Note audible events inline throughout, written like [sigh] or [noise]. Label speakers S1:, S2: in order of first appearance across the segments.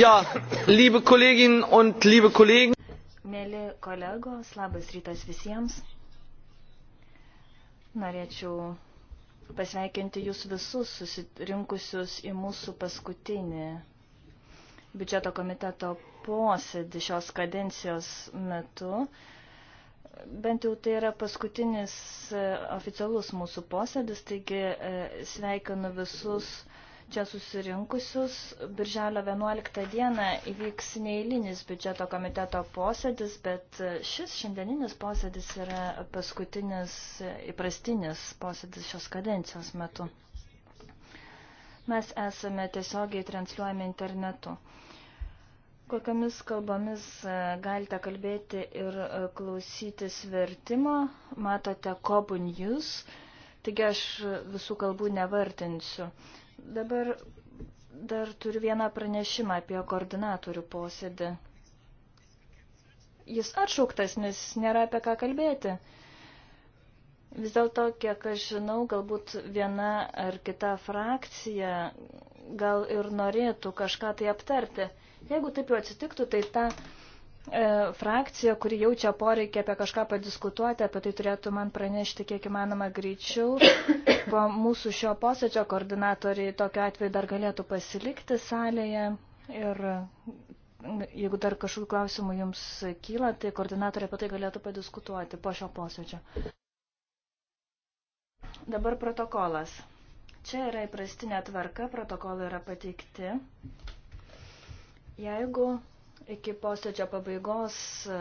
S1: Ja, liebe Kolleginnen und liebe Kollegen.
S2: Mėly kolegos, labas rytas visiems. Norėčiau pasveikinti jūs visus susirinkusius į mūsų paskutinį biudžeto komiteto posėdį šios kadencijos metu. Bent jau tai yra paskutinis e, oficialus mūsų posėdis, taigi e, sveikinu visus čia susirinkusius. Birželio 11 dieną įvyks neįlinis biudžeto komiteto posėdis, bet šis šiandieninis posėdis yra paskutinis įprastinis posėdis šios kadencijos metu. Mes esame tiesiogiai transliuojami internetu. Kokiamis kalbomis e, galite kalbėti ir e, klausytis vertimo, matote Kobun Jūs, taigi aš visų kalbų nevardinsiu. Dabar dar turiu vieną pranešimą apie koordinatorių posėdį. Jis atšauktas, nes nėra apie ką kalbėti. Vis dėlto, kiek aš žinau, galbūt viena ar kita frakcija gal ir norėtų kažką tai aptarti. Jeigu taip jau atsitiktų, tai tą ta E, frakcija, kuri jaučia poreikį apie kažką padiskutuoti, apie tai turėtų man pranešti kiek įmanoma greičiau. Po mūsų šio posėdžio koordinatoriai tokiu atveju dar galėtų pasilikti salėje ir jeigu dar kažkokių klausimų jums kyla, tai koordinatoriai apie tai galėtų padiskutuoti po šio posėdžio. Dabar protokolas. Čia yra įprastinė tvarka, protokolai yra pateikti. Jeigu iki posėdžio pabaigos e,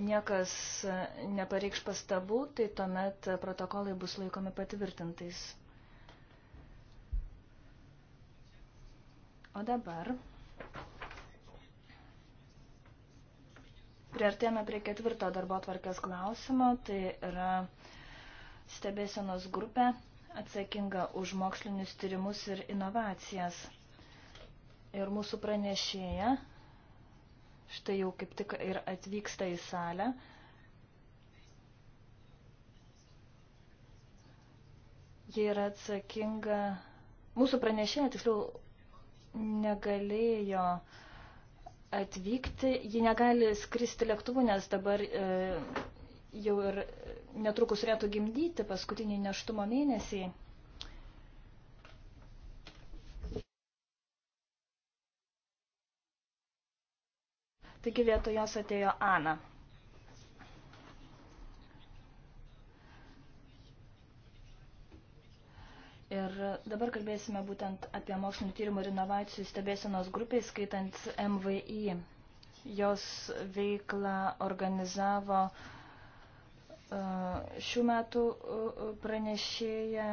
S2: niekas e, nepareikš pastabų, tai tuomet protokolai bus laikomi patvirtintais. O dabar priartėme prie ketvirto darbo tvarkės klausimo, tai yra stebėsenos grupė atsakinga už mokslinius tyrimus ir inovacijas. Ir mūsų pranešėja štai jau kaip tik ir atvyksta į salę. Jie yra atsakinga, mūsų pranešėja tiksliau negalėjo atvykti, ji negali skristi lėktuvu, nes dabar e, jau ir netrukus turėtų gimdyti paskutinį neštumo mėnesį. Taigi vietoj jos atėjo Ana. Ir dabar kalbėsime būtent apie mokslinio tyrimų ir inovacijų stebėsenos grupę, skaitant MVI. Jos veiklą organizavo e, šių metų e, pranešėja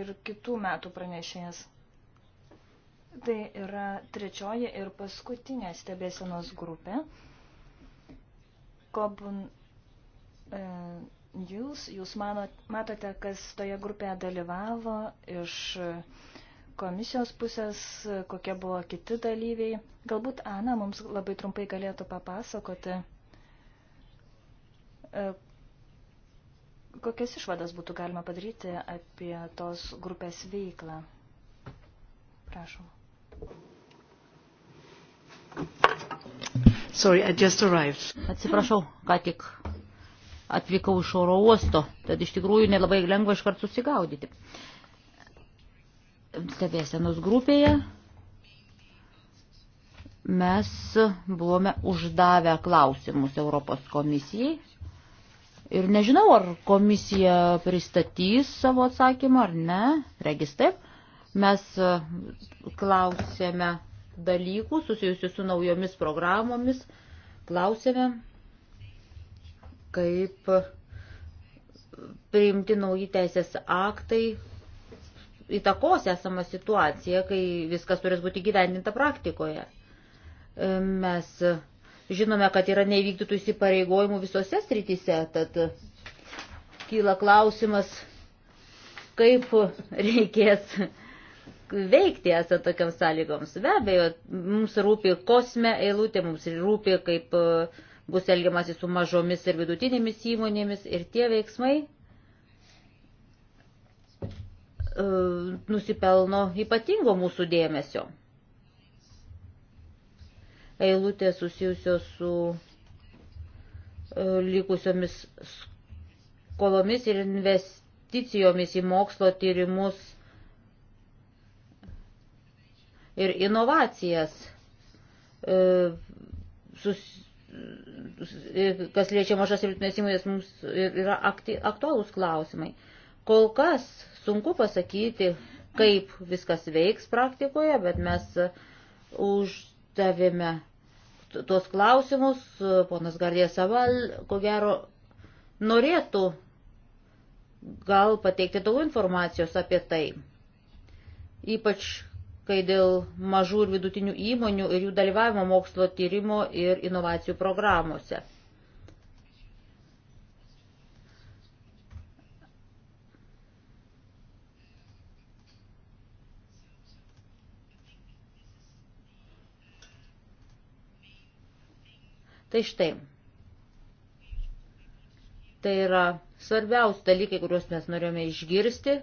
S2: ir kitų metų pranešėjas. Tai yra trečioji ir paskutinė stebėsenos grupė. Kobun e, jūs, jūs manot, matote, kas toje grupėje dalyvavo iš komisijos pusės, kokie buvo kiti dalyviai. Galbūt Ana mums labai trumpai galėtų papasakoti, e, kokias išvadas būtų galima padaryti apie tos grupės veiklą. Prašom.
S3: Sorry, I just arrived. Atsiprašau, ką tik atvykau iš oro uosto, tad iš tikrųjų nelabai lengva iš karto susigaudyti. Stebėsenos grupėje mes buvome uždavę klausimus Europos komisijai. Ir nežinau, ar komisija pristatys savo atsakymą ar ne, regis taip. Mes e, klausėme dalykų susijusių su naujomis programomis, klausėme, kaip priimti nauji teisės aktai įtakos esamą situaciją, kai viskas turės būti gyvendinta praktikoje. E, mes žinome, kad yra neįvykdytų įsipareigojimų visose srityse, tad kyla klausimas, kaip reikės veikti esant tokiams sąlygoms. Be abejo, mums rūpi kosme eilutė, mums rūpi, kaip e, bus elgiamasi su mažomis ir vidutinėmis įmonėmis ir tie veiksmai e, nusipelno ypatingo mūsų dėmesio. Eilutė susijusios su e, likusiomis skolomis ir investicijomis į mokslo tyrimus ir inovacijas, e, sus, e, kas liečia mažas ir vidutinės įmonės, mums yra akti, aktualūs klausimai. Kol kas sunku pasakyti, kaip viskas veiks praktikoje, bet mes uždavėme tuos klausimus. Ponas Gardė Saval, ko gero, norėtų gal pateikti daug informacijos apie tai. Ypač kai dėl mažų ir vidutinių įmonių ir jų dalyvavimo mokslo tyrimo ir inovacijų programuose. Tai štai. Tai yra svarbiausi dalykai, kuriuos mes norėjome išgirsti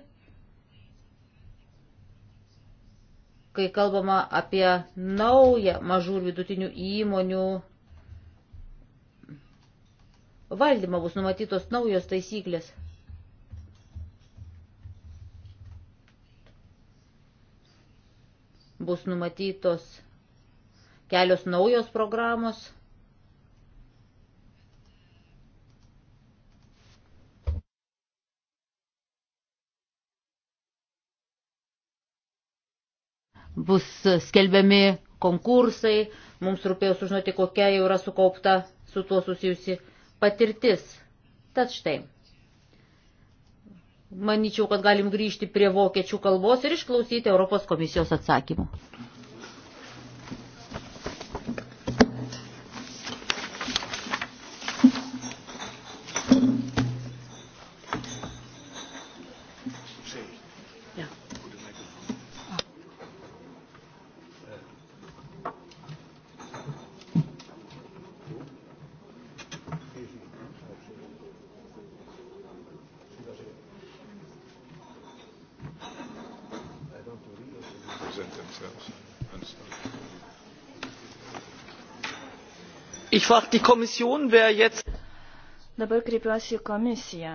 S3: kai kalbama apie naują mažų ir vidutinių įmonių valdymą, bus numatytos naujos taisyklės. Bus numatytos kelios naujos programos. bus skelbiami konkursai, mums rūpėjo sužinoti, kokia jau yra sukaupta su tuo susijusi patirtis. Tad štai. Manyčiau, kad galim grįžti prie vokiečių kalbos ir išklausyti Europos komisijos atsakymų.
S2: Dabar kreipiuosi į komisiją.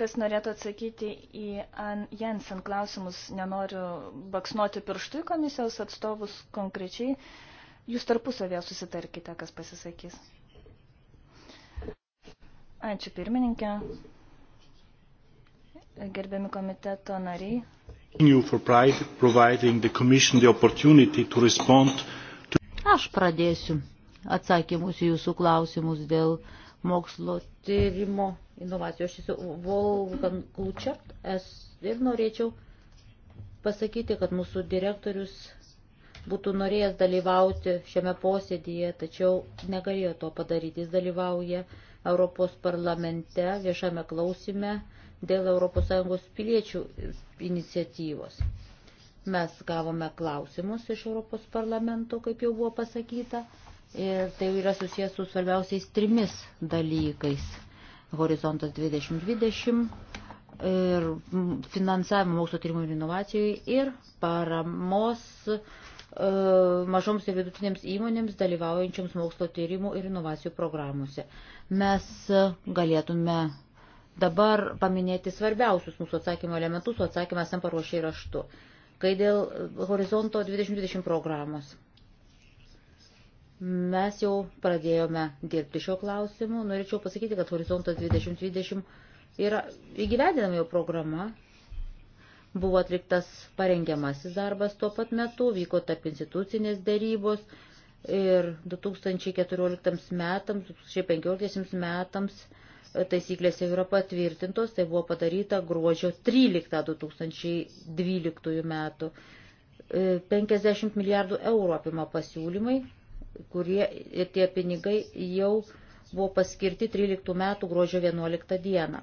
S2: Kas norėtų atsakyti į An Jensen klausimus, nenoriu baksnuoti pirštų į komisijos atstovus konkrečiai. Jūs tarpusavėje susitarkite, kas pasisakys. Ačiū pirmininkė. Gerbiami komiteto nariai. You for pride, providing the Commission the opportunity to respond
S3: Aš pradėsiu atsakymus į jūsų klausimus dėl mokslo tyrimo inovacijos. Aš esu Volgan Klučert ir norėčiau pasakyti, kad mūsų direktorius būtų norėjęs dalyvauti šiame posėdėje, tačiau negalėjo to padaryti. Jis dalyvauja Europos parlamente viešame klausime dėl ES piliečių iniciatyvos. Mes gavome klausimus iš Europos parlamento, kaip jau buvo pasakyta, ir tai yra susijęs su svarbiausiais trimis dalykais. Horizontas 2020 ir finansavimo mokslo tyrimų ir inovacijų ir paramos e, mažoms ir vidutinėms įmonėms dalyvaujančioms mokslo tyrimų ir inovacijų programuose. Mes galėtume dabar paminėti svarbiausius mūsų atsakymo elementus, o atsakymas jam paruošė raštu kai dėl horizonto 2020 programos. Mes jau pradėjome dirbti šio klausimu. Norėčiau pasakyti, kad horizontas 2020 yra įgyvendinama jo programa. Buvo atliktas parengiamasis darbas tuo pat metu, vyko tarp institucinės darybos ir 2014 metams, 2015 metams taisyklėse yra patvirtintos, tai buvo padaryta gruodžio 13 2012 metų. 50 e, milijardų eurų apima pasiūlymai, kurie ir tie pinigai jau buvo paskirti 13 metų gruodžio 11 dieną.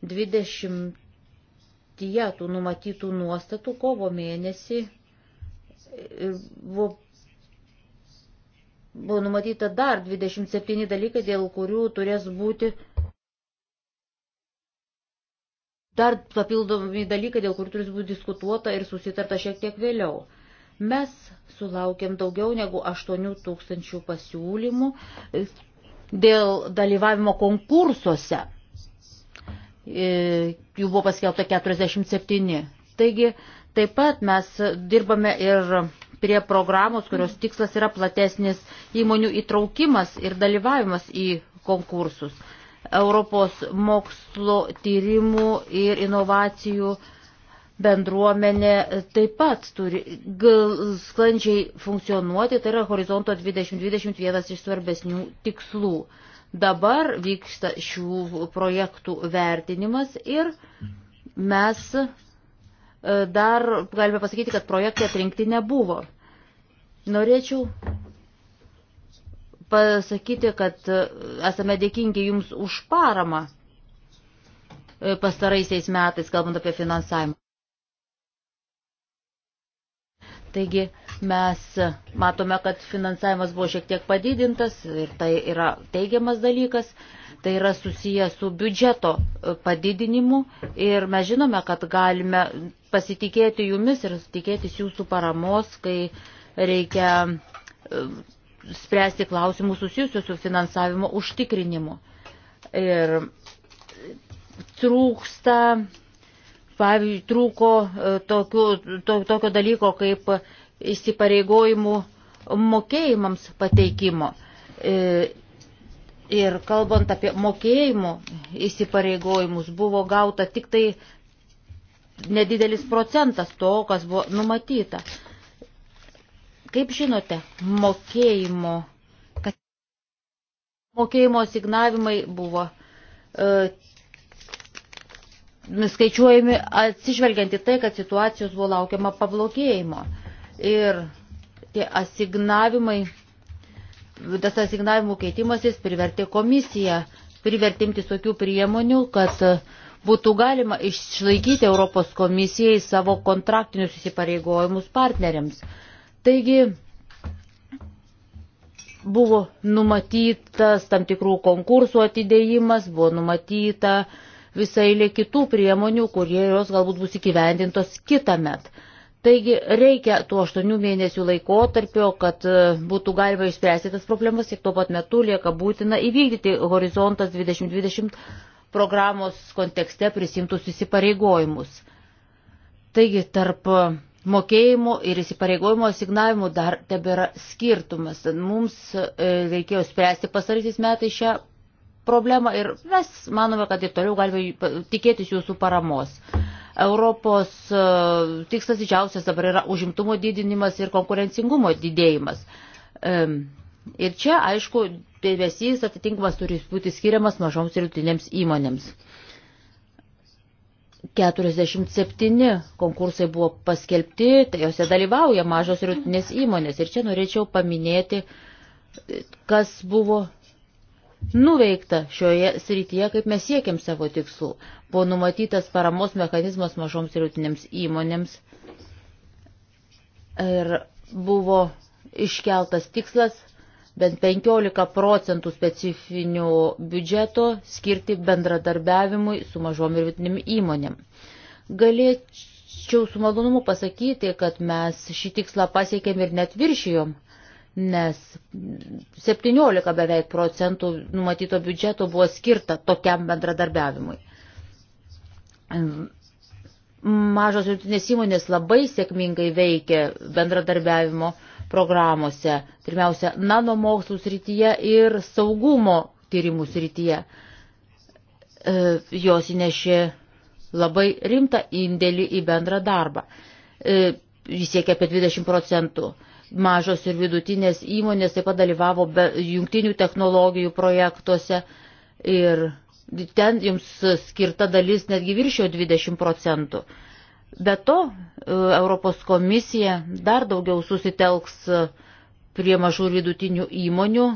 S3: 20 tų numatytų nuostatų kovo mėnesį e, buvo buvo numatyta dar 27 dalykai, dėl kurių turės būti dar papildomi dalykai, dėl kur turi būti diskutuota ir susitarta šiek tiek vėliau. Mes sulaukėm daugiau negu 8 tūkstančių pasiūlymų e, dėl dalyvavimo konkursuose. E, jų buvo paskelbta 47. Taigi, taip pat mes dirbame ir prie programos, kurios tikslas yra platesnis įmonių įtraukimas ir dalyvavimas į konkursus. Europos mokslo tyrimų ir inovacijų bendruomenė taip pat turi sklandžiai funkcionuoti, tai yra horizonto 2020 vienas iš svarbesnių tikslų. Dabar vyksta šių projektų vertinimas ir mes e, dar galime pasakyti, kad projektai atrinkti nebuvo. Norėčiau pasakyti, kad e, esame dėkingi Jums už paramą e, pastaraisiais metais, kalbant apie finansavimą. Taigi mes matome, kad finansavimas buvo šiek tiek padidintas ir tai yra teigiamas dalykas. Tai yra susiję su biudžeto e, padidinimu ir mes žinome, kad galime pasitikėti jumis ir tikėtis jūsų paramos, kai reikia spręsti klausimus susijusius su finansavimo užtikrinimu. Ir trūksta, pavyzdžiui, trūko e, tokiu, to, tokio dalyko kaip įsipareigojimų mokėjimams pateikimo. E, ir kalbant apie mokėjimų įsipareigojimus, buvo gauta tik tai nedidelis procentas to, kas buvo numatyta. Kaip žinote, mokėjimo, kad mokėjimo signavimai buvo e, skaičiuojami atsižvelgiant į tai, kad situacijos buvo laukiama pablogėjimo. Ir tie asignavimai, tas asignavimų keitimasis privertė komisiją privertimtis tokių priemonių, kad būtų galima išlaikyti Europos komisijai savo kontraktinius įsipareigojimus partneriams. Taigi buvo numatytas tam tikrų konkursų atidėjimas, buvo numatyta visai lė kitų priemonių, kurie jos galbūt bus įgyvendintos kitą metą. Taigi reikia tų aštuonių mėnesių laikotarpio, kad e, būtų galima išspręsti tas problemas ir tuo pat metu lieka būtina įvykdyti horizontas 2020 programos kontekste prisimtus įsipareigojimus. Taigi tarp mokėjimų ir įsipareigojimo asignavimų dar tebėra skirtumas. Mums e, reikėjo spręsti pasarytis metai šią problemą ir mes manome, kad ir toliau galime tikėtis jūsų paramos. Europos e, tikslas didžiausias dabar yra užimtumo didinimas ir konkurencingumo didėjimas. E, ir čia, aišku, dėmesys atitinkamas turi būti skiriamas mažoms ir vidutinėms įmonėms. 47 konkursai buvo paskelbti, tai jose dalyvauja mažos ir rutinės įmonės. Ir čia norėčiau paminėti, kas buvo nuveikta šioje srityje, kaip mes siekiam savo tikslų. Buvo numatytas paramos mechanizmas mažoms ir rutinėms įmonėms. Ir buvo iškeltas tikslas bent 15 procentų specifinių biudžeto skirti bendradarbiavimui su mažom ir vidutinėm įmonėm. Galėčiau su malonumu pasakyti, kad mes šį tikslą pasiekėm ir net viršijom, nes 17 beveik procentų numatyto biudžeto buvo skirta tokiam bendradarbiavimui. Mažos vidutinės įmonės labai sėkmingai veikia bendradarbiavimo programuose, pirmiausia, nanomokslų srityje ir saugumo tyrimų srityje. E, jos įnešė labai rimtą indėlį į bendrą darbą. E, jis siekia apie 20 procentų. Mažos ir vidutinės įmonės taip pat dalyvavo jungtinių technologijų projektuose ir ten jums skirta dalis netgi viršio 20 procentų. Be to, e, Europos komisija dar daugiau susitelks e, prie mažų ir vidutinių įmonių,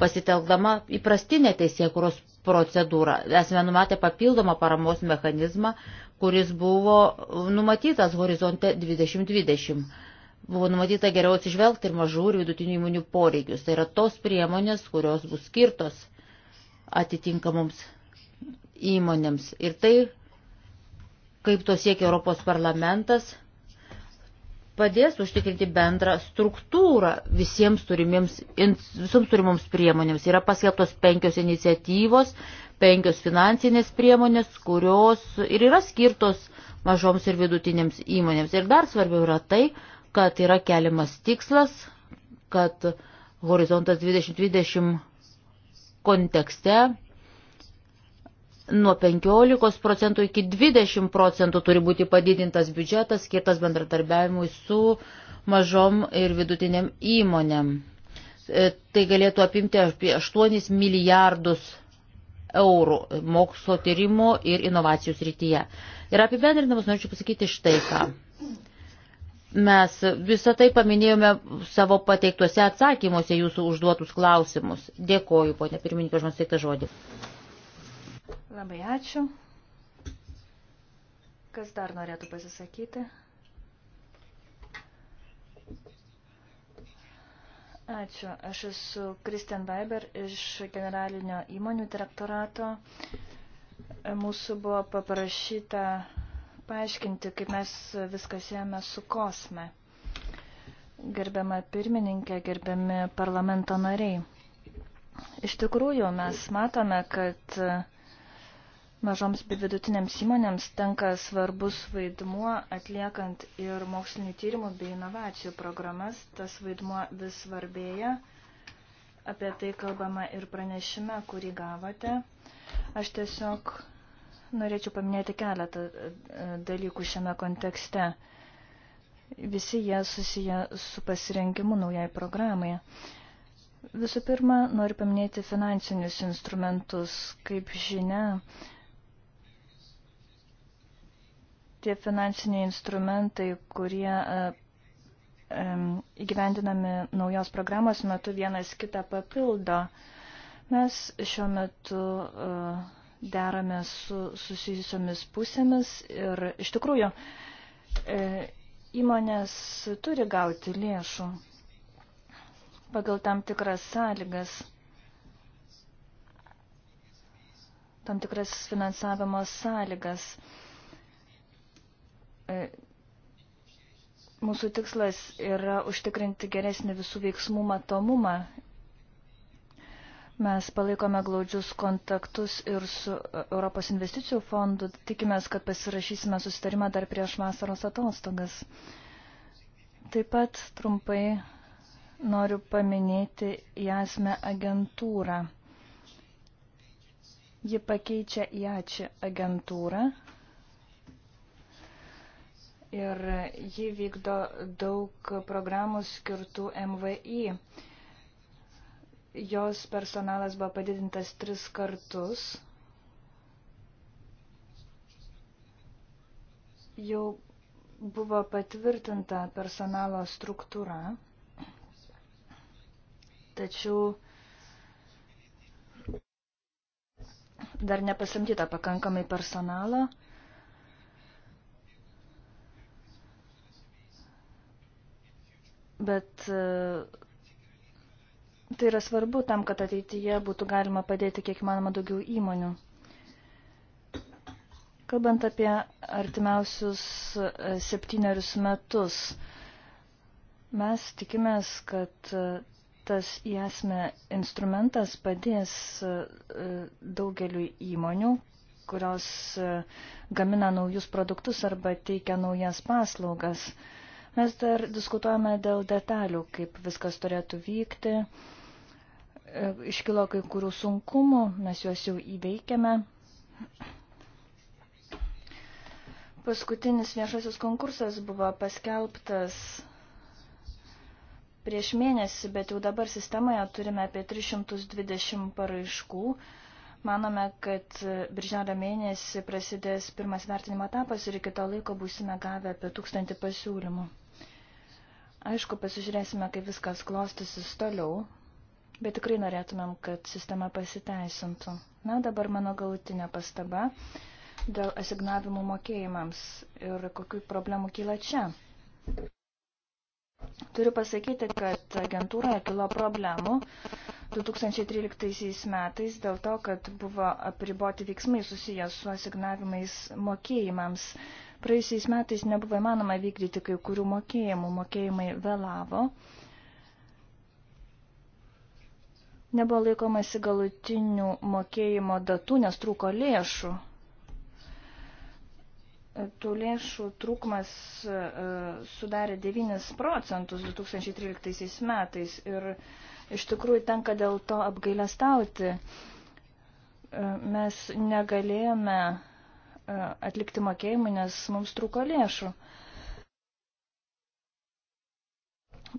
S3: pasitelkdama įprastinę teisėkuros procedūrą. Esame numatę papildomą paramos mechanizmą, kuris buvo numatytas horizonte 2020. Buvo numatyta geriau atsižvelgti ir mažų ir vidutinių įmonių poreikius. Tai yra tos priemonės, kurios bus skirtos atitinkamoms įmonėms. Ir tai kaip to siekia Europos parlamentas, padės užtikrinti bendrą struktūrą visiems turimiems, visoms turimoms priemonėms. Yra paskelbtos penkios iniciatyvos, penkios finansinės priemonės, kurios ir yra skirtos mažoms ir vidutinėms įmonėms. Ir dar svarbiau yra tai, kad yra keliamas tikslas, kad horizontas 2020 kontekste nuo 15 procentų iki 20 procentų turi būti padidintas biudžetas skirtas bendradarbiavimui su mažom ir vidutiniam įmonėm. E, tai galėtų apimti apie 8 milijardus eurų mokslo tyrimo ir inovacijų srityje. Ir apibendrinamas norėčiau pasakyti štai ką. Mes visą tai paminėjome savo pateiktuose atsakymuose jūsų užduotus klausimus. Dėkoju, ponė pirmininkė, už man sveiktą žodį.
S2: Labai ačiū. Kas dar norėtų pasisakyti? Ačiū. Aš esu Kristian Weiber iš generalinio įmonių direktorato. Mūsų buvo paprašyta paaiškinti, kaip mes viską siejame su kosme. Gerbiama pirmininkė, gerbiami parlamento nariai. Iš tikrųjų, mes matome, kad Mažoms bei vidutinėms įmonėms tenka svarbus vaidmuo atliekant ir mokslinių tyrimų bei inovacijų programas. Tas vaidmuo vis svarbėja. Apie tai kalbama ir pranešime, kurį gavote. Aš tiesiog norėčiau paminėti keletą e, dalykų šiame kontekste. Visi jie susiję su pasirengimu naujai programai. Visų pirma, noriu paminėti finansinius instrumentus. Kaip žinia, tie finansiniai instrumentai, kurie e, e, įgyvendinami naujos programos metu vienas kitą papildo. Mes šiuo metu e, deramės su susijusiomis pusėmis ir iš tikrųjų įmonės turi gauti lėšų pagal tam tikras sąlygas, tam tikras finansavimo sąlygas. E, mūsų tikslas yra užtikrinti geresnį visų veiksmų matomumą. Mes palaikome glaudžius kontaktus ir su Europos investicijų fondu. Tikimės, kad pasirašysime susitarimą dar prieš vasaros atostogas. Taip pat trumpai noriu paminėti JASME agentūrą. Ji pakeičia JAČI agentūrą, ir ji vykdo daug programų skirtų MVI. Jos personalas buvo padidintas tris kartus. Jau buvo patvirtinta personalo struktūra, tačiau dar nepasamdyta pakankamai personalo. bet e, tai yra svarbu tam, kad ateityje būtų galima padėti kiek manoma daugiau įmonių. Kalbant apie artimiausius e, septynerius metus, mes tikimės, kad e, tas įesmė instrumentas padės daugeliu įmonių, kurios gamina naujus produktus arba teikia naujas paslaugas. Mes dar diskutuojame dėl detalių, kaip viskas turėtų vykti. E, iškilo kai kurių sunkumų, mes juos jau įveikėme. Paskutinis viešasis konkursas buvo paskelbtas prieš mėnesį, bet jau dabar sistemoje turime apie 320 paraiškų. Manome, kad birželio mėnesį prasidės pirmas vertinimo etapas ir iki to laiko būsime gavę apie tūkstantį pasiūlymų. Aišku, pasižiūrėsime, kaip viskas klostysis toliau, bet tikrai norėtumėm, kad sistema pasiteisintų. Na, dabar mano galutinė pastaba dėl asignavimų mokėjimams ir kokių problemų kyla čia. Turiu pasakyti, kad agentūroje kilo problemų 2013 metais dėl to, kad buvo apriboti veiksmai susijęs su asignavimais mokėjimams. Praėjusiais metais nebuvo įmanoma vykdyti kai kurių mokėjimų, mokėjimai vėlavo. Nebuvo laikomasi galutinių mokėjimo datų, nes trūko lėšų. Tų lėšų trūkmas e, sudarė 9 procentus 2013 metais ir iš tikrųjų tenka dėl to apgailestauti. E, mes negalėjome E, atlikti mokėjimų, nes mums trūko lėšų.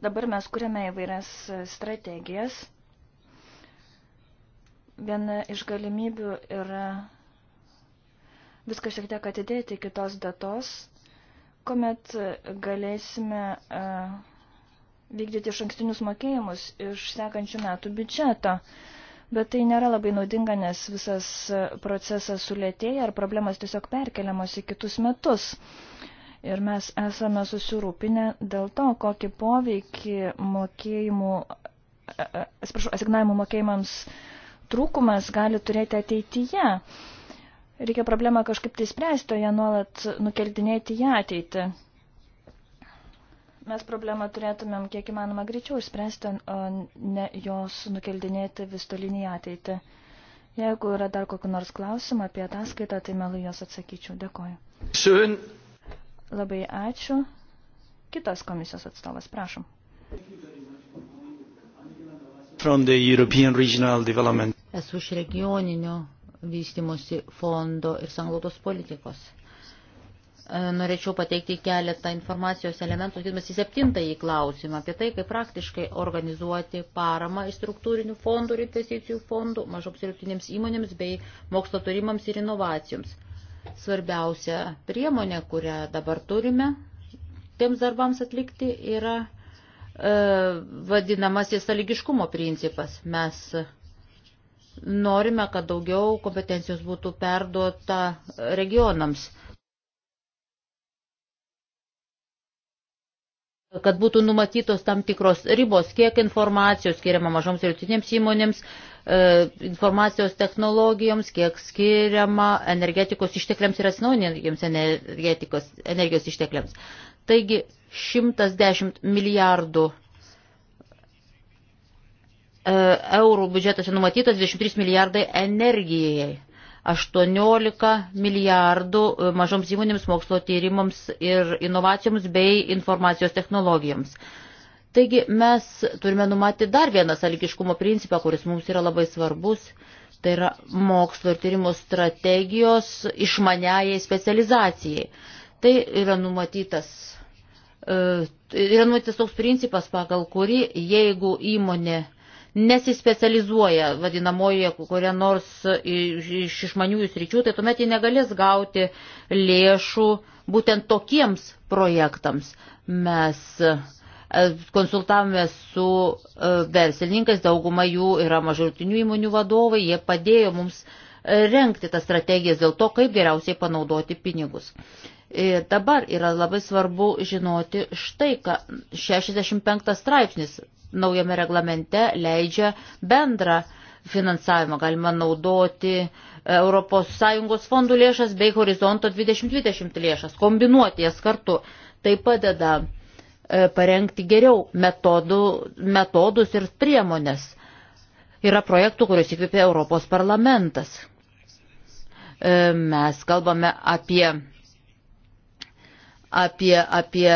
S2: Dabar mes kuriame įvairias strategijas. Viena iš galimybių yra viską šiek tiek atidėti kitos datos, kuomet galėsime e, vykdyti iš ankstinius mokėjimus iš sekančių metų biudžeto. Uh, bet tai nėra labai naudinga, nes visas e, procesas sulėtėja ir problemas tiesiog perkeliamos į kitus metus. Ir mes esame susirūpinę dėl to, kokį poveikį mokėjimų, e, e, atsiprašau, asignavimų mokėjimams trūkumas gali turėti ateityje. Reikia problemą kažkaip tai spręsti, o ją nuolat nukeldinėti į ateitį. Mes problemą turėtumėm kiek įmanoma greičiau išspręsti, o ne jos nukeldinėti vis tolyn į ateitį. Jeigu yra dar kokiu nors klausimą apie ataskaitą, tai melai jos atsakyčiau. Dėkoju. Schön. Labai ačiū.
S3: Kitas komisijos atstovas, prašom. Esu iš regioninio vystimosi fondo ir sanglautos politikos. E, norėčiau pateikti keletą informacijos elementų, sakytumės į septintąjį klausimą, apie tai, kaip praktiškai organizuoti paramą iš struktūrinių fondų ir investicijų fondų mažoms ir vidutinėms įmonėms bei mokslo turimams ir inovacijoms. Svarbiausia priemonė, kurią dabar turime tiems darbams atlikti, yra e, vadinamasis saligiškumo principas. Mes norime, kad daugiau kompetencijos būtų perduota regionams. E, kad būtų numatytos tam tikros ribos, kiek informacijos skiriama mažoms ir vidutinėms įmonėms, e, informacijos technologijoms, kiek skiriama energetikos ištekliams ir atsinaujinantiems energijos ištekliams. Taigi 110 milijardų e, eurų biudžetas numatytas, 23 milijardai energijai. 18 milijardų e, mažoms įmonėms mokslo tyrimams ir inovacijoms bei informacijos technologijoms. Taigi mes turime numatyti dar vieną sąlygiškumo principą, kuris mums yra labai svarbus. Tai yra mokslo ir tyrimų strategijos išmaniajai specializacijai. Tai yra numatytas e, yra nuotis toks principas, pagal kurį jeigu įmonė nesispecializuoja vadinamoje kuria nors iš išmaniųjų sričių, tai tuomet jie negalės gauti lėšų būtent tokiems projektams. Mes e, konsultavome su e, verslininkais, dauguma jų yra mažurtinių įmonių vadovai, jie padėjo mums e, renkti tas strategijas dėl to, kaip geriausiai panaudoti pinigus. Ir dabar yra labai svarbu žinoti štai, ką 65 straipsnis naujame reglamente leidžia bendrą finansavimą. Galima naudoti ES fondų lėšas bei horizonto 2020 lėšas, kombinuoti jas kartu. Tai padeda e, parengti geriau metodų, metodus ir priemonės. Yra projektų, kuriuos įkvėpė Europos parlamentas. E, mes kalbame apie, apie, apie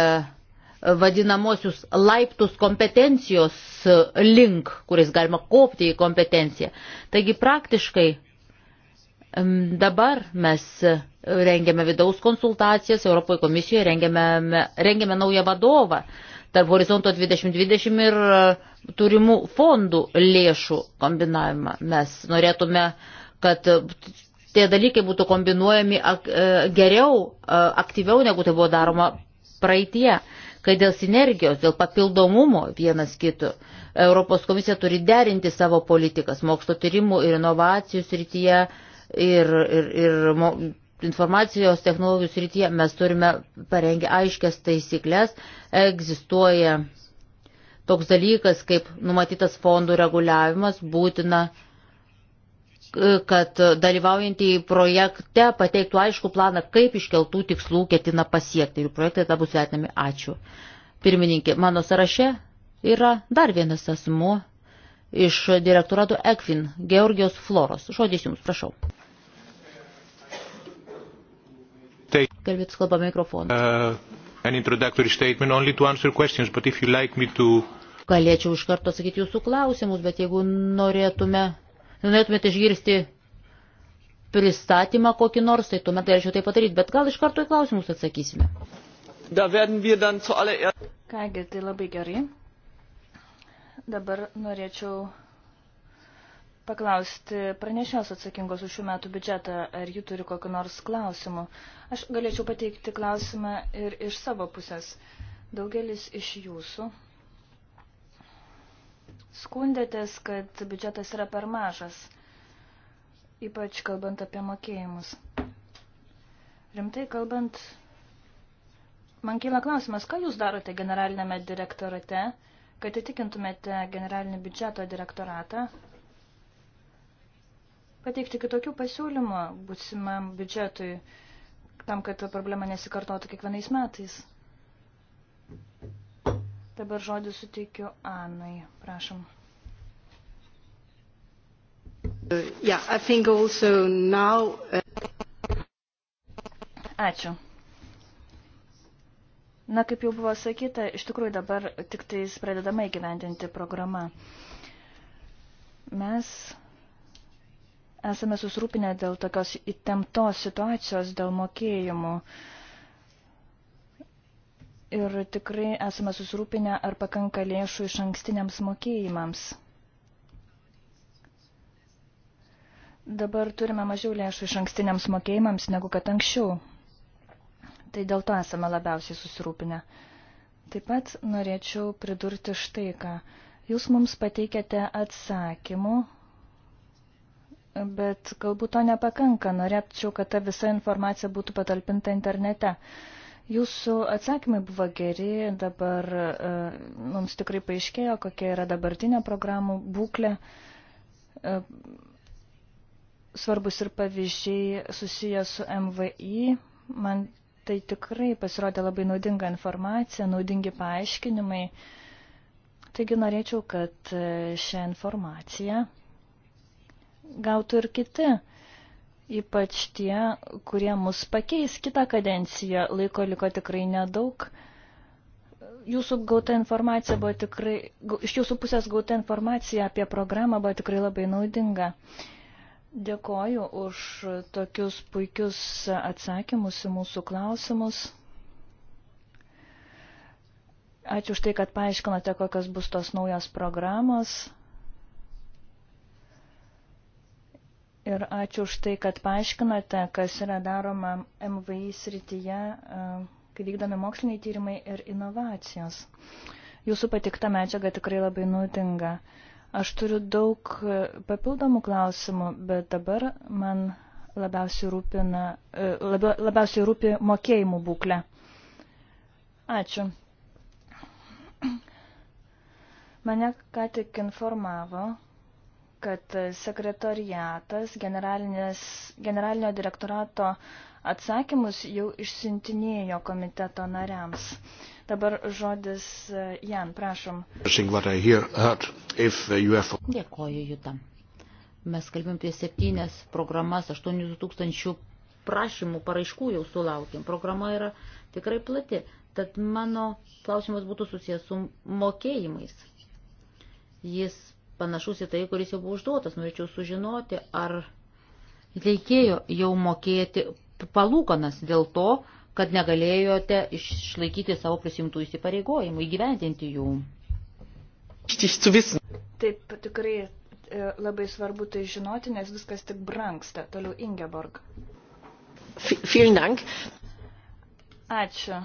S3: vadinamosius laiptus kompetencijos e, link, kuris galima kopti į kompetenciją. Taigi praktiškai dabar mes e, rengiame vidaus konsultacijas, Europoje komisijoje rengiame, rengiame naują vadovą tarp horizonto 2020 ir e, turimų fondų lėšų kombinavimą. Mes norėtume, kad tie dalykai būtų kombinuojami geriau, aktyviau negu tai buvo daroma praeitie kad dėl sinergijos, dėl papildomumo vienas kitų Europos komisija turi derinti savo politikas mokslo tyrimų ir inovacijų srityje ir, ir, ir mo, informacijos technologijų srityje. Mes turime parengę aiškias taisyklės, egzistuoja toks dalykas kaip numatytas fondų reguliavimas, būtina kad dalyvaujantieji projekte pateiktų aišku planą, kaip iškeltų tikslų ketina pasiekti. Ir projektai tada bus vertinami. Ačiū. Pirmininkė, mano sąraše yra dar vienas asmuo iš direktorato ECFIN, Georgijos Floros. Žodis jums, prašau. Take, Kalbėtis kalba mikrofoną.
S4: Uh, like to...
S3: Galėčiau iš karto sakyti jūsų klausimus, bet jeigu norėtume norėtumėte išgirsti pristatymą kokį nors, tai tuomet galėčiau tai padaryti, bet gal iš karto į klausimus atsakysime.
S2: Kągi, tai labai gerai. Dabar norėčiau paklausti pranešios atsakingos už šių metų biudžetą, ar jų turi kokiu nors klausimu. Aš galėčiau pateikti klausimą ir iš savo pusės. Daugelis iš jūsų skundėtės, kad biudžetas yra per mažas, ypač kalbant apie mokėjimus. Rimtai kalbant, man kyla klausimas, ką jūs darote generalinėme direktorate, kad įtikintumėte generalinį biudžeto direktoratą pateikti kitokių pasiūlymų būsimam biudžetui, tam, kad ta problema nesikartotų kiekvienais metais. Dabar žodį suteikiu Annai. Prašom.
S3: Yeah, I think also now, uh...
S2: Ačiū. Na, kaip jau buvo sakyta, iš tikrųjų dabar tik tais pradedama įgyvendinti programą. Mes esame susirūpinę dėl tokios įtemptos situacijos, dėl mokėjimų. Uh, ir tikrai esame susirūpinę, ar pakanka lėšų iš ankstiniams mokėjimams. Dabar turime mažiau lėšų iš ankstiniams mokėjimams negu kad anksčiau. Tai dėl to esame labiausiai susirūpinę. Taip pat norėčiau pridurti štai ką. Jūs mums pateikėte atsakymų, bet galbūt to nepakanka. Norėčiau, kad ta visa informacija būtų patalpinta internete. Uh, Jūsų atsakymai buvo geri, dabar e, mums tikrai paaiškėjo, kokia yra dabartinė programų būklė. E, svarbus ir pavyzdžiai susiję su MVI. Man tai tikrai pasirodė labai naudinga informacija, naudingi paaiškinimai. Taigi norėčiau, kad e, šią informaciją gautų ir kiti Ypač tie, kurie mus pakeis kitą kadenciją, laiko liko tikrai nedaug. Jūsų gauta informacija buvo tikrai, iš jūsų pusės gauta informacija apie programą buvo tikrai labai naudinga. Dėkoju už tokius puikius atsakymus į mūsų klausimus. Ačiū už tai, kad paaiškinote, kokios bus tos naujos programos. Ir ačiū už tai, kad paaiškinote, kas yra daroma MVI srityje, e, kai vykdomi moksliniai tyrimai ir inovacijos. Jūsų patikta medžiaga tikrai labai nutinga. Aš turiu daug papildomų klausimų, bet dabar man labiausiai, rūpina, e, labia, labiausiai rūpi mokėjimų būklė. Ačiū. Mane ką tik informavo, kad sekretariatas generalinio direktorato atsakymus jau išsintinėjo komiteto nariams. Dabar žodis e, Jan, prašom. Uh,
S3: Dėkoju, Juta. Mes kalbėjom apie septynės programas, 8 tūkstančių prašymų, paraiškų jau sulaukėm. Programa yra tikrai plati. Tad mano klausimas būtų susijęs su mokėjimais. Jis panašus į tai, kuris jau buvo užduotas. Norėčiau sužinoti, ar reikėjo jau mokėti palūkanas dėl to, kad negalėjote išlaikyti savo prisimtų įsipareigojimų, įgyvendinti jų.
S2: Taip, tikrai e, labai svarbu tai žinoti, nes viskas tik brangsta. Toliau Ingeborg. Vielen Dank. Ačiū.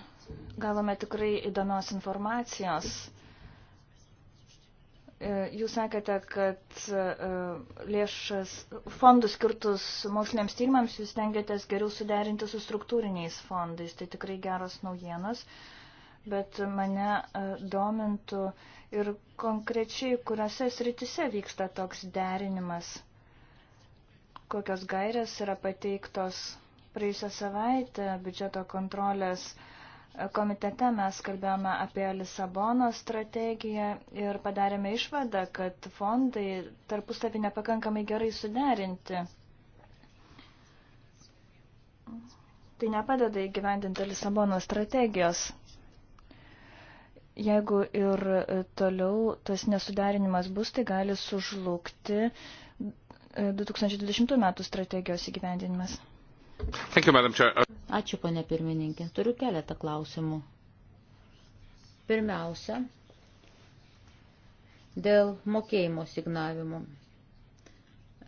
S2: Gavome tikrai įdomios informacijos. E, jūs sakėte, kad e, lėšas, fondus skirtus moksliniams tyrimams jūs tengiatės geriau suderinti su struktūriniais fondais. Tai tikrai geros naujienos. Bet mane e, domintų ir konkrečiai, kuriuose sritise vyksta toks derinimas. Kokios gairės yra pateiktos praėjusią savaitę biudžeto kontrolės uh, komitete mes kalbėjome apie Lisabono strategiją ir padarėme išvadą, kad fondai tarpusavį nepakankamai gerai suderinti. Tai nepadeda įgyvendinti Lisabono strategijos. Jeigu ir toliau tas nesuderinimas bus, tai gali sužlugti 2020 e, m. strategijos įgyvendinimas.
S1: Ačiū,
S3: ponė pirmininkė. Turiu keletą klausimų. Pirmiausia, dėl mokėjimo signavimo.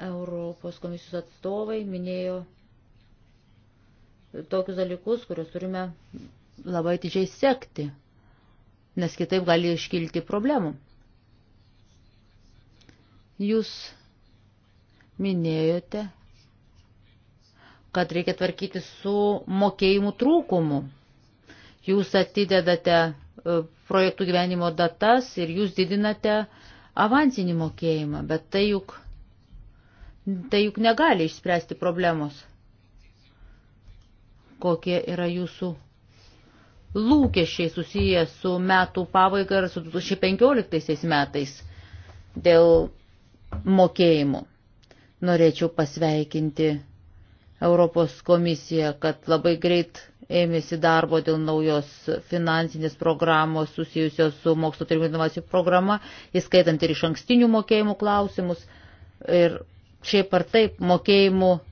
S3: Europos komisijos atstovai minėjo tokius dalykus, kuriuos turime labai didžiai sekti, nes kitaip gali iškilti problemų. Jūs minėjote kad reikia tvarkyti su mokėjimų trūkumu. Jūs atidedate e, projektų gyvenimo datas ir jūs didinate avansinį mokėjimą, bet tai juk, tai juk negali išspręsti problemos. Kokie yra jūsų lūkesčiai susiję su metų pabaiga ir su 2015 metais dėl mokėjimų? Norėčiau pasveikinti Europos komisija, kad labai greit ėmėsi darbo dėl naujos finansinės programos susijusios su mokslo tyrimų inovacijų programa, įskaitant ir iš ankstinių mokėjimų klausimus. Ir šiaip ar taip mokėjimų e,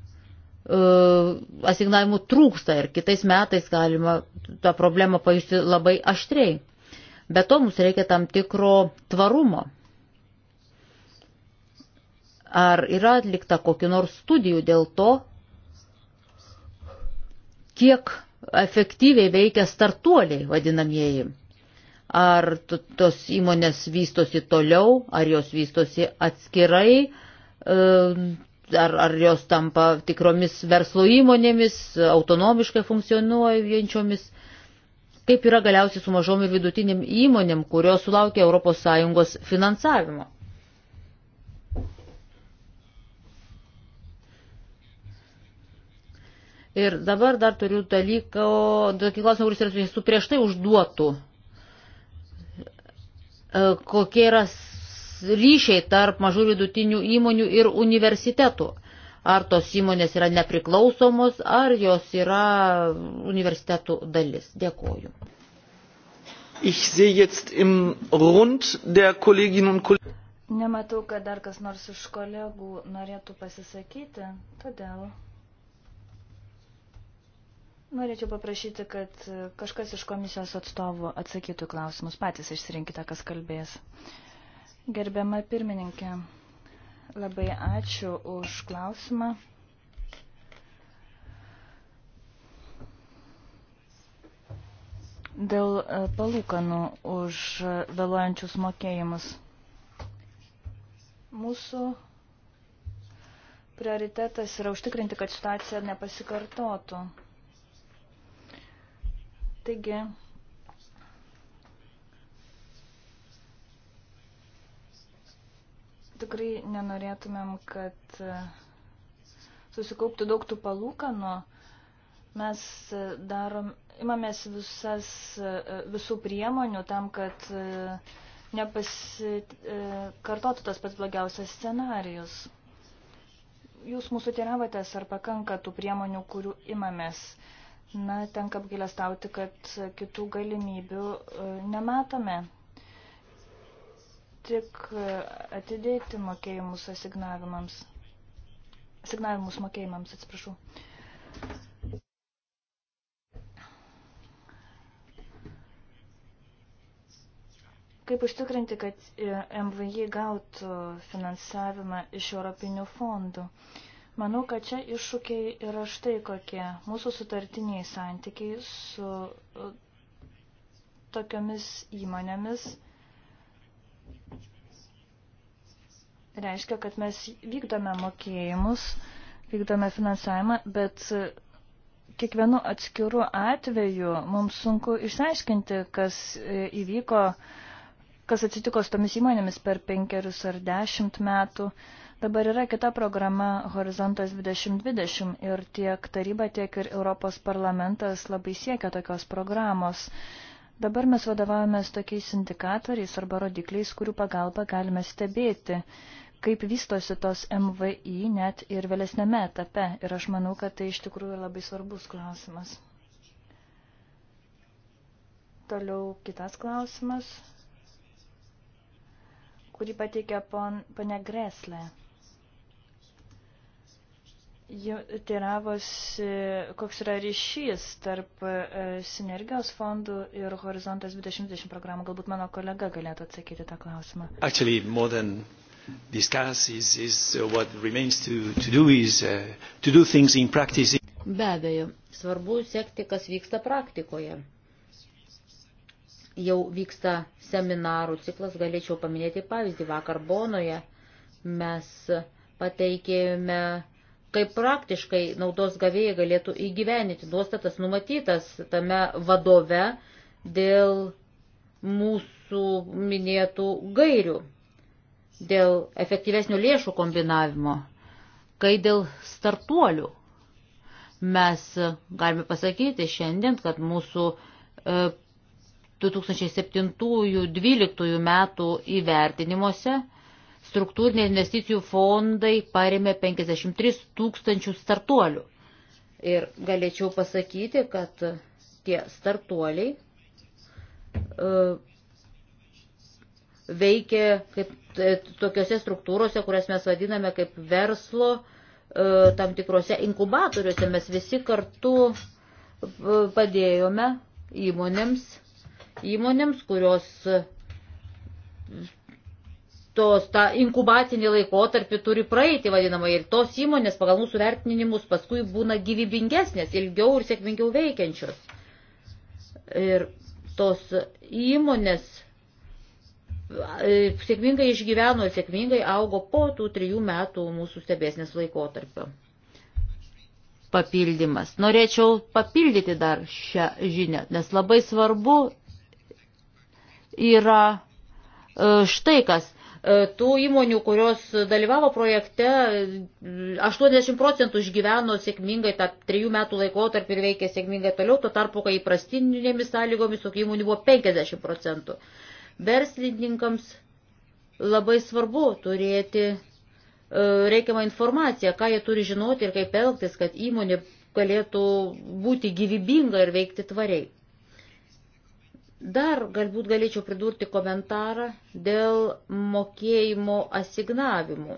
S3: asignavimų trūksta ir kitais metais galima tą problemą pajusti labai aštriai. Be to mums reikia tam tikro tvarumo. Ar yra atlikta kokiu nors studijų dėl to, kiek efektyviai veikia startuoliai vadinamieji. Ar tos įmonės vystosi toliau, ar jos vystosi atskirai, um, ar, ar jos tampa tikromis verslo įmonėmis, autonomiškai funkcionuojančiomis. Kaip yra galiausiai su mažom ir vidutinėm įmonėm, kurios sulaukia ES finansavimo. Ir dabar dar turiu dalyką, tokį klausimą, kuris yra su prieš tai užduotų. E, kokie yra ryšiai tarp mažų vidutinių įmonių ir universitetų? Ar tos įmonės yra nepriklausomos, ar jos yra universitetų dalis? Dėkoju.
S1: Ich sehe jetzt im Rund der Kolleginnen und Kollegen.
S2: Nematau, kad dar kas nors iš kolegų norėtų pasisakyti, todėl Norėčiau paprašyti, kad kažkas iš komisijos atstovų atsakytų klausimus. Patys išsirinkite, kas kalbės. Gerbiama pirmininkė, labai ačiū už klausimą. Dėl e, palūkanų už vėluojančius mokėjimus. Mūsų prioritetas yra užtikrinti, kad situacija nepasikartotų. Taigi, tikrai nenorėtumėm, kad e, susikauptų daug tų palūkanų. Mes e, darom, imamės visas, e, visų priemonių tam, kad nepasikartotų tas pats blogiausias scenarius. Jūs mūsų teiravotės, ar pakanka tų priemonių, kurių imamės. Na, tenka apgailestauti, kad kitų galimybių e, nematome. Tik e, atidėti mokėjimus asignavimams. Asignavimus mokėjimams, atsiprašau. Kaip užtikrinti, kad e, MVI gautų finansavimą iš europinių fondų? Uh, Manau, kad čia iššūkiai yra štai kokie. Mūsų sutartiniai santykiai su e, tokiomis įmonėmis reiškia, kad mes vykdome mokėjimus, vykdome finansavimą, bet kiekvienu atskiru atveju mums sunku išsiaiškinti, kas e, įvyko, kas atsitiko su tomis įmonėmis per penkerius ar dešimt metų. Dabar yra kita programa Horizontas 2020 ir tiek taryba, tiek ir Europos parlamentas labai siekia tokios programos. Dabar mes vadovavomės tokiais indikatoriais arba rodikliais, kurių pagalba galime stebėti, kaip vystosi tos MVI net ir vėlesnėme etape. Ir aš manau, kad tai iš tikrųjų labai svarbus klausimas. Toliau kitas klausimas, kurį pateikė pon, ponia Greslė. Jau teiravosi, koks yra ryšys tarp e, sinergijos fondų ir Horizontas 2020 programų. Galbūt mano kolega galėtų atsakyti tą klausimą.
S4: Actually, discuss is, is uh, what remains to, to do is uh, to do things in practice.
S3: Be abejo, svarbu sekti, kas vyksta praktikoje. Jau vyksta seminarų ciklas, galėčiau paminėti pavyzdį. Vakar Bonoje mes pateikėme kaip praktiškai naudos gavėjai galėtų įgyveninti nuostatas numatytas tame vadove dėl mūsų minėtų gairių, dėl efektyvesnio lėšų kombinavimo, kai dėl startuolių. Mes e, galime pasakyti šiandien, kad mūsų 2007-2012 e, metų įvertinimuose struktūriniai investicijų fondai parėmė 53 tūkstančių startuolių. Ir galėčiau pasakyti, kad tie startuoliai uh, e, veikia kaip e, tokiose struktūrose, kurias mes vadiname kaip verslo, uh, tam tikrose inkubatoriuose. Mes visi kartu uh, padėjome įmonėms, įmonėms, kurios tos, tą inkubacinį laikotarpį turi praeiti, vadinamai, ir tos įmonės pagal mūsų vertinimus paskui būna gyvybingesnės, ilgiau ir sėkmingiau veikiančios. Ir tos įmonės e, sėkmingai išgyveno ir sėkmingai augo po tų trijų metų mūsų stebėsnės laikotarpio. Papildymas. Norėčiau papildyti dar šią žinią, nes labai svarbu yra e, štai kas E, tų įmonių, kurios dalyvavo projekte, 80 e, procentų išgyveno sėkmingai tą trijų metų laikotarpį ir veikė sėkmingai toliau, tuo tarpu, kai įprastinėmis sąlygomis tokių įmonių buvo 50 procentų. Verslininkams labai svarbu turėti e, reikiamą informaciją, ką jie turi žinoti ir kaip elgtis, kad įmonė galėtų būti gyvybinga ir veikti tvariai. Dar galbūt galėčiau pridurti komentarą dėl mokėjimo asignavimų.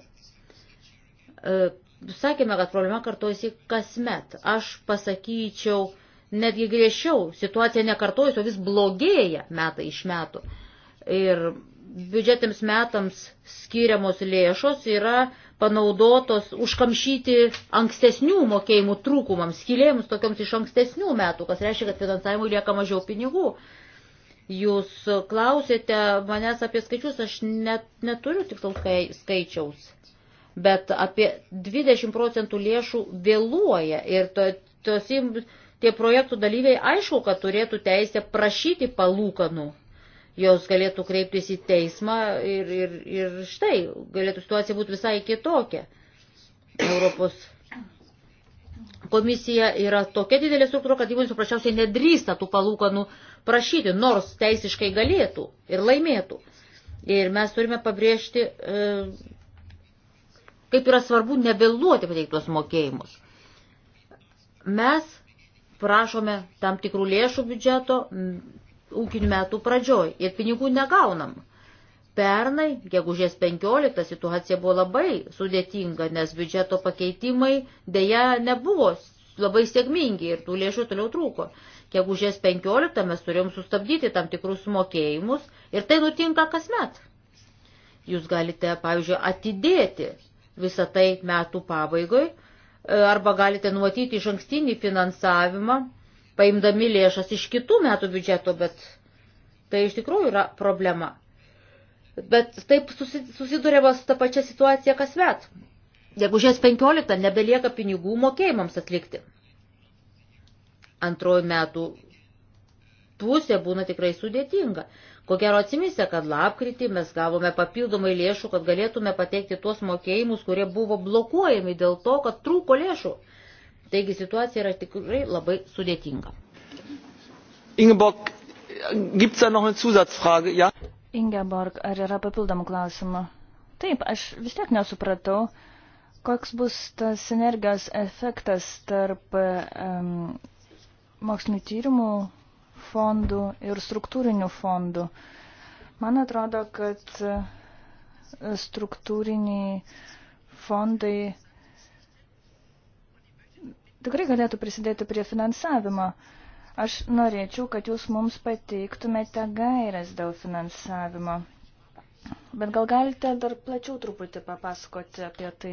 S3: E, sakėme, kad problema kartojasi kasmet. Aš pasakyčiau, netgi griežčiau, situacija nekartojasi, o vis blogėja metai iš metų. Ir biudžetėms metams skiriamos lėšos yra panaudotos užkamšyti ankstesnių mokėjimų trūkumams, skilėjams tokioms iš ankstesnių metų, kas reiškia, kad finansavimui lieka mažiau pinigų. Jūs klausėte manęs apie skaičius, aš net, neturiu tikslaus skaičiaus, bet apie 20 procentų lėšų vėluoja ir to, tos, tie projektų dalyviai aišku, kad turėtų teisę prašyti palūkanų. Jos galėtų kreiptis į teismą ir, ir, ir štai, galėtų situacija būti visai kitokia. Europos komisija yra tokia didelė struktūra, kad įmonės paprasčiausiai nedrįsta tų palūkanų. Nu, prašyti, nors teisiškai galėtų ir laimėtų. Ir mes turime pabrėžti, e, kaip yra svarbu nevėluoti pateiktos mokėjimus. Mes prašome tam tikrų lėšų biudžeto ūkinių metų pradžioj ir pinigų negaunam. Pernai, gegužės 15, situacija buvo labai sudėtinga, nes biudžeto pakeitimai dėja nebuvo labai sėkmingi ir tų lėšų toliau trūko. Gegužės 15 mes turėjom sustabdyti tam tikrus mokėjimus ir tai nutinka kasmet. Jūs galite, pavyzdžiui, atidėti visą tai metų pabaigai e, arba galite numatyti iš ankstinį finansavimą, paimdami lėšas iš kitų metų biudžeto, bet tai iš tikrųjų yra problema. Bet taip susidurėma su tą pačią situaciją kasmet. Jeigu žies 15, nebelieka pinigų mokėjimams atlikti antroji metų pusė būna tikrai sudėtinga. Ko gero atsimisė, kad lapkritį mes gavome papildomai lėšų, kad galėtume pateikti tuos mokėjimus, kurie buvo blokuojami dėl to, kad trūko lėšų. Taigi situacija yra tikrai labai sudėtinga.
S1: Ingeborg, gibt's da noch eine Zusatzfrage? Ja?
S2: Ingeborg, ar yra papildomų klausimų? Taip, aš vis tiek nesupratau, koks bus tas sinergijos efektas tarp um, mokslinio tyrimų fondų ir struktūrinių fondų. Man atrodo, kad e, struktūriniai fondai tikrai galėtų prisidėti prie finansavimo. Aš norėčiau, kad jūs mums pateiktumėte gairias dėl finansavimo. Bet gal galite dar plačiau truputį papasakoti apie tai.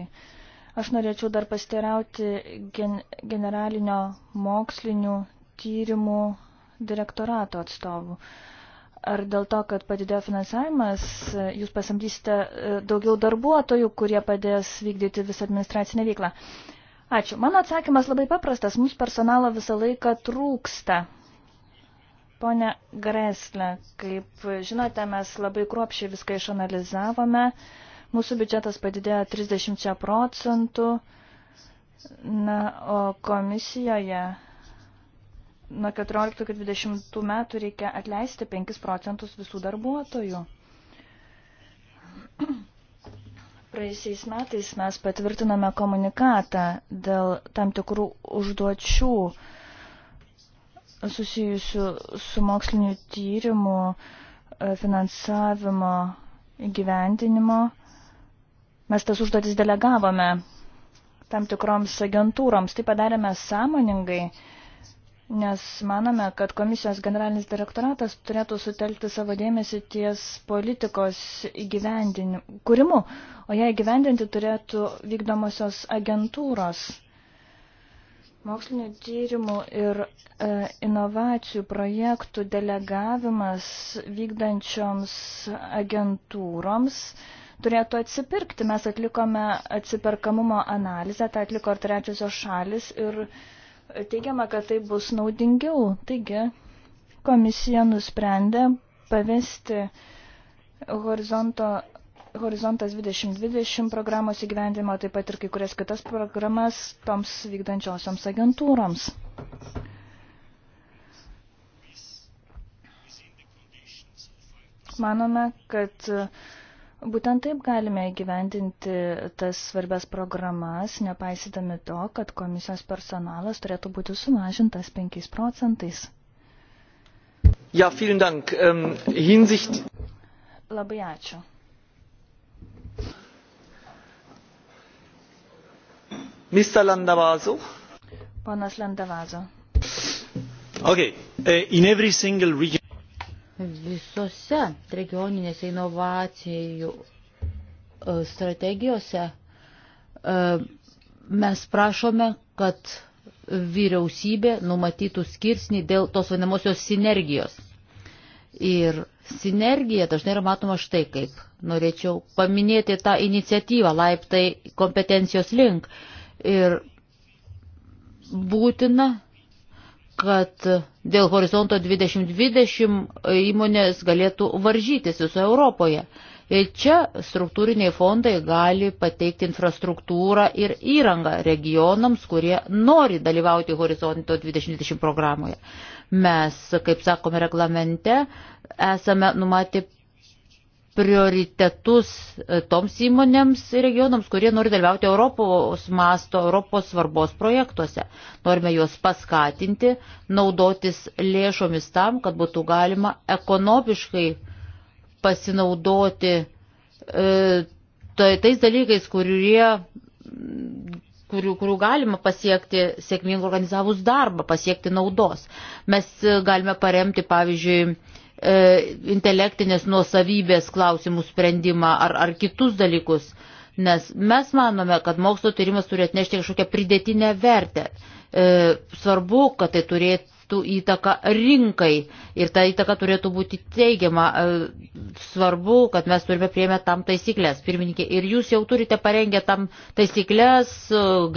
S2: Aš norėčiau dar pasteirauti gen generalinio mokslinių tyrimų direktorato atstovų. Ar dėl to, kad padidėjo finansavimas, jūs pasamdysite e, daugiau darbuotojų, kurie padės vykdyti visą administracinę veiklą? Ačiū. Mano atsakymas labai paprastas. Mums personalo visą laiką trūksta. Pone Gresle, kaip žinote, mes labai kruopšiai viską išanalizavome. Mūsų biudžetas padidėjo 30 procentų. Na, o komisijoje nuo 14-20 metų reikia atleisti 5 procentus visų darbuotojų. [clears throat] Praėjusiais metais mes patvirtiname komunikatą dėl tam tikrų užduočių susijusių su moksliniu tyrimu, e, finansavimo įgyvendinimo. Mes tas užduotis delegavome tam tikroms agentūroms. Tai padarėme sąmoningai nes manome, kad komisijos generalinis direktoratas turėtų sutelkti savo dėmesį ties politikos kūrimu, o ją įgyvendinti turėtų vykdomosios agentūros. Mokslinio tyrimų ir e, inovacijų projektų delegavimas vykdančioms agentūroms turėtų atsipirkti. Mes atlikome atsiperkamumo analizę, tą atliko ir trečiosios šalis ir e, teigiama, kad tai bus naudingiau. Taigi komisija nusprendė pavesti horizonto, horizontas 2020 programos įgyvendimą, taip pat ir kai kurias kitas programas toms vykdančiosioms agentūroms. Manome, kad uh, Būtent taip galime įgyvendinti tas svarbias programas, nepaisydami to, kad komisijos personalas turėtų būti sumažintas 5 procentais.
S1: Ja, vielen Dank. Um, hinsicht...
S2: Labai ačiū.
S1: Mr. Landavazo.
S2: Ponas
S3: Landavazo.
S1: Okay. Uh, in every single region
S3: visose regioninėse inovacijų e, strategijose e, mes prašome, kad vyriausybė numatytų skirsnį dėl tos vadinamosios sinergijos. Ir sinergija dažnai yra matoma štai kaip. Norėčiau paminėti tą iniciatyvą laiptai kompetencijos link. Ir būtina kad dėl horizonto 2020 e, įmonės galėtų varžytis visoje Europoje. Ir čia struktūriniai fondai gali pateikti infrastruktūrą ir įrangą regionams, kurie nori dalyvauti horizonto 2020 programoje. Mes, kaip sakome reglamente, esame numatę prioritetus e, toms įmonėms ir regionams, kurie nori dalyvauti Europos masto, Europos svarbos projektuose. Norime juos paskatinti, naudotis lėšomis tam, kad būtų galima ekonomiškai pasinaudoti e, tais dalykais, kurie, kurių, kurių galima pasiekti sėkmingai organizavus darbą, pasiekti naudos. Mes e, galime paremti, pavyzdžiui, E, intelektinės nuosavybės klausimų sprendimą ar, ar kitus dalykus, nes mes manome, kad mokslo tyrimas turi atnešti kažkokią pridėtinę vertę. E, svarbu, kad tai turėtų įtaką rinkai ir ta įtaka turėtų būti teigiama. E, svarbu, kad mes turime prieimę tam taisyklės, pirmininkė, ir jūs jau turite parengę tam taisyklės,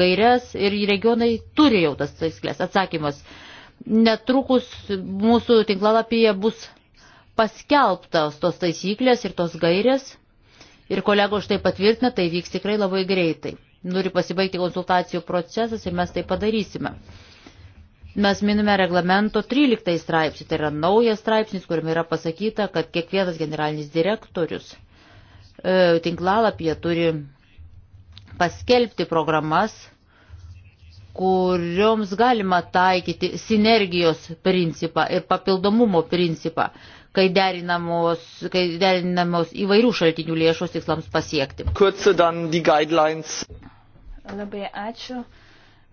S3: gairias ir regionai turi jau tas taisyklės. Atsakymas. Netrukus mūsų tinklalapyje bus paskelbtas tos taisyklės ir tos gairės. Ir kolego štai patvirtina, tai vyks tikrai labai greitai. Nuri pasibaigti konsultacijų procesas ir mes tai padarysime. Mes minime reglamento 13 straipsnį, tai yra naujas straipsnis, kuriame yra pasakyta, kad kiekvienas generalinis direktorius e, tinklalapyje turi paskelbti programas, kurioms galima taikyti sinergijos principą ir papildomumo principą, kai derinamos, kai derinamos įvairių šaltinių lėšos tikslams pasiekti.
S2: Labai ačiū.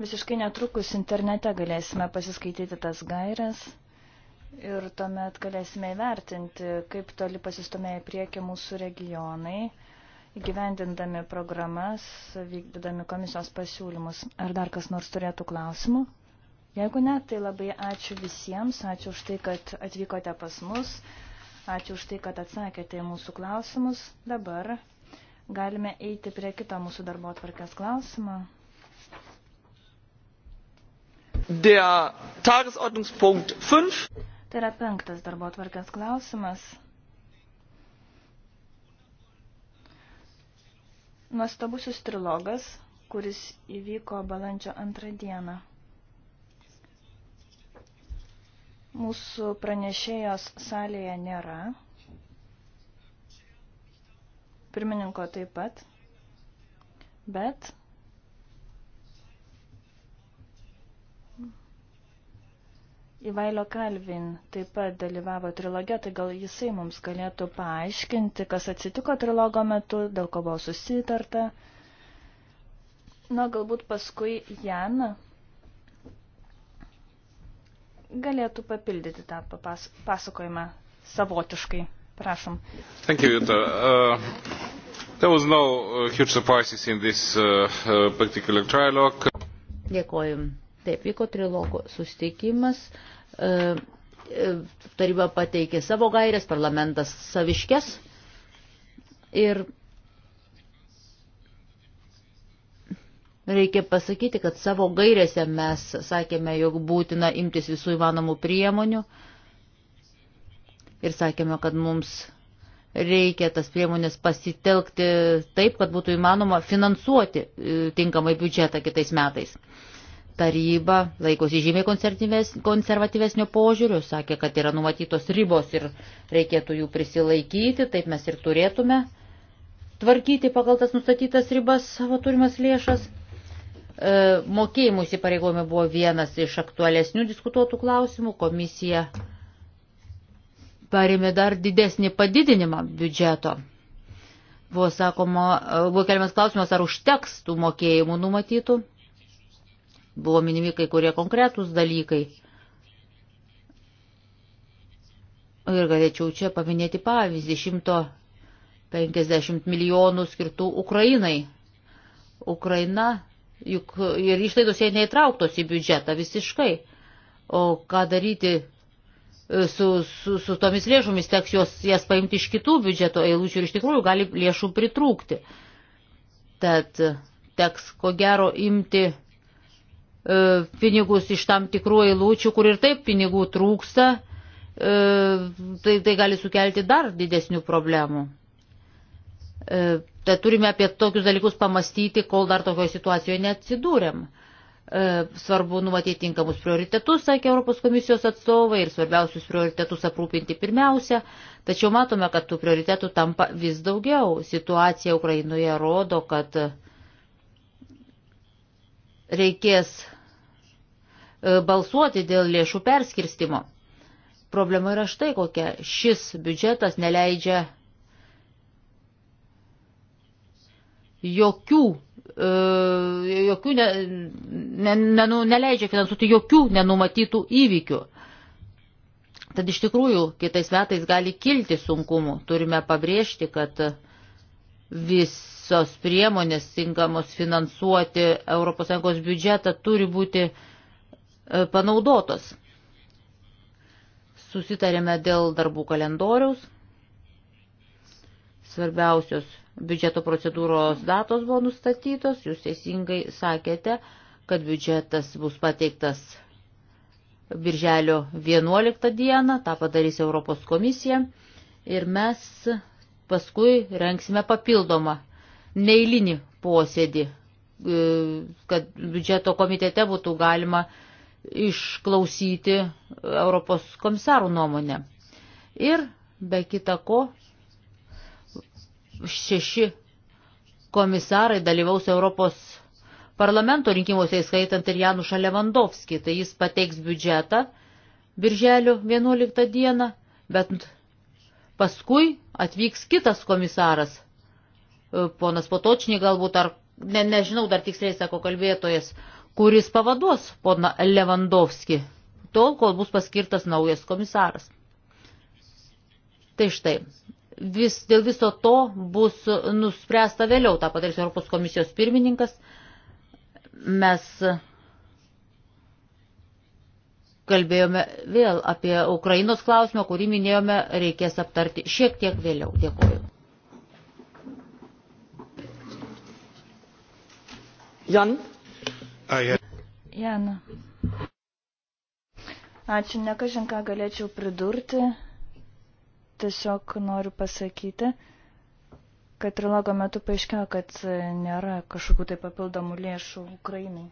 S2: Visiškai netrukus internete galėsime pasiskaityti tas gairias ir tuomet galėsime įvertinti, kaip toli pasistumėjo į priekį mūsų regionai, įgyvendindami programas, vykdydami komisijos pasiūlymus. Ar dar kas nors turėtų klausimų? Jeigu ne, tai labai ačiū visiems, ačiū už tai, kad atvykote pas mus, ačiū už tai, kad atsakėte į mūsų klausimus. Dabar galime eiti prie kito mūsų darbo atvarkės klausimą.
S1: Der Tagesordnungspunkt 5.
S2: Tai yra penktas darbo atvarkės klausimas. Nuostabusis trilogas, kuris įvyko balandžio antrą dieną. Mūsų pranešėjos salėje nėra. Pirmininko taip pat. Bet Ivailo Kalvin taip pat dalyvavo trilogė, tai gal jisai mums galėtų paaiškinti, kas atsitiko trilogo metu, dėl ko buvo susitarta. Na, galbūt paskui Jana galėtų papildyti tą pasakojimą savotiškai.
S3: Prašom.
S1: Thank you, Jutta. Uh, there was no uh, huge surprises in this uh, uh, particular trilogue.
S3: Dėkoju. Taip, vyko trilogo sustikimas. Uh, uh, taryba pateikė savo gairės, parlamentas saviškės. Ir Reikia pasakyti, kad savo gairėse mes sakėme, jog būtina imtis visų įmanomų priemonių ir sakėme, kad mums reikia tas priemonės pasitelkti taip, kad būtų įmanoma finansuoti e, tinkamai biudžetą kitais metais. Taryba laikosi žymiai konservatyvesnio požiūrių, sakė, kad yra numatytos ribos ir reikėtų jų prisilaikyti, taip mes ir turėtume tvarkyti pagal tas nustatytas ribas savo turimas lėšas. E, mokėjimų įsipareigojimai buvo vienas iš aktualesnių diskutuotų klausimų. Komisija parėmė dar didesnį padidinimą biudžeto. Buvo, sakoma, e, buvo keliamas klausimas, ar užteks tų mokėjimų numatytų. Buvo minimi kai kurie konkretūs dalykai. Ir galėčiau čia paminėti pavyzdį 150 milijonų skirtų Ukrainai. Ukraina juk ir išlaidos jie neįtrauktos į biudžetą visiškai. O ką daryti e, su, su, su tomis lėšomis, teks jos, jas paimti iš kitų biudžeto eilučių ir iš tikrųjų gali lėšų pritrūkti. Tad e, teks ko gero imti e, pinigus iš tam tikrų eilučių, kur ir taip pinigų trūksta, e, tai, tai gali sukelti dar didesnių problemų. Tai turime apie tokius dalykus pamastyti, kol dar tokioje situacijoje neatsidūrėm. E, svarbu numatyti tinkamus prioritetus, sakė Europos komisijos atstovai, ir svarbiausius prioritetus aprūpinti pirmiausia, tačiau matome, kad tų prioritetų tampa vis daugiau. Situacija Ukrainoje rodo, kad reikės e, balsuoti dėl lėšų perskirstimo. Problema yra štai kokia. Šis biudžetas neleidžia jokių, e, jokių ne, ne, ne, neleidžia finansuoti jokių nenumatytų įvykių. Tad iš tikrųjų kitais metais gali kilti sunkumų. Turime pabrėžti, kad visos priemonės tinkamos finansuoti ES biudžetą turi būti e, panaudotos. Susitarėme dėl darbų kalendoriaus. Svarbiausios biudžeto procedūros datos buvo nustatytos, jūs teisingai sakėte, kad biudžetas bus pateiktas birželio 11 dieną, tą padarys Europos komisija ir mes paskui renksime papildomą neįlinį posėdį, e, kad biudžeto komitete būtų galima išklausyti Europos komisarų nuomonę. Ir be kita ko šeši komisarai dalyvaus Europos parlamento rinkimuose, įskaitant ir Janušą Levandovskį. Tai jis pateiks biudžetą birželio 11 dieną, bet paskui atvyks kitas komisaras, e, ponas Potočny galbūt, ar ne, nežinau, dar tiksliai sako kalbėtojas, kuris pavaduos poną Levandovskį, tol, kol bus paskirtas naujas komisaras. Tai štai, vis, dėl viso to bus nuspręsta vėliau, tą padarys Europos komisijos pirmininkas. Mes kalbėjome vėl apie Ukrainos klausimą, kurį minėjome, reikės aptarti šiek tiek vėliau. Dėkuoju. Jan. Jan.
S2: Ačiū, nekažin ką galėčiau pridurti. Tiesiog noriu pasakyti, kad trilogo metu paaiškėjo, kad nėra kažkokių tai papildomų lėšų Ukrainai.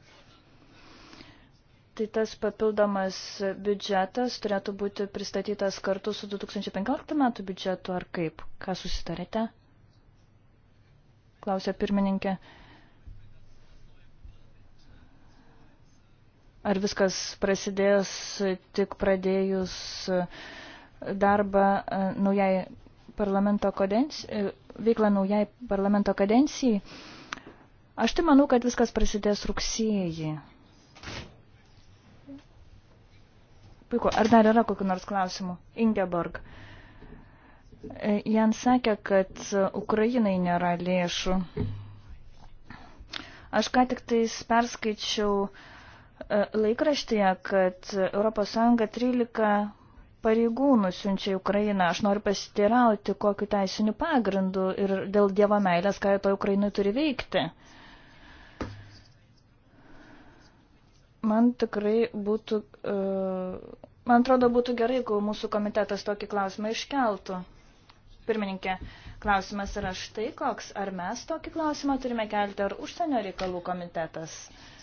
S2: Tai tas papildomas biudžetas turėtų būti pristatytas kartu su 2015 metų biudžetu ar kaip? Ką susitarėte? Klausė pirmininkė. Ar viskas prasidės tik pradėjus uh, darbą e, naujai parlamento kadencijai, e, veiklą naujai parlamento kadencijai. Aš tai manau, kad viskas prasidės rugsėjį. Puiku, ar dar yra kokiu nors klausimu? Ingeborg. E, Jan sakė, kad Ukrainai nėra lėšų. Aš ką tik tais perskaičiau laikraštyje, kad ES 13 pareigūnų siunčia į Ukrainą. Aš noriu pasitirauti, kokiu teisiniu pagrindu ir dėl Dievo meilės, ką to Ukrainai turi veikti. Man tikrai būtų, e, man atrodo, būtų gerai, jeigu mūsų komitetas tokį klausimą iškeltų. Pirmininkė, klausimas yra štai koks, ar mes tokį klausimą turime kelti, ar užsienio reikalų komitetas. Uh,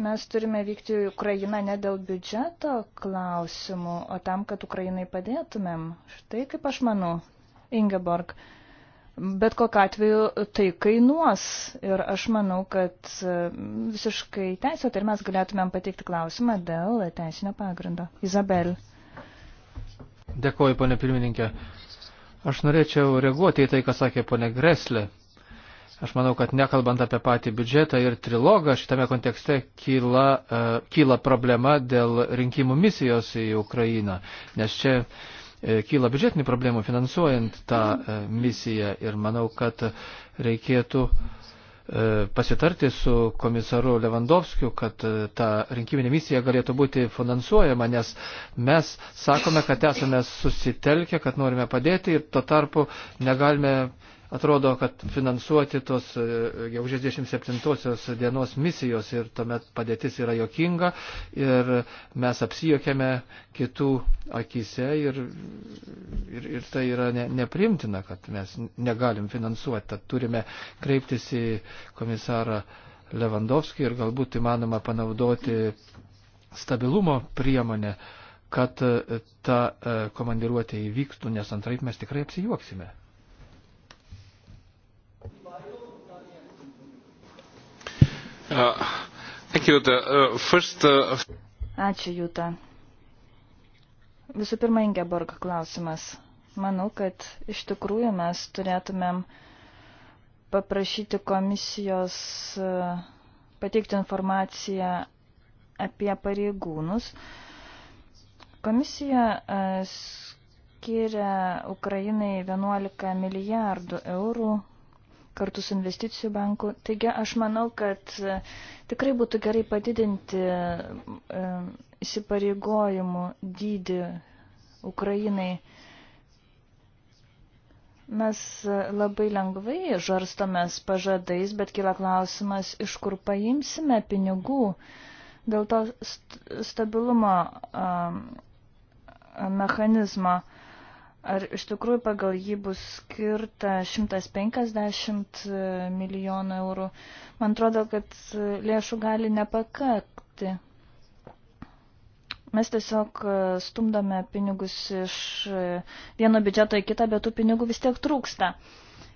S2: mes turime vykti į Ukrainą ne dėl biudžeto klausimų, o tam, kad Ukrainai padėtumėm. Štai kaip aš manau, Ingeborg. Bet kokiu atveju tai kainuos ir aš manau, kad e, visiškai teisėt ir mes galėtumėm pateikti klausimą dėl teisinio pagrindo. Izabel.
S4: Dėkuoju, ponė pirmininkė. Aš norėčiau reaguoti į tai, ką sakė ponė Greslė. Aš manau, kad nekalbant apie patį biudžetą ir trilogą, šitame kontekste kyla, uh, kyla problema dėl rinkimų misijos į Ukrainą, nes čia uh, kyla biudžetinių problemų finansuojant tą uh, misiją ir manau, kad reikėtų uh, pasitarti su komisaru Levandovskiu, kad uh, ta rinkiminė misija galėtų būti finansuojama, nes mes sakome, kad esame susitelkę, kad norime padėti ir tuo tarpu negalime atrodo, kad finansuoti tos e, gegužės 27 dienos misijos ir tuomet padėtis yra jokinga ir mes apsijokėme kitų akise ir, ir, ir tai yra ne, neprimtina, kad mes negalim finansuoti, tad turime kreiptis į komisarą Levandovskį ir galbūt įmanoma panaudoti stabilumo priemonę kad ta e, komandiruotė įvyktų, nes antraip mes tikrai apsijuoksime.
S1: Uh, thank you. The, uh, first, uh...
S2: Ačiū, Jūta. Visų pirma, Ingeborg klausimas. Manau, kad iš tikrųjų mes turėtumėm paprašyti komisijos uh, pateikti informaciją apie pareigūnus. Komisija uh, skiria Ukrainai 11 milijardų eurų kartu su investicijų banku. Taigi aš manau, kad e, tikrai būtų gerai padidinti e, įsipareigojimų dydį Ukrainai. Mes e, labai lengvai žarstomės pažadais, bet kila klausimas, iš kur paimsime pinigų dėl to stabilumo mechanizmo. Um, Ar iš tikrųjų pagal jį bus skirta 150 e, milijonų eurų? Man atrodo, kad e, lėšų gali nepakakti. Mes tiesiog e, stumdome pinigus iš vieno biudžeto į kitą, bet tų pinigų vis tiek trūksta.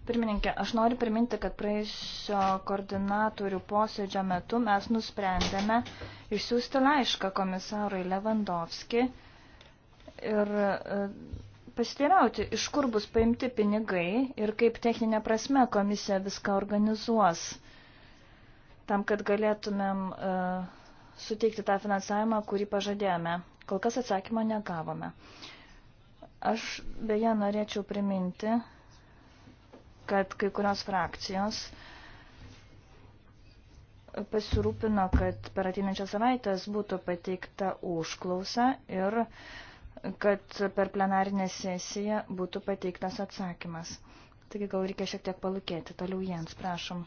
S2: Pirmininkė, aš noriu priminti, kad praėjusio koordinatorių posėdžio metu mes nusprendėme išsiųsti laišką komisarui Levandovski ir pasiteirauti, iš kur bus paimti pinigai ir kaip techninė prasme komisija viską organizuos, tam, kad galėtumėm uh, suteikti tą finansavimą, kurį pažadėjome. Kol kas atsakymo negavome. Aš beje norėčiau priminti, kad kai kurios frakcijos pasirūpino, kad per ateinančią savaitę būtų pateikta užklausa ir uh, kad per plenarinę sesiją būtų pateiktas atsakymas. Taigi gal reikia šiek tiek palūkėti. Toliau Jens, prašom.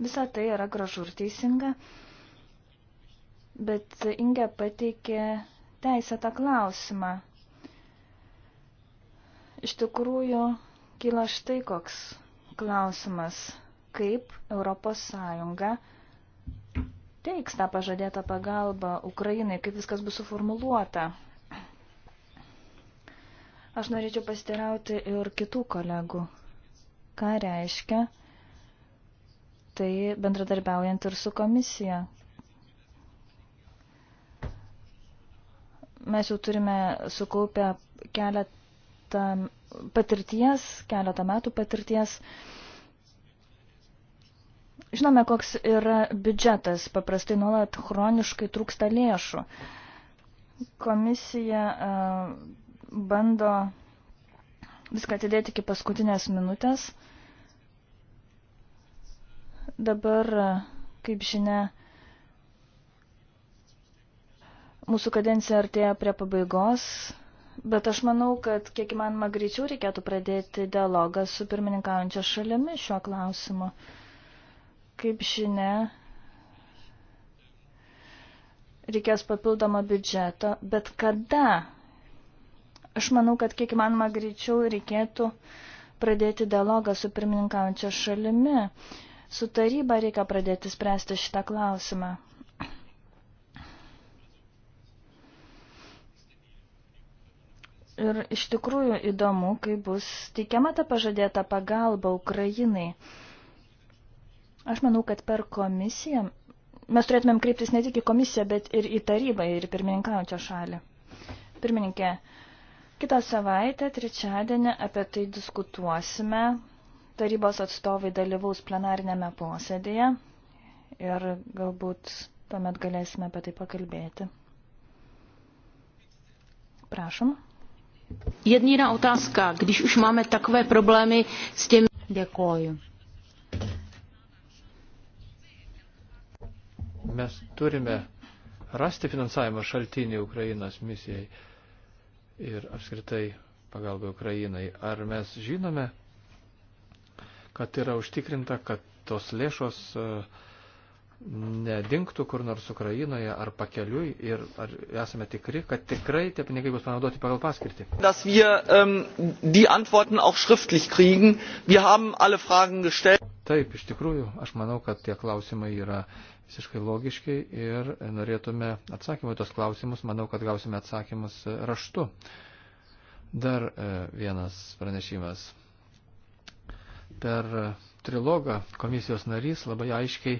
S2: Visa tai yra gražu ir teisinga, bet Inge pateikė teisėtą klausimą. Iš tikrųjų, kyla štai koks klausimas, kaip ES teiks tą pažadėtą pagalbą Ukrainai, kaip viskas bus suformuluota. Aš norėčiau pasiteirauti ir kitų kolegų. Ką reiškia tai bendradarbiaujant ir su komisija? Mes jau turime sukaupę keletą patirties, keletą metų patirties. Žinome, koks yra biudžetas, paprastai nuolat chroniškai trūksta lėšų. Komisija uh, bando viską atidėti iki paskutinės minutės. Dabar, kaip žinia, mūsų kadencija artėja prie pabaigos, bet aš manau, kad kiek įmanoma greičiau reikėtų pradėti dialogą su pirmininkaujančia šalimi šiuo klausimu. Kaip žinia, reikės papildomo biudžeto, bet kada Aš manau, kad kiek įmanoma greičiau reikėtų pradėti dialogą su pirmininkaujančia šalimi. Su taryba reikia pradėti spręsti šitą klausimą. Ir iš tikrųjų įdomu, kaip bus teikiama ta pažadėta pagalba Ukrainai. Aš manau, kad per komisiją mes turėtumėm kreiptis ne tik į komisiją, bet ir į tarybą, ir pirmininkaujančią šalį. Pirmininkė, Kitą savaitę, trečiadienį, apie tai diskutuosime. Tarybos atstovai dalyvaus plenarinėme posėdėje ir galbūt tuomet galėsime apie tai pakalbėti.
S3: Prašom. Jednina otázka, když už máme takové problémy s těmi... Dėkoju.
S4: Mes turime rasti finansavimo šaltinį Ukrainos misijai ir apskritai pagalba Ukrainai. Ar mes žinome, kad yra užtikrinta, kad tos lėšos e, nedingtų kur nors Ukrainoje ar pakeliui ir ar esame tikri, kad tikrai tie pinigai bus panaudoti pagal paskirtį. Dass wir
S1: ähm, die Antworten auch
S4: schriftlich kriegen. Wir haben alle Fragen gestellt. Taip, iš tikrųjų, aš manau, kad tie klausimai yra visiškai logiški ir norėtume atsakymų į tos klausimus. Manau, kad gausime atsakymus raštu. Dar e, vienas pranešimas. Per trilogą komisijos narys labai aiškiai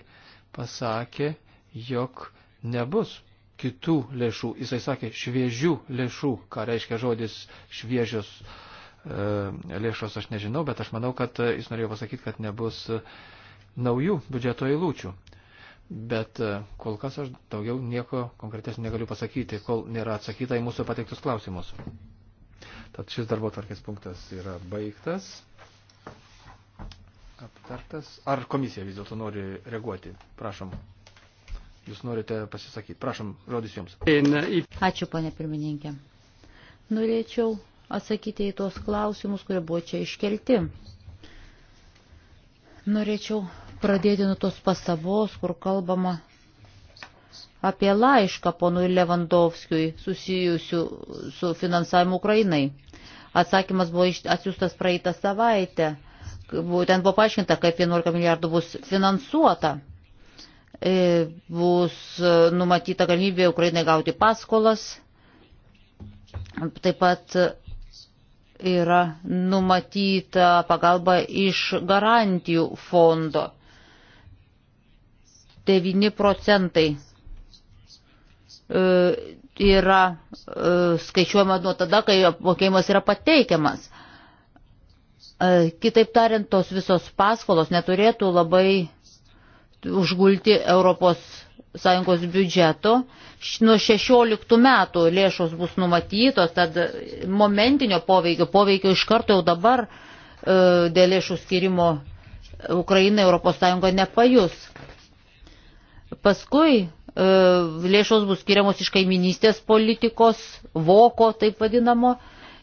S4: pasakė, jog nebus kitų lėšų. Jisai sakė šviežių lėšų, ką reiškia žodis šviežios e, lėšos, aš nežinau, bet aš manau, kad jis norėjo pasakyti, kad nebus e, naujų biudžeto eilučių bet e, kol kas aš daugiau nieko konkretesnio negaliu pasakyti, kol nėra atsakyta į mūsų pateiktus klausimus. Tad šis darbo tvarkės punktas yra baigtas, aptartas. Ar komisija vis dėlto nori reaguoti? Prašom. Jūs norite pasisakyti. Prašom, rodys jums. Ačiū,
S3: ponė pirmininkė. Norėčiau atsakyti į tuos klausimus, kurie buvo čia iškelti. Norėčiau pradėti nuo tos pastabos, kur kalbama apie laišką ponui Levandovskijui susijusiu su finansavimu Ukrainai. Atsakymas buvo atsiųstas praeitą savaitę. Būtent buvo paaiškinta, kaip 11 milijardų bus finansuota. E, bus e, numatyta galimybė Ukrainai gauti paskolas. Taip pat yra numatyta pagalba iš garantijų fondo 9 procentai e, yra e, skaičiuojama nuo tada, kai apmokėjimas yra pateikiamas. E, kitaip tariant, tos visos paskolos neturėtų labai užgulti Europos Sąjungos biudžeto. Nuo 16 metų lėšos bus numatytos, tad momentinio poveikio, poveikio iš karto jau dabar dėl lėšų skirimo Ukraina Europos Sąjunga nepajus. Paskui e, lėšos bus skiriamos iš kaiminystės politikos, voko taip vadinamo,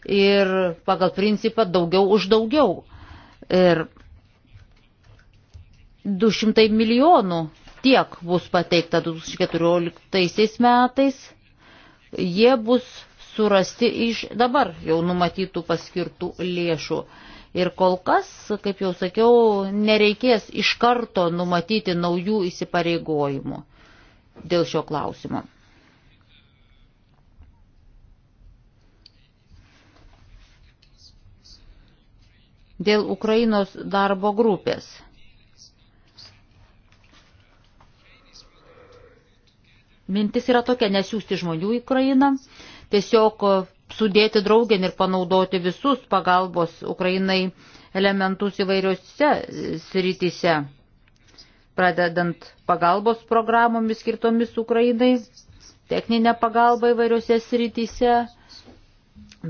S3: ir pagal principą daugiau už daugiau. Ir 200 milijonų tiek bus pateikta 2014 metais, jie bus surasti iš dabar jau numatytų paskirtų lėšų. Ir kol kas, kaip jau sakiau, nereikės iš karto numatyti naujų įsipareigojimų dėl šio klausimo. Dėl Ukrainos darbo grupės. Mintis yra tokia nesiųsti žmonių į Ukrainą, tiesiog sudėti draugien ir panaudoti visus pagalbos Ukrainai elementus įvairiose e, srityse, pradedant pagalbos programomis skirtomis Ukrainai, techninę pagalbą įvairiose srityse,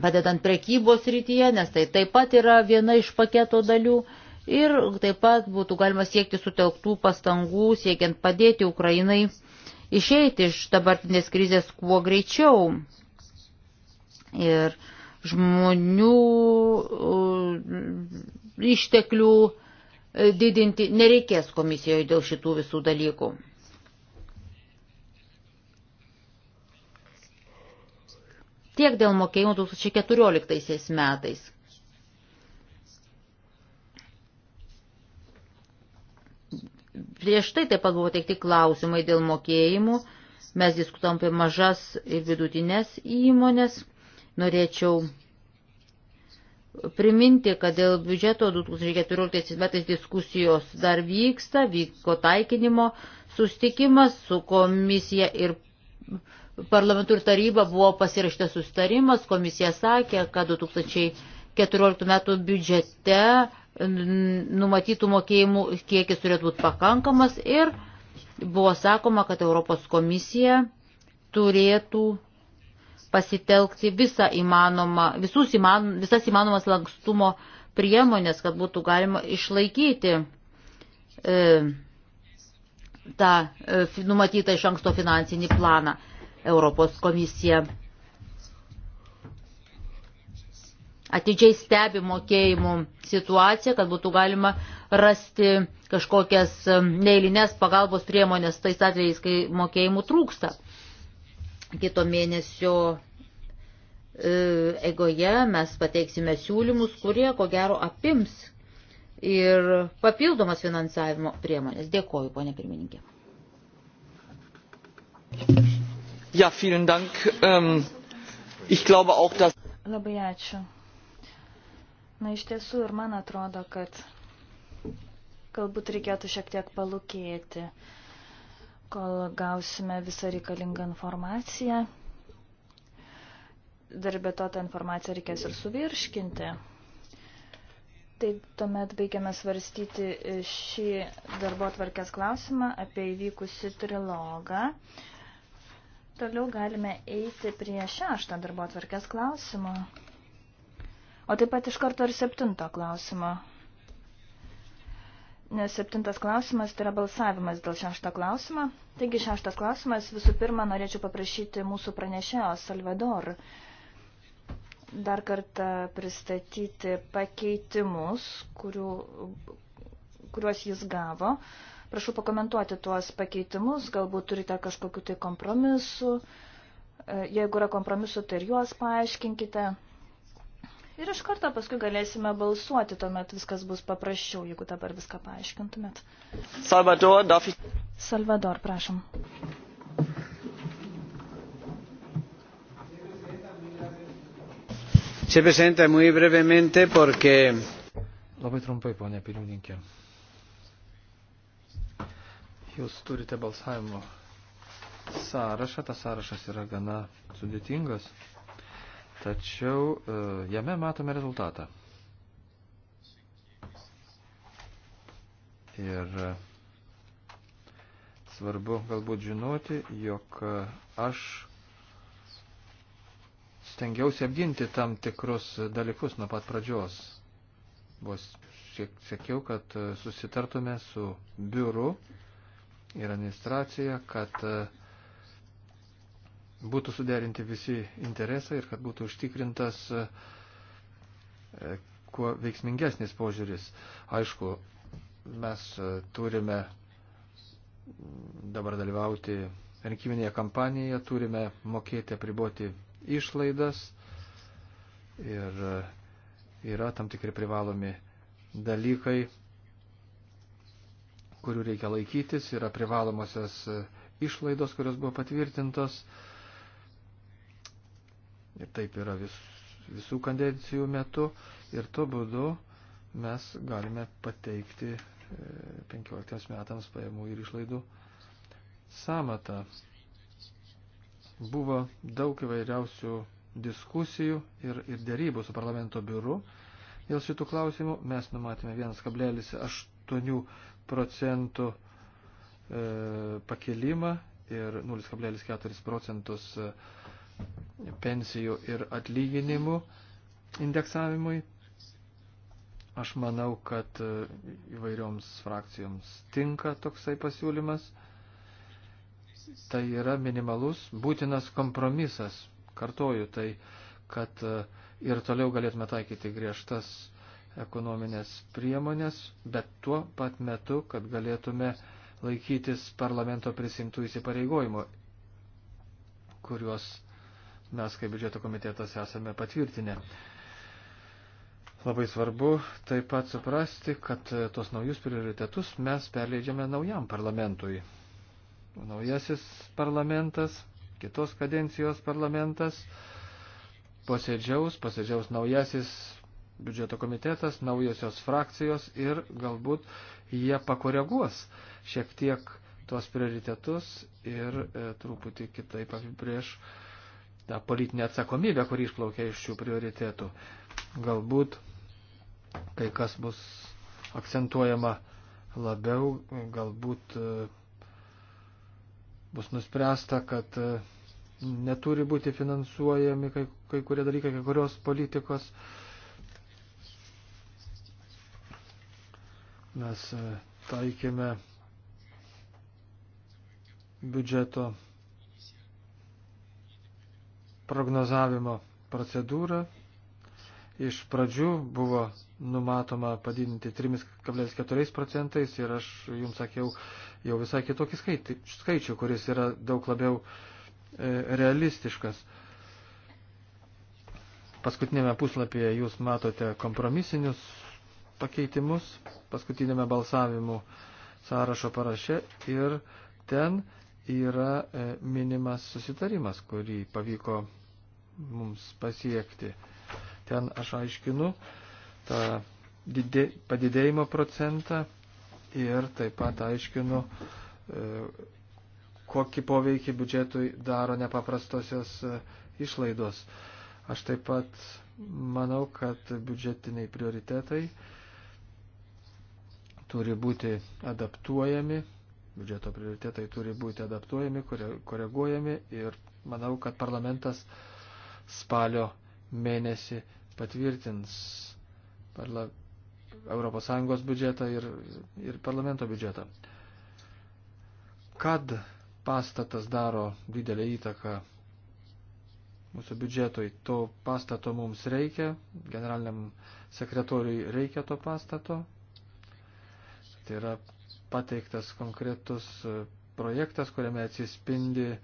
S3: padedant prekybos srityje, nes tai taip pat yra viena iš paketo dalių. Ir taip pat būtų galima siekti sutelktų pastangų, siekiant padėti Ukrainai išeiti iš dabartinės krizės kuo greičiau, ir žmonių e, išteklių e, didinti nereikės komisijoje dėl šitų visų dalykų. Tiek dėl mokėjimų 2014 metais. Prieš tai taip pat buvo teikti klausimai dėl mokėjimų. Mes diskutam apie mažas ir vidutinės įmonės. Norėčiau priminti, kad dėl biudžeto 2014 metais diskusijos dar vyksta, vyko taikinimo sustikimas su komisija ir parlamentų ir taryba buvo pasirašytas sustarimas, komisija sakė, kad 2014 metų biudžete numatytų mokėjimų kiekis turėtų būti pakankamas ir buvo sakoma, kad Europos komisija turėtų pasitelkti visą įmanomą, visus įman, visas įmanomas lankstumo priemonės, kad būtų galima išlaikyti e, tą e, numatytą iš anksto finansinį planą Europos komisija. Atidžiai stebi mokėjimų situaciją, kad būtų galima rasti kažkokias e, neįlinės pagalbos priemonės tais atvejais, kai mokėjimų trūksta. Kito mėnesio e, eigoje mes pateiksime siūlymus, kurie, ko gero, apims ir papildomas finansavimo priemonės. Dėkoju, ponė pirmininkė.
S1: Ja, vielen Dank. Ähm, ich glaube auch, dass.
S2: Labai ačiū. Na, iš tiesų ir man atrodo, kad galbūt reikėtų šiek tiek palūkėti. Uh, kol gausime visą reikalingą informaciją. Dar be to tą informaciją reikės ir suvirškinti. Taip, tuomet baigiame svarstyti šį darbo tvarkės klausimą apie įvykusi trilogą. Toliau galime eiti prie šeštą darbo tvarkės klausimo. O taip pat iš karto ir septinto klausimo. Nes septintas klausimas tai yra balsavimas dėl šešto klausimo. Taigi šeštas klausimas visų pirma norėčiau paprašyti mūsų pranešėjo Salvador dar kartą pristatyti pakeitimus, kurių, kuriuos jis gavo. Prašau pakomentuoti tuos pakeitimus, galbūt turite kažkokiu tai kompromisu. E, jeigu yra kompromisu, tai ir juos paaiškinkite. Ir iš karto paskui galėsime balsuoti, tuomet viskas bus paprasčiau, jeigu dabar viską paaiškintumėt. Salvador, darf ich... Salvador, prašom.
S4: Sí, presidente, muy brevemente porque... Labai trumpai, ponė pirmininkė. Jūs turite balsavimo sąrašą, tas sąrašas yra gana sudėtingas. Tačiau e, jame matome rezultatą. Ir e, svarbu galbūt žinoti, jog e, aš stengiausi apginti tam tikrus dalykus nuo pat pradžios. Vos siekiau, kad susitartume su biuru ir administracija, kad uh, būtų suderinti visi interesai ir kad būtų užtikrintas e, kuo veiksmingesnis požiūris. Aišku, mes e, turime dabar dalyvauti rinkiminėje kampanijoje, turime mokėti apriboti išlaidas ir e, yra tam tikri privalomi dalykai, kurių reikia laikytis, yra privalomosios išlaidos, kurios buvo patvirtintos. Ir taip yra vis, visų kandencijų metu. Ir tuo būdu mes galime pateikti 15 e, metams pajamų ir išlaidų samatą. Buvo daug įvairiausių diskusijų ir, ir dėrybų su parlamento biuru. Dėl šitų klausimų mes numatėme 1,8 procentų e, pakelimą ir 0,4 procentus e, pensijų ir atlyginimų indeksavimui. Aš manau, kad e, įvairioms frakcijoms tinka toksai pasiūlymas. Tai yra minimalus, būtinas kompromisas. Kartoju tai, kad e, ir toliau galėtume taikyti griežtas ekonominės priemonės, bet tuo pat metu, kad galėtume laikytis parlamento prisimtų įsipareigojimų, kuriuos mes kaip biudžeto komitetas esame patvirtinę. Labai svarbu taip pat suprasti, kad e, tos naujus prioritetus mes perleidžiame naujam parlamentui. Naujasis parlamentas, kitos kadencijos parlamentas posėdžiaus, posėdžiaus naujasis biudžeto komitetas, naujosios frakcijos ir galbūt jie pakoreguos šiek tiek tuos prioritetus ir e, truputį kitaip apibrėž e, tą politinę atsakomybę, kuri išplaukia iš šių prioritėtų. Galbūt kai kas bus akcentuojama labiau, galbūt e, bus nuspręsta, kad e, neturi būti finansuojami kai, kai kurie dalykai, kai kurios politikos. Mes e, taikėme biudžeto prognozavimo procedūrą. Iš pradžių buvo numatoma padidinti 3,4 procentais ir aš jums sakiau jau visai kitokį skaičių, kuris yra daug labiau e, realistiškas. Paskutinėme puslapyje jūs matote kompromisinius pakeitimus, paskutinėme balsavimų sąrašo paraše ir ten yra e, minimas susitarimas, kurį pavyko mums pasiekti. Ten aš aiškinu tą didė, padidėjimo procentą ir taip pat aiškinu, e, kokį poveikį biudžetui daro nepaprastosios e, išlaidos. Aš taip pat manau, kad biudžetiniai prioritetai turi būti adaptuojami biudžeto prioritetai turi būti adaptuojami, koreguojami ir manau, kad parlamentas spalio mėnesį patvirtins parla... ES biudžetą ir, ir parlamento biudžetą. Kad pastatas daro didelę įtaką mūsų biudžetui, to pastato mums reikia, generaliniam sekretoriui reikia to pastato. Tai yra pateiktas konkretus e, projektas, kuriame atsispindi e,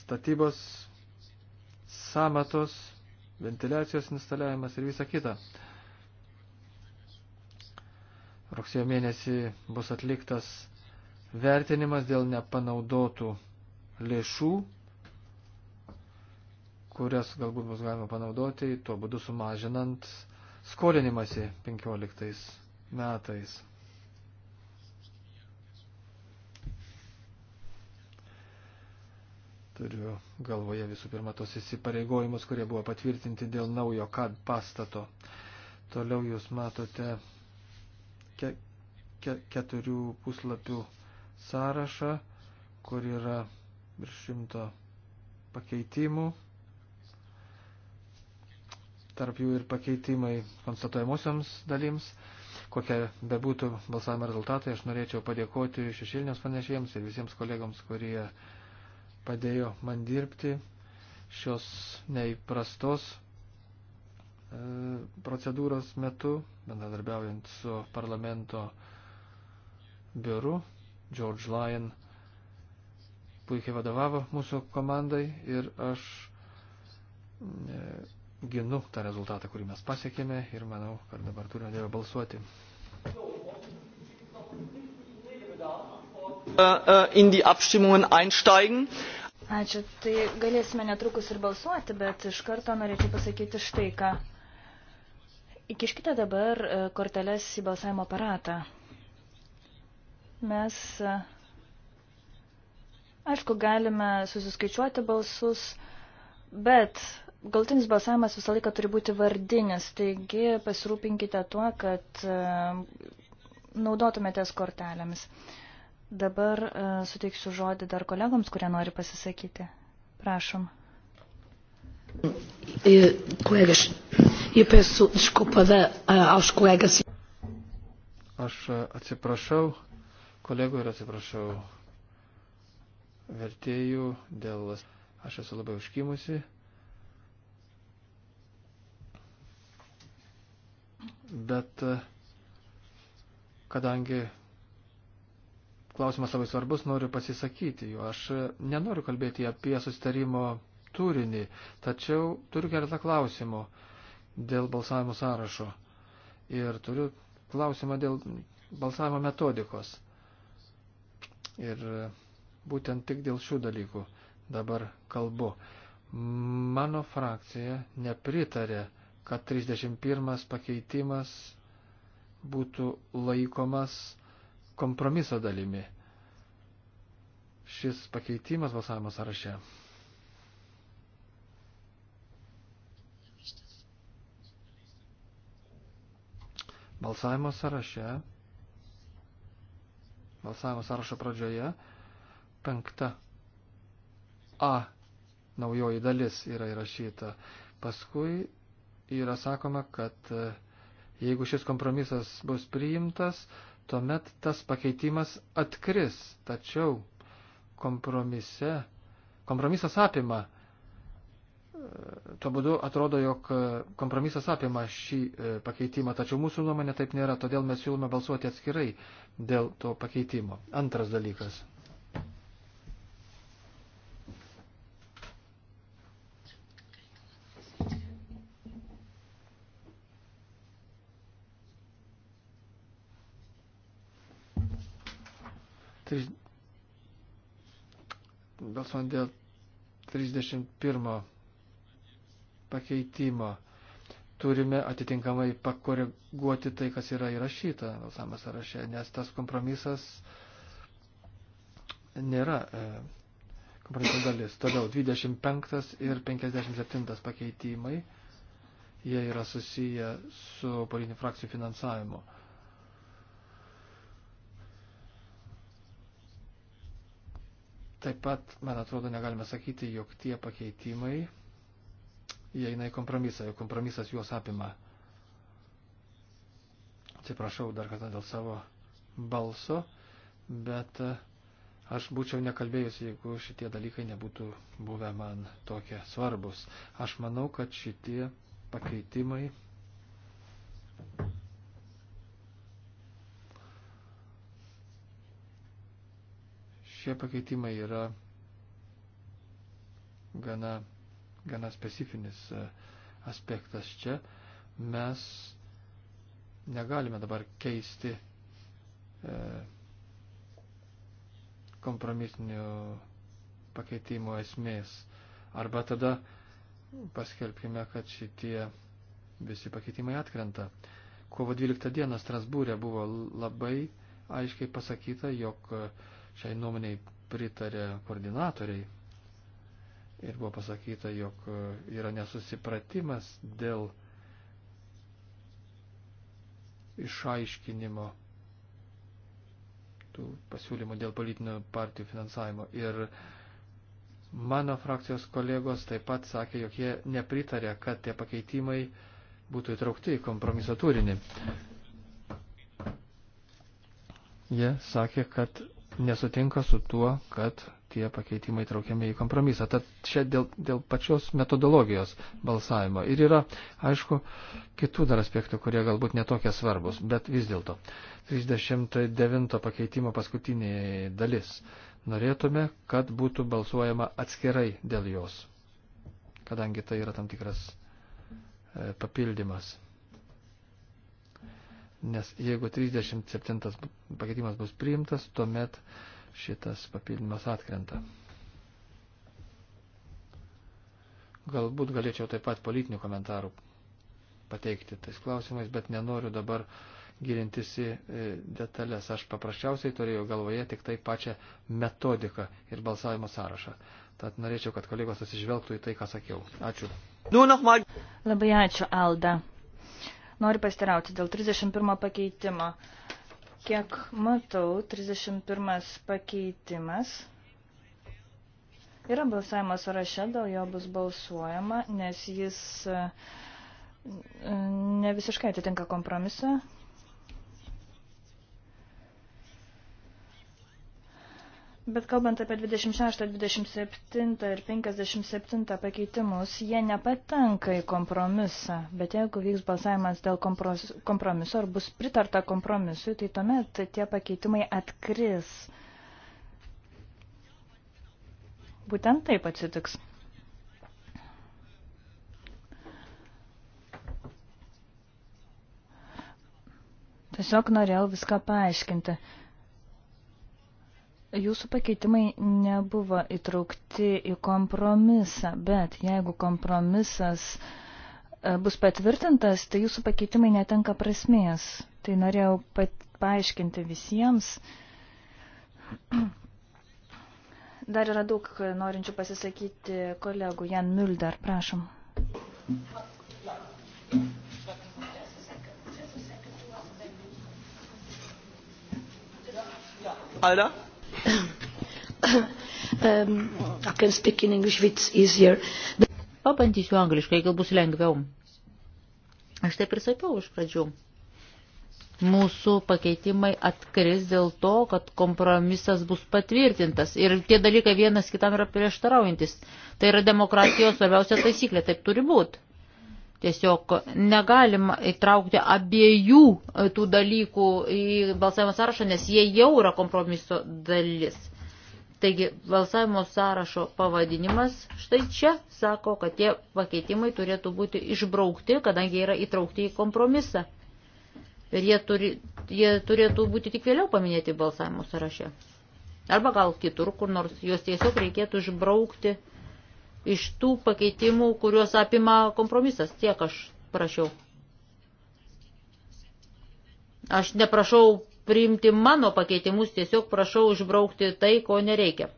S4: statybos samatos, ventiliacijos instaliavimas ir visa kita. Rugsėjo mėnesį bus atliktas vertinimas dėl nepanaudotų lėšų, kurias galbūt bus galima panaudoti, tuo būdu sumažinant skolinimasi 15 metais. Turiu galvoje visų pirma tos įsipareigojimus, kurie buvo patvirtinti dėl naujo kad pastato. Toliau jūs matote ke, ke, keturių puslapių sąrašą, kur yra virš šimto pakeitimų. Tarp jų ir pakeitimai konstatuojamusiams dalims kokie bebūtų balsavimo rezultatai, aš norėčiau padėkoti šešėlinėms panešėjams ir visiems kolegams, kurie padėjo man dirbti šios neįprastos e, procedūros metu, bendradarbiaujant su parlamento biuru. George Lyon puikiai vadovavo mūsų komandai ir aš e, ginu tą rezultatą, kurį mes pasiekėme ir manau, kad dabar turime dėl balsuoti.
S1: Äh, äh, in die Abstimmungen einsteigen.
S2: Ačiū, tai galėsime netrukus ir balsuoti, bet iš karto norėčiau pasakyti štai ką. Įkiškite dabar e, korteles į balsavimo aparatą. Mes, e, aišku, galime susiskaičiuoti balsus, bet galtinis balsavimas visą laiką turi būti vardinis, taigi pasirūpinkite tuo, kad e, naudotumėtės kortelėmis. Dabar e, suteiksiu žodį dar kolegoms, kurie nori pasisakyti. Prašom. Kolegas, e, eu peço desculpa
S3: da, aos colegas.
S4: Aš atsiprašau kolegų ir atsiprašau vertėjų dėl. Aš esu labai užkimusi. bet e, kadangi klausimas labai svarbus, noriu pasisakyti juo. Aš e, nenoriu kalbėti apie sustarimo turinį, tačiau turiu keletą klausimų dėl balsavimo sąrašo ir turiu klausimą dėl balsavimo metodikos. Ir e, būtent tik dėl šių dalykų dabar kalbu. Mano frakcija nepritarė kad 31 pakeitimas būtų laikomas kompromiso dalimi. Šis pakeitimas balsavimo sąraše. Balsavimo sąraše. Balsavimo sąrašo pradžioje. Penkta. A. Naujoji dalis yra įrašyta. Paskui yra sakoma, kad e, jeigu šis kompromisas bus priimtas, tuomet tas pakeitimas atkris. Tačiau kompromise, kompromisas apima, e, tuo būdu atrodo, jog e, kompromisas apima šį pakeitimą, tačiau mūsų nuomonė taip nėra, todėl mes siūlome balsuoti atskirai dėl to pakeitimo. Antras dalykas. Triž... Balsuojant dėl 31 pakeitimo turime atitinkamai pakoreguoti tai, kas yra įrašyta balsavimo sąraše, nes tas kompromisas nėra e, kompromiso dalis. Toliau 25 ir 57 pakeitimai, jie yra susiję su politinių frakcijų finansavimu. Taip pat, man atrodo, negalime sakyti, jog tie pakeitimai įeina į kompromisą, jog kompromisas juos apima. Atsiprašau dar kartą dėl savo balso, bet e, aš būčiau nekalbėjusi, jeigu šitie dalykai nebūtų buvę man tokie svarbus. Aš manau, kad šitie pakeitimai Šie pakeitimai yra gana, gana specifinis e, aspektas čia. Mes negalime dabar keisti e, kompromisinių pakeitimo esmės. Arba tada paskelbkime, kad šitie visi pakeitimai atkrenta. Kovo 12 dieną Strasbūrė buvo labai aiškiai pasakyta, jog Šiai nuomoniai pritarė koordinatoriai ir buvo pasakyta, jog e, yra nesusipratimas dėl išaiškinimo tų pasiūlymų dėl politinio partijų finansavimo. Ir mano frakcijos kolegos taip pat sakė, jog jie nepritarė, kad tie pakeitimai būtų įtraukti į kompromiso turinį. Jie sakė, kad nesutinka su tuo, kad tie pakeitimai traukiami į kompromisą. Tad čia dėl, dėl pačios metodologijos balsavimo. Ir yra, aišku, kitų dar aspektų, kurie galbūt netokie svarbus, bet vis dėlto. 39 pakeitimo paskutinė dalis. Norėtume, kad būtų balsuojama atskirai dėl jos, kadangi tai yra tam tikras e, papildymas nes jeigu 37 pakeitimas bus priimtas, tuomet šitas papildymas atkrenta. Galbūt galėčiau taip pat politinių komentarų pateikti tais klausimais, bet nenoriu dabar gilintis į detalės. Aš paprasčiausiai turėjau galvoje tik tai pačią metodiką ir balsavimo sąrašą. Tad norėčiau, kad kolegos atsižvelgtų į tai, ką sakiau. Ačiū.
S2: Nu, Labai ačiū, Alda. Noriu pastirauti dėl 31 pakeitimo. Kiek matau, 31 pakeitimas yra balsavimas sąraše, dėl jo bus balsuojama, nes jis e, ne visiškai atitinka kompromisą, Bet kalbant apie 26, 27 ir 57 pakeitimus, jie nepatenka į kompromisą. Bet jeigu vyks balsavimas dėl kompromiso ar bus pritarta kompromisui, tai tuomet tie pakeitimai atkris. Būtent taip atsitiks. Tiesiog norėjau viską paaiškinti. Jūsų pakeitimai nebuvo įtraukti į kompromisą, bet jeigu kompromisas e, bus patvirtintas, tai jūsų pakeitimai netenka prasmės. Tai norėjau paaiškinti visiems. [clears throat] Dar yra daug norinčių pasisakyti kolegų. Jan Mulder, prašom.
S1: Alda?
S3: [coughs] um, I can speak in English if it's easier. Pabandysiu angliškai, gal bus lengviau. Aš taip ir sakiau iš pradžių. Mūsų pakeitimai atkris dėl to, kad kompromisas bus patvirtintas ir tie dalykai vienas kitam yra prieštaraujantis. Tai yra demokratijos svarbiausia taisyklė, taip turi būti. Tiesiog negalima įtraukti abiejų e, tų dalykų į balsavimo sąrašą, nes jie jau yra kompromiso dalis. Taigi balsavimo sąrašo pavadinimas štai čia sako, kad tie pakeitimai turėtų būti išbraukti, kadangi jie yra įtraukti į kompromisą. Ir jie, turi, jie turėtų būti tik vėliau paminėti balsavimo sąraše. Arba gal kitur, kur nors juos tiesiog reikėtų išbraukti iš tų pakeitimų, kuriuos apima kompromisas. Tiek aš prašiau. Aš neprašau priimti mano pakeitimus, tiesiog prašau išbraukti tai, ko nereikia.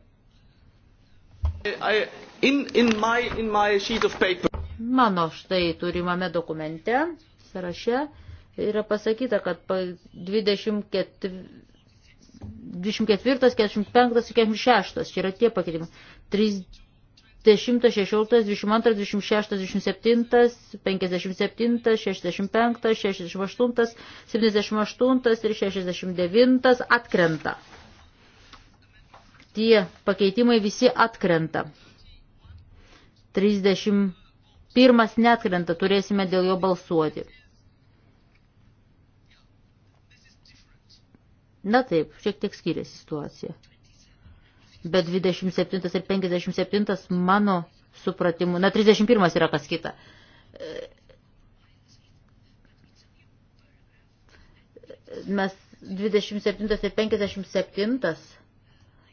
S1: In, in my, in my
S3: mano štai turimame dokumente, sąraše, yra pasakyta, kad 24, 24, 45 ir 46, čia yra tie pakeitimai. 3, 10, 16, 22, 26, 27, 57, 65, 68, 78 ir 69 atkrenta. Tie pakeitimai visi atkrenta. 31 netkrenta, turėsime dėl jo balsuoti. Na taip, šiek tiek skiriasi situacija bet 27 ir 57 mano supratimu, na 31 yra kas kita. Mes 27 ir 57,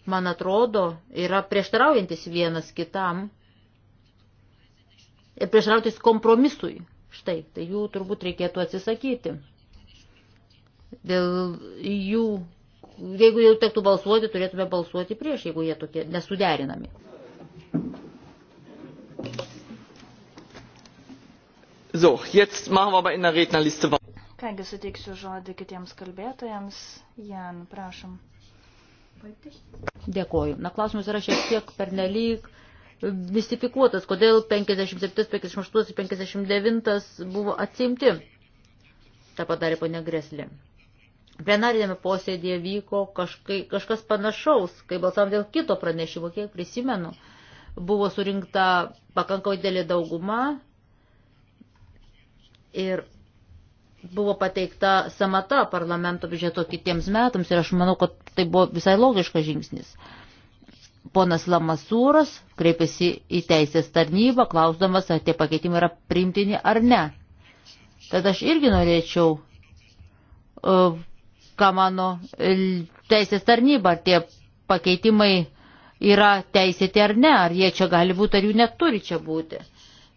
S3: man atrodo, yra prieštaraujantis vienas kitam ir prieštarautis kompromisui. Štai, tai jų turbūt reikėtų atsisakyti. Dėl jų jeigu jau tektų balsuoti, turėtume balsuoti prieš, jeigu jie tokie nesuderinami.
S1: So, jetzt machen wir aber in der Rednerliste
S2: weiter. Kągi suteiksiu žodį kitiems kalbėtojams. Jan, prašom.
S3: Dėkoju. Na, klausimas yra šiek tiek pernelyg mistifikuotas, kodėl 57, 58 ir 59 buvo atsimti. Ta padarė ponia Greslė plenarinėme posėdėje vyko kažkai, kažkas panašaus, kai balsavom dėl kito pranešimo, kiek prisimenu, buvo surinkta pakankamai didelė dauguma ir buvo pateikta samata parlamento biudžeto kitiems metams ir aš manau, kad tai buvo visai logiškas žingsnis. Ponas Lamasūras kreipėsi į teisės tarnybą, klausdamas, ar tie pakeitimai yra primtini ar ne. Tad aš irgi norėčiau uh, ką mano teisės tarnyba, ar tie pakeitimai yra teisėti ar ne, ar jie čia gali būti, ar jų neturi čia būti.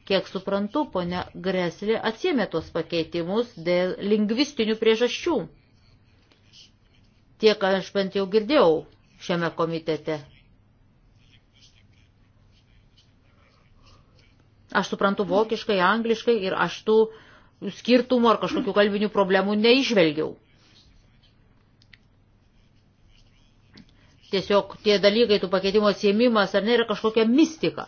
S3: Kiek suprantu, ponia Greslė atsiemė tuos pakeitimus dėl lingvistinių priežasčių. Tiek aš bent jau girdėjau šiame komitete. Aš suprantu vokiškai, angliškai ir aš tų skirtumų ar kažkokių kalbinių problemų neižvelgiau. tiesiog tie dalykai, tų pakeitimo atsiemimas, ar nėra kažkokia mistika.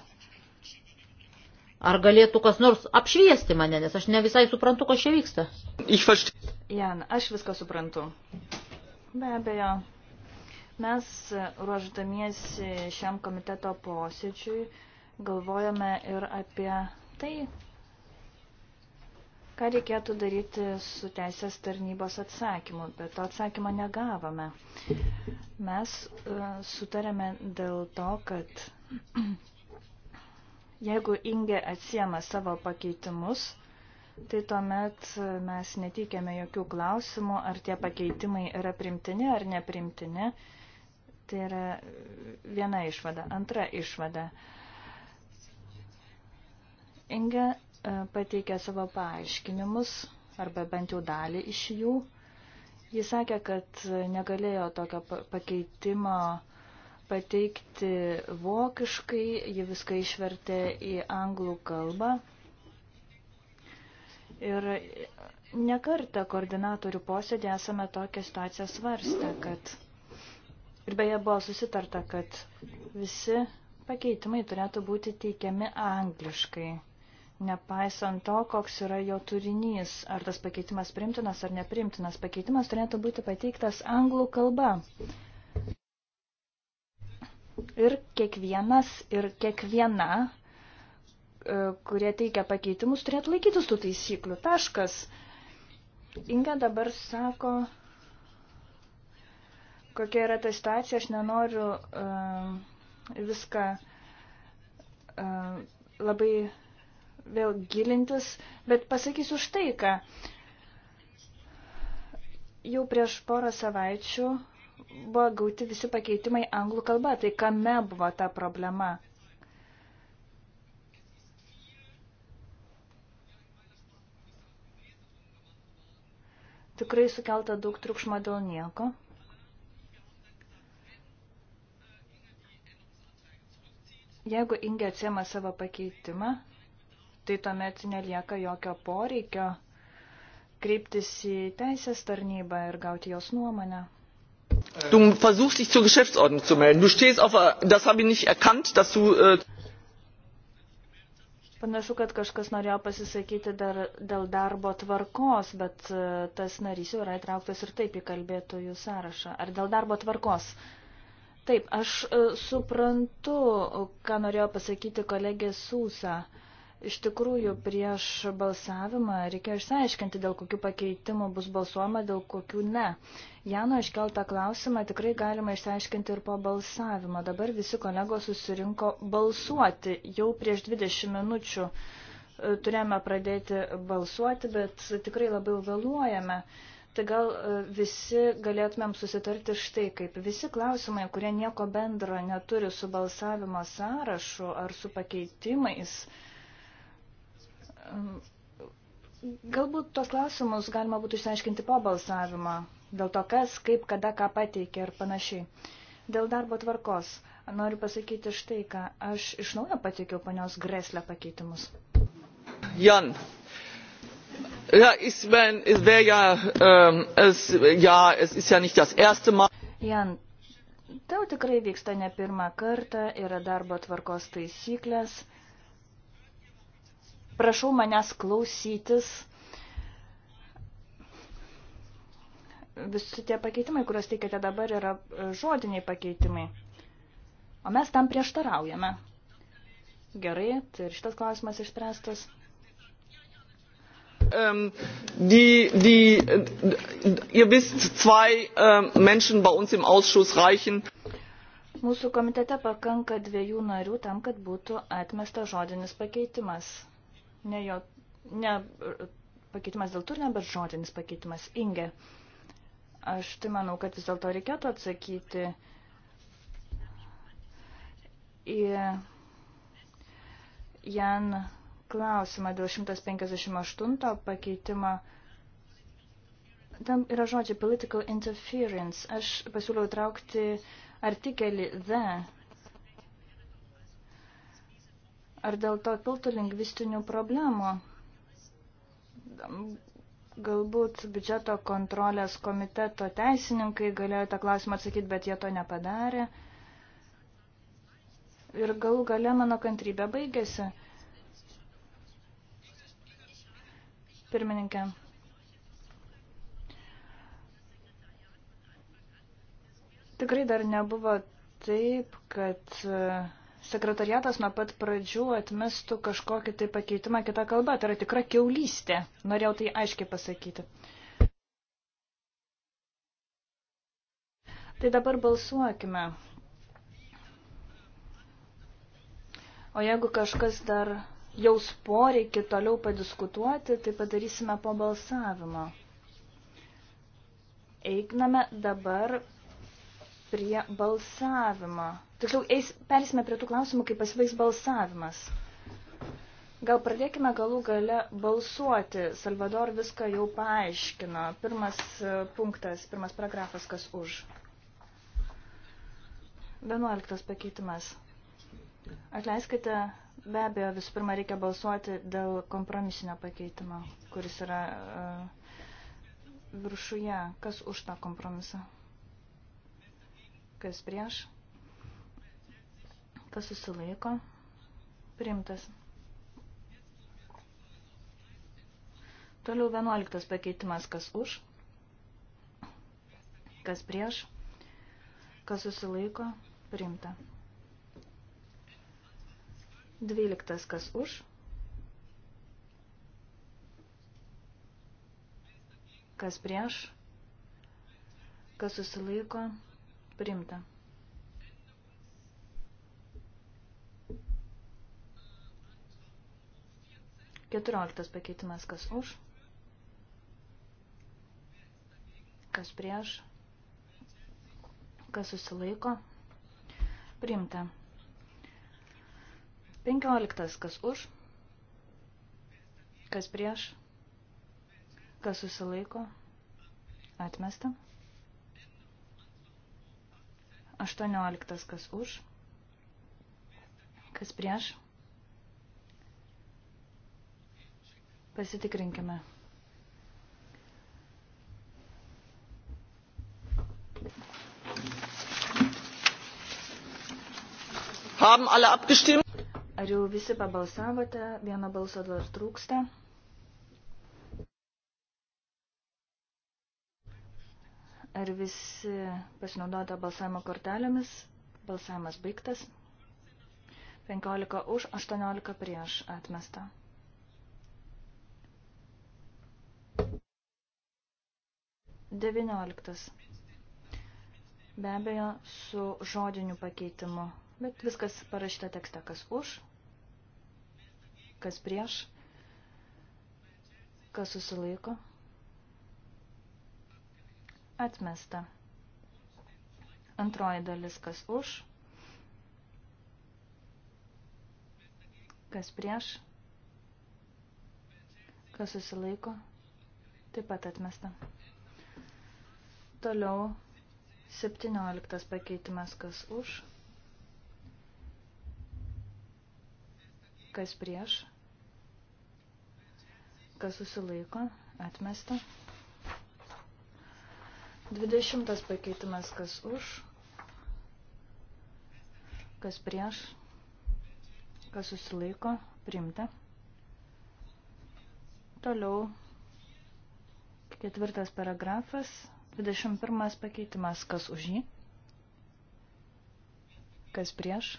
S3: Ar galėtų kas nors apšviesti mane, nes aš ne visai suprantu, kas čia vyksta. Jan, aš viską suprantu.
S2: Be abejo, mes ruoždamiesi šiam komiteto posėdžiui galvojame ir apie tai, Ką reikėtų daryti su teisės tarnybos atsakymu, bet to atsakymą negavome. Mes e, sutarėme dėl to, kad [clears throat] jeigu Inge atsiema savo pakeitimus, tai tuomet e, mes netikėme jokių klausimų, ar tie pakeitimai yra primtini ar neprimtini. Tai yra viena išvada. Antra išvada. Inge E, pateikė savo paaiškinimus, arba bent jau dalį iš jų. Jis sakė, kad negalėjo tokio pakeitimo pateikti vokiškai, ji viską išvertė į anglų kalbą. Ir nekartą koordinatorių posėdį esame tokią situaciją svarstę, kad ir beje buvo susitarta, kad visi pakeitimai turėtų būti teikiami angliškai nepaisant to, koks yra jo turinys, ar tas pakeitimas primtinas ar neprimtinas. Pakeitimas turėtų būti pateiktas anglų kalba. Ir kiekvienas ir kiekviena, e, kurie teikia pakeitimus, turėtų laikytis tų taisyklių. Taškas. Inga dabar sako, kokia yra ta situacija, aš nenoriu uh, viską uh, labai vėl gilintis, bet pasakysiu štai ką. Jau prieš porą savaičių buvo gauti visi pakeitimai anglų kalba, tai kame buvo ta problema? Tikrai sukelta daug triukšmo dėl nieko. Jeigu Inge atsiema savo pakeitimą, tai tuomet nelieka jokio poreikio kreiptis į teisės tarnybą ir gauti jos nuomonę. Du versuchst
S1: dich zur Geschäftsordnung zu melden. Du stehst auf, das habe ich nicht erkannt, dass du. Äh
S2: Panašu, kad kažkas norėjo pasisakyti dar, dėl darbo tvarkos, bet e, tas narys jau yra įtrauktas ir taip į kalbėtojų sąrašą. Ar dėl darbo tvarkos? Taip, aš e, suprantu, ką norėjo pasakyti kolegė Sūsa. Uh, Iš tikrųjų, prieš balsavimą reikia išsiaiškinti, dėl kokių pakeitimų bus balsuoma, dėl kokių ne. Jano iškeltą klausimą tikrai galima išsiaiškinti ir po balsavimo. Dabar visi kolegos susirinko balsuoti. Jau prieš 20 minučių e, turėjome pradėti balsuoti, bet tikrai labai vėluojame. Tai gal e, visi galėtumėm susitarti štai kaip. Visi klausimai, kurie nieko bendro neturi su balsavimo sąrašu ar su pakeitimais, Galbūt tos klausimus galima būtų išsiaiškinti po balsavimo, dėl to kas, kaip, kada, ką pateikė ir panašiai. Dėl darbo tvarkos noriu pasakyti štai, ką aš iš naujo pateikiau panios Greslę pakeitimus.
S1: Jan. Ja, ich mein, es wäre ja, ähm, es, ja, es ist ja nicht das erste Mal.
S2: Jan, tau tikrai vyksta ne pirmą kartą, yra darbo tvarkos taisyklės Prašau manęs klausytis. Visi tie pakeitimai, kuriuos teikėte dabar, yra e, žodiniai pakeitimai. O mes tam prieštaraujame. Gerai, tai ir šitas klausimas išspręstas. Ähm,
S1: die, die, ihr wisst, zwei äh, Menschen bei uns im Ausschuss reichen.
S2: Mūsų komitete pakanka dviejų narių tam, kad būtų atmesta žodinis pakeitimas ne jo, ne pakeitimas dėl turinio, bet žodinis pakeitimas Inge. Aš tai manau, kad vis dėlto reikėtų atsakyti į Jan klausimą dėl 158 pakeitimo. Tam yra žodžiai political interference. Aš pasiūliau traukti artikelį the Ar dėl to kiltų lingvistinių problemų? Galbūt biudžeto kontrolės komiteto teisininkai galėjo tą klausimą atsakyti, bet jie to nepadarė. Ir galų gale mano kantrybė baigėsi. Pirmininkė. Tikrai dar nebuvo taip, kad uh, sekretariatas nuo pat pradžių atmestų kažkokį tai pakeitimą kitą kalbą. Tai yra tikra keulystė. Norėjau tai aiškiai pasakyti. Tai dabar balsuokime. O jeigu kažkas dar jaus poreikį toliau padiskutuoti, tai padarysime po balsavimo. Eigname dabar prie balsavimo. Tiksliau, eis, perėsime prie tų klausimų, kai pasibaigs balsavimas. Gal pradėkime galų gale balsuoti. Salvador viską jau paaiškino. Pirmas e, punktas, pirmas paragrafas, kas už. Vienuoliktas pakeitimas. Atleiskite, be abejo, visų pirma reikia balsuoti dėl kompromisinio pakeitimo, kuris yra uh, viršuje. Kas už tą kompromisą? kas prieš, kas susilaiko, priimtas. Toliau 11 pakeitimas, kas už, kas prieš, kas susilaiko, priimta. 12 kas už, kas prieš, kas susilaiko, priimta Primta. Keturioliktas pakeitimas, kas už, kas prieš, kas susilaiko. Primta. Penkioliktas, kas už, kas prieš, kas susilaiko. Atmesta. 18 kas už, kas prieš. Pasitikrinkime. Haben alle abgestimmt? Ar jau visi pabalsavote? Vieno balso dar trūksta. Ar visi pasinaudojo balsavimo kortelėmis? Balsavimas baigtas. 15 už, 18 prieš atmesta. Devynioliktas. Be abejo, su žodiniu pakeitimu. Bet viskas parašyta tekste, kas už, kas prieš, kas susilaiko. Atmesta. Antroji dalis kas už, kas prieš, kas susilaiko, taip pat atmesta. Toliau 17 pakeitimas kas už, kas prieš, kas susilaiko, atmesta. Dvidešimtas pakeitimas, kas už, kas prieš, kas susilaiko, priimta. Toliau ketvirtas paragrafas, 21 pakeitimas, kas už jį, kas prieš.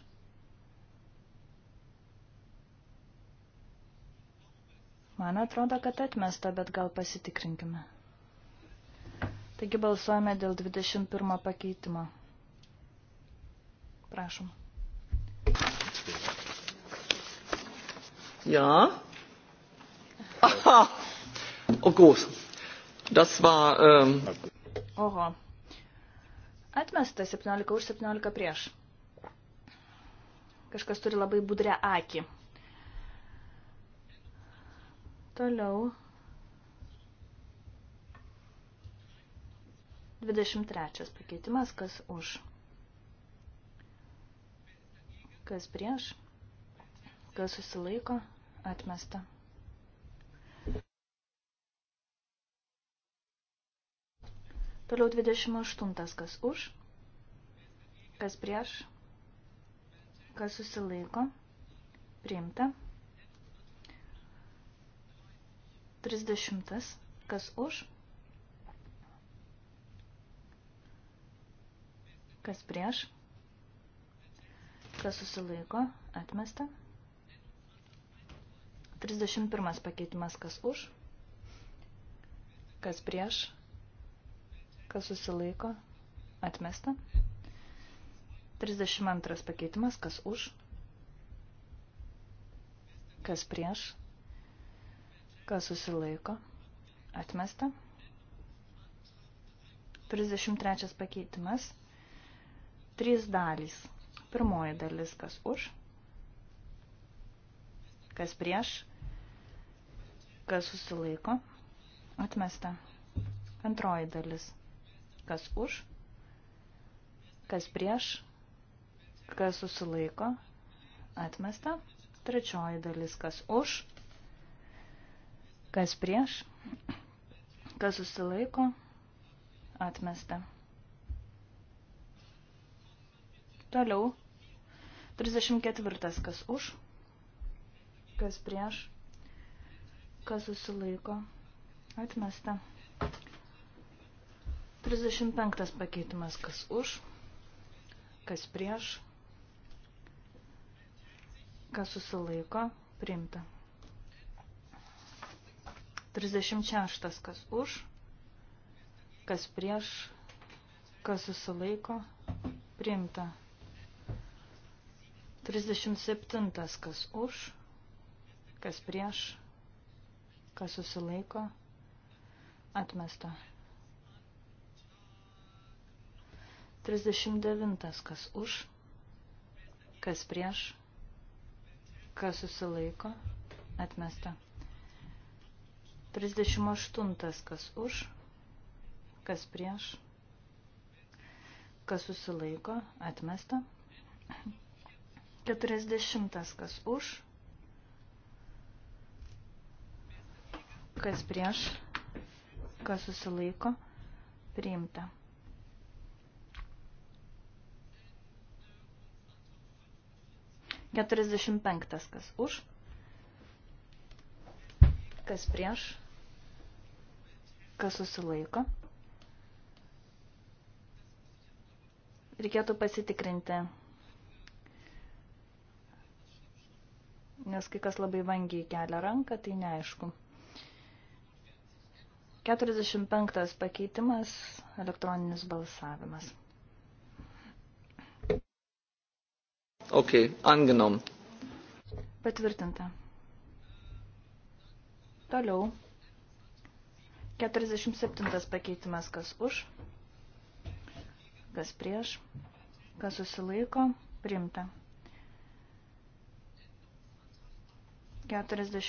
S2: Man atrodo, kad atmesta, bet gal pasitikrinkime. Taigi balsuojame dėl 21 pakeitimo. Prašom.
S1: Ja. Aha. Oh groß. Das war. Ähm
S2: Oho. Atmesta 17 už 17 prieš. Kažkas turi labai budrę akį. Toliau 23 pakeitimas, kas už, kas prieš, kas susilaiko, atmesta. Toliau 28, kas už, kas prieš, kas susilaiko, priimta. 30, kas už, Kas prieš? Kas susilaiko? Atmesta. 31 pakeitimas. Kas už? Kas prieš? Kas susilaiko? Atmesta. 32 pakeitimas. Kas už? Kas prieš? Kas susilaiko? Atmesta. 33 pakeitimas. Trys dalys. Pirmoji dalis, kas už, kas prieš, kas susilaiko, atmesta. Antroji dalis, kas už, kas prieš, kas susilaiko, atmesta. Trečioji dalis, kas už, kas prieš, kas susilaiko, atmesta. Toliau. 34. Kas už? Kas prieš? Kas susilaiko? Atmesta. 35. Pakeitimas. Kas už? Kas prieš? Kas susilaiko? Priimta. 36. Kas už? Kas prieš? Kas susilaiko? Priimta. 37. Kas už, kas prieš, kas susilaiko, atmesta. 39. Kas už, kas prieš, kas susilaiko, atmesta. 38. Kas už, kas prieš, kas susilaiko, atmesta. 40 kas už, kas prieš, kas susilaiko, priimta. Keturiasdešimt penktas kas už, kas prieš, kas susilaiko. Reikėtų pasitikrinti. nes kai kas labai vangiai kelia ranką, tai neaišku. 45 pakeitimas – elektroninis balsavimas.
S1: Ok, angenom.
S2: Patvirtinta. Toliau. 47 pakeitimas – kas už, kas prieš, kas susilaiko, priimta. 48.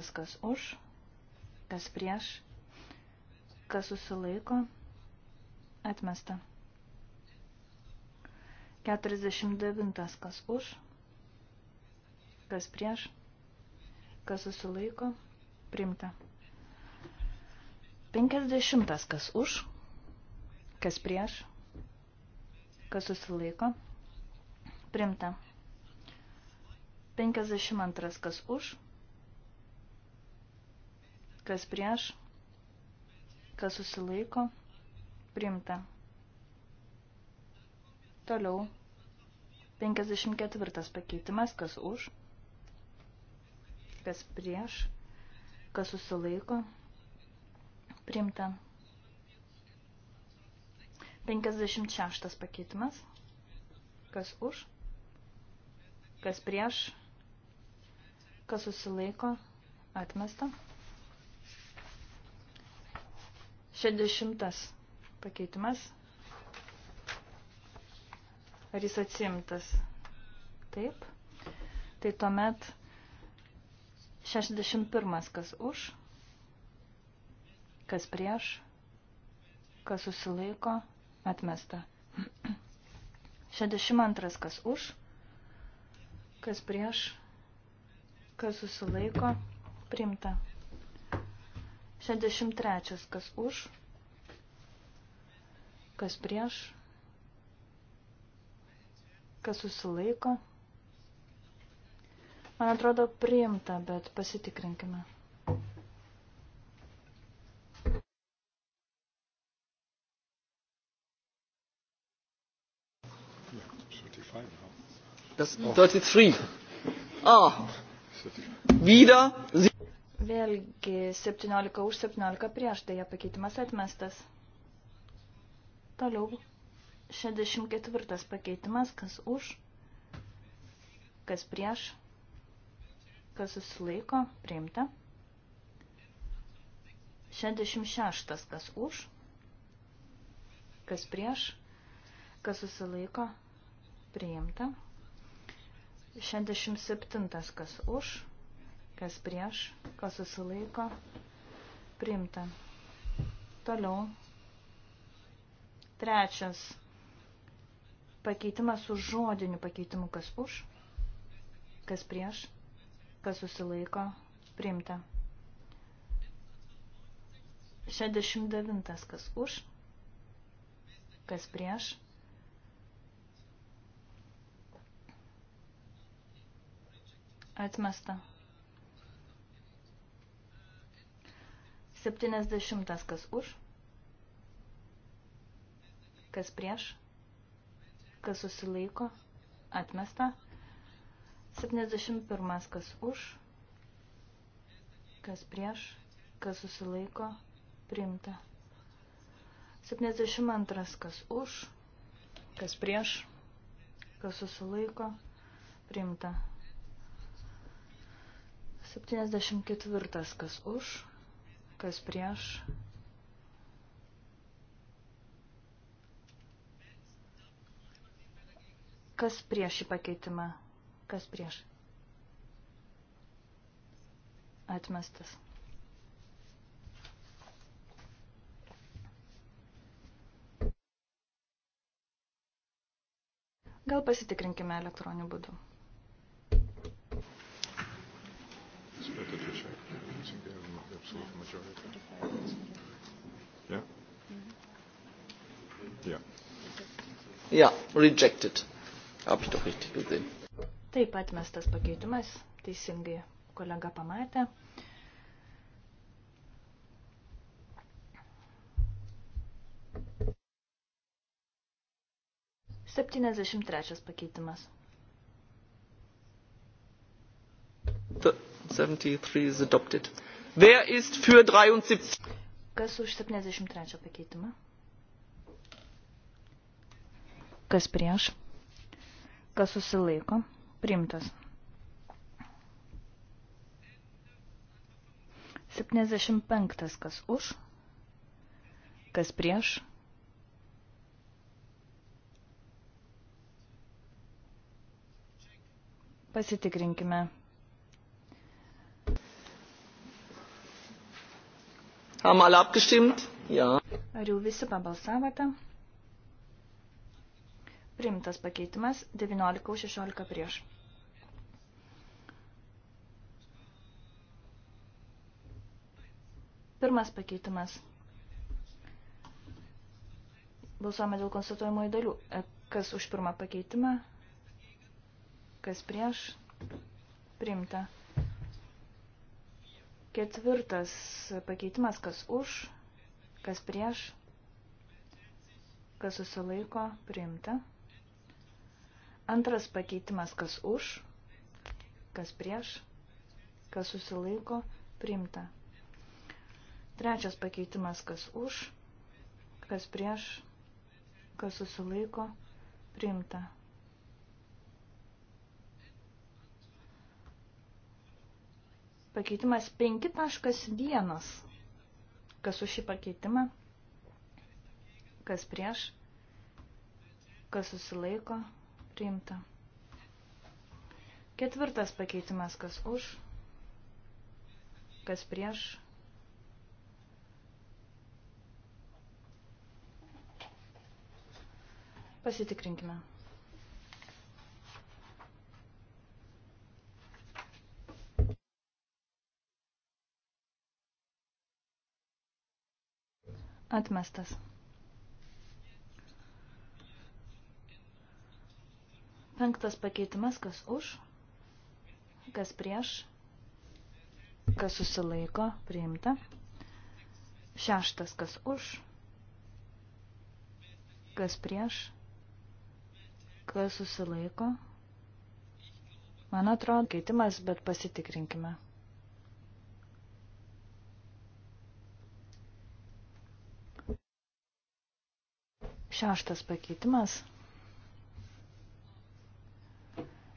S2: Kas už, kas prieš, kas susilaiko, atmesta. 49. Kas už, kas prieš, kas susilaiko, primta. 50. Kas už, kas prieš, kas susilaiko, primta. 52 kas už, kas prieš, kas susilaiko, priimta. Toliau 54 pakeitimas kas už, kas prieš, kas susilaiko, priimta. 56 pakeitimas, kas už, kas prieš, kas susilaiko, atmesta. 60 pakeitimas. Ar jis atsimtas? Taip. Tai tuomet 61 kas už, kas prieš, kas susilaiko, atmesta. 62 [clears throat] kas už, kas prieš, kas susilaiko, primta. 63. Kas už, kas prieš, kas susilaiko. Man atrodo, priimta, bet pasitikrinkime.
S4: Das 33. Ah, oh.
S1: Vyda.
S2: Vėlgi 17 už 17 prieš, tai pakeitimas atmestas. Toliau 64 pakeitimas, kas už, kas prieš, kas susilaiko, priimta. 66 kas už, kas prieš, kas susilaiko, priimta. 67. Kas už, kas prieš, kas susilaiko, priimta. Toliau. Trečias. Pakeitimas su žodiniu pakeitimu. Kas už, kas prieš, kas susilaiko, priimta. 69. Kas už, kas prieš, Atmesta. 70 kas už, kas prieš, kas susilaiko, atmesta. 71 kas už, kas prieš, kas susilaiko, priimta. 72 kas už, kas prieš, kas susilaiko, priimta. 74. Kas už, kas prieš. Kas prieš šį pakeitimą? Kas prieš? Atmestas. Gal pasitikrinkime elektroniniu būdu.
S1: absolute majority. Yeah? Yeah. Ja, rejected. Hab ich doch richtig gesehen.
S2: Taip atmestas pakeitimas, teisingai kolega pamatė. Septyniasdešimt trečias pakeitimas.
S1: 73 is adopted. Wer
S2: ist für 73? Kas už 73 pakeitimą? Kas prieš? Kas susilaiko? Primtas. 75. Kas už? Kas prieš? Pasitikrinkime. Haben alle abgestimmt? Ja. Ar jau visi pabalsavote? Primtas pakeitimas 19 už 16 prieš. Pirmas pakeitimas. Balsuojame dėl konstatuojimo įdalių. E, kas už pirmą pakeitimą? Kas prieš? Primta. Ketvirtas pakeitimas, kas už, kas prieš, kas susilaiko, priimta. Antras pakeitimas, kas už, kas prieš, kas susilaiko, priimta. Trečias pakeitimas, kas už, kas prieš, kas susilaiko, priimta. Pakeitimas 5.1. Kas už šį pakeitimą? Kas prieš? Kas susilaiko? Priimta. Ketvirtas pakeitimas, kas už, kas prieš. Pasitikrinkime. Atmestas. Penktas pakeitimas, kas už, kas prieš, kas susilaiko, priimta. Šeštas, kas už, kas prieš, kas susilaiko. Man atrodo, keitimas, bet pasitikrinkime. Šeštas pakeitimas.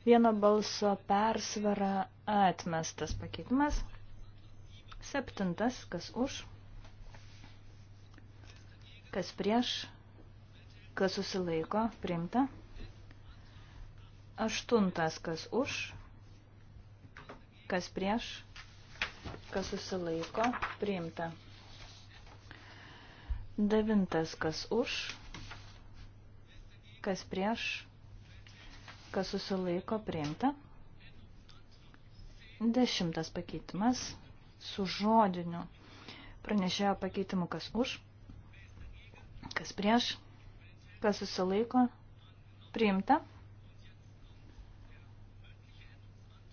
S2: Vieno balso persvara atmestas pakeitimas. Septintas, kas už, kas prieš, kas susilaiko, priimta. Aštuntas, kas už, kas prieš, kas susilaiko, priimta. Devintas, kas už, kas prieš, kas susilaiko priimta. Dešimtas pakeitimas su žodiniu pranešėjo pakeitimu, kas už, kas prieš, kas susilaiko priimta.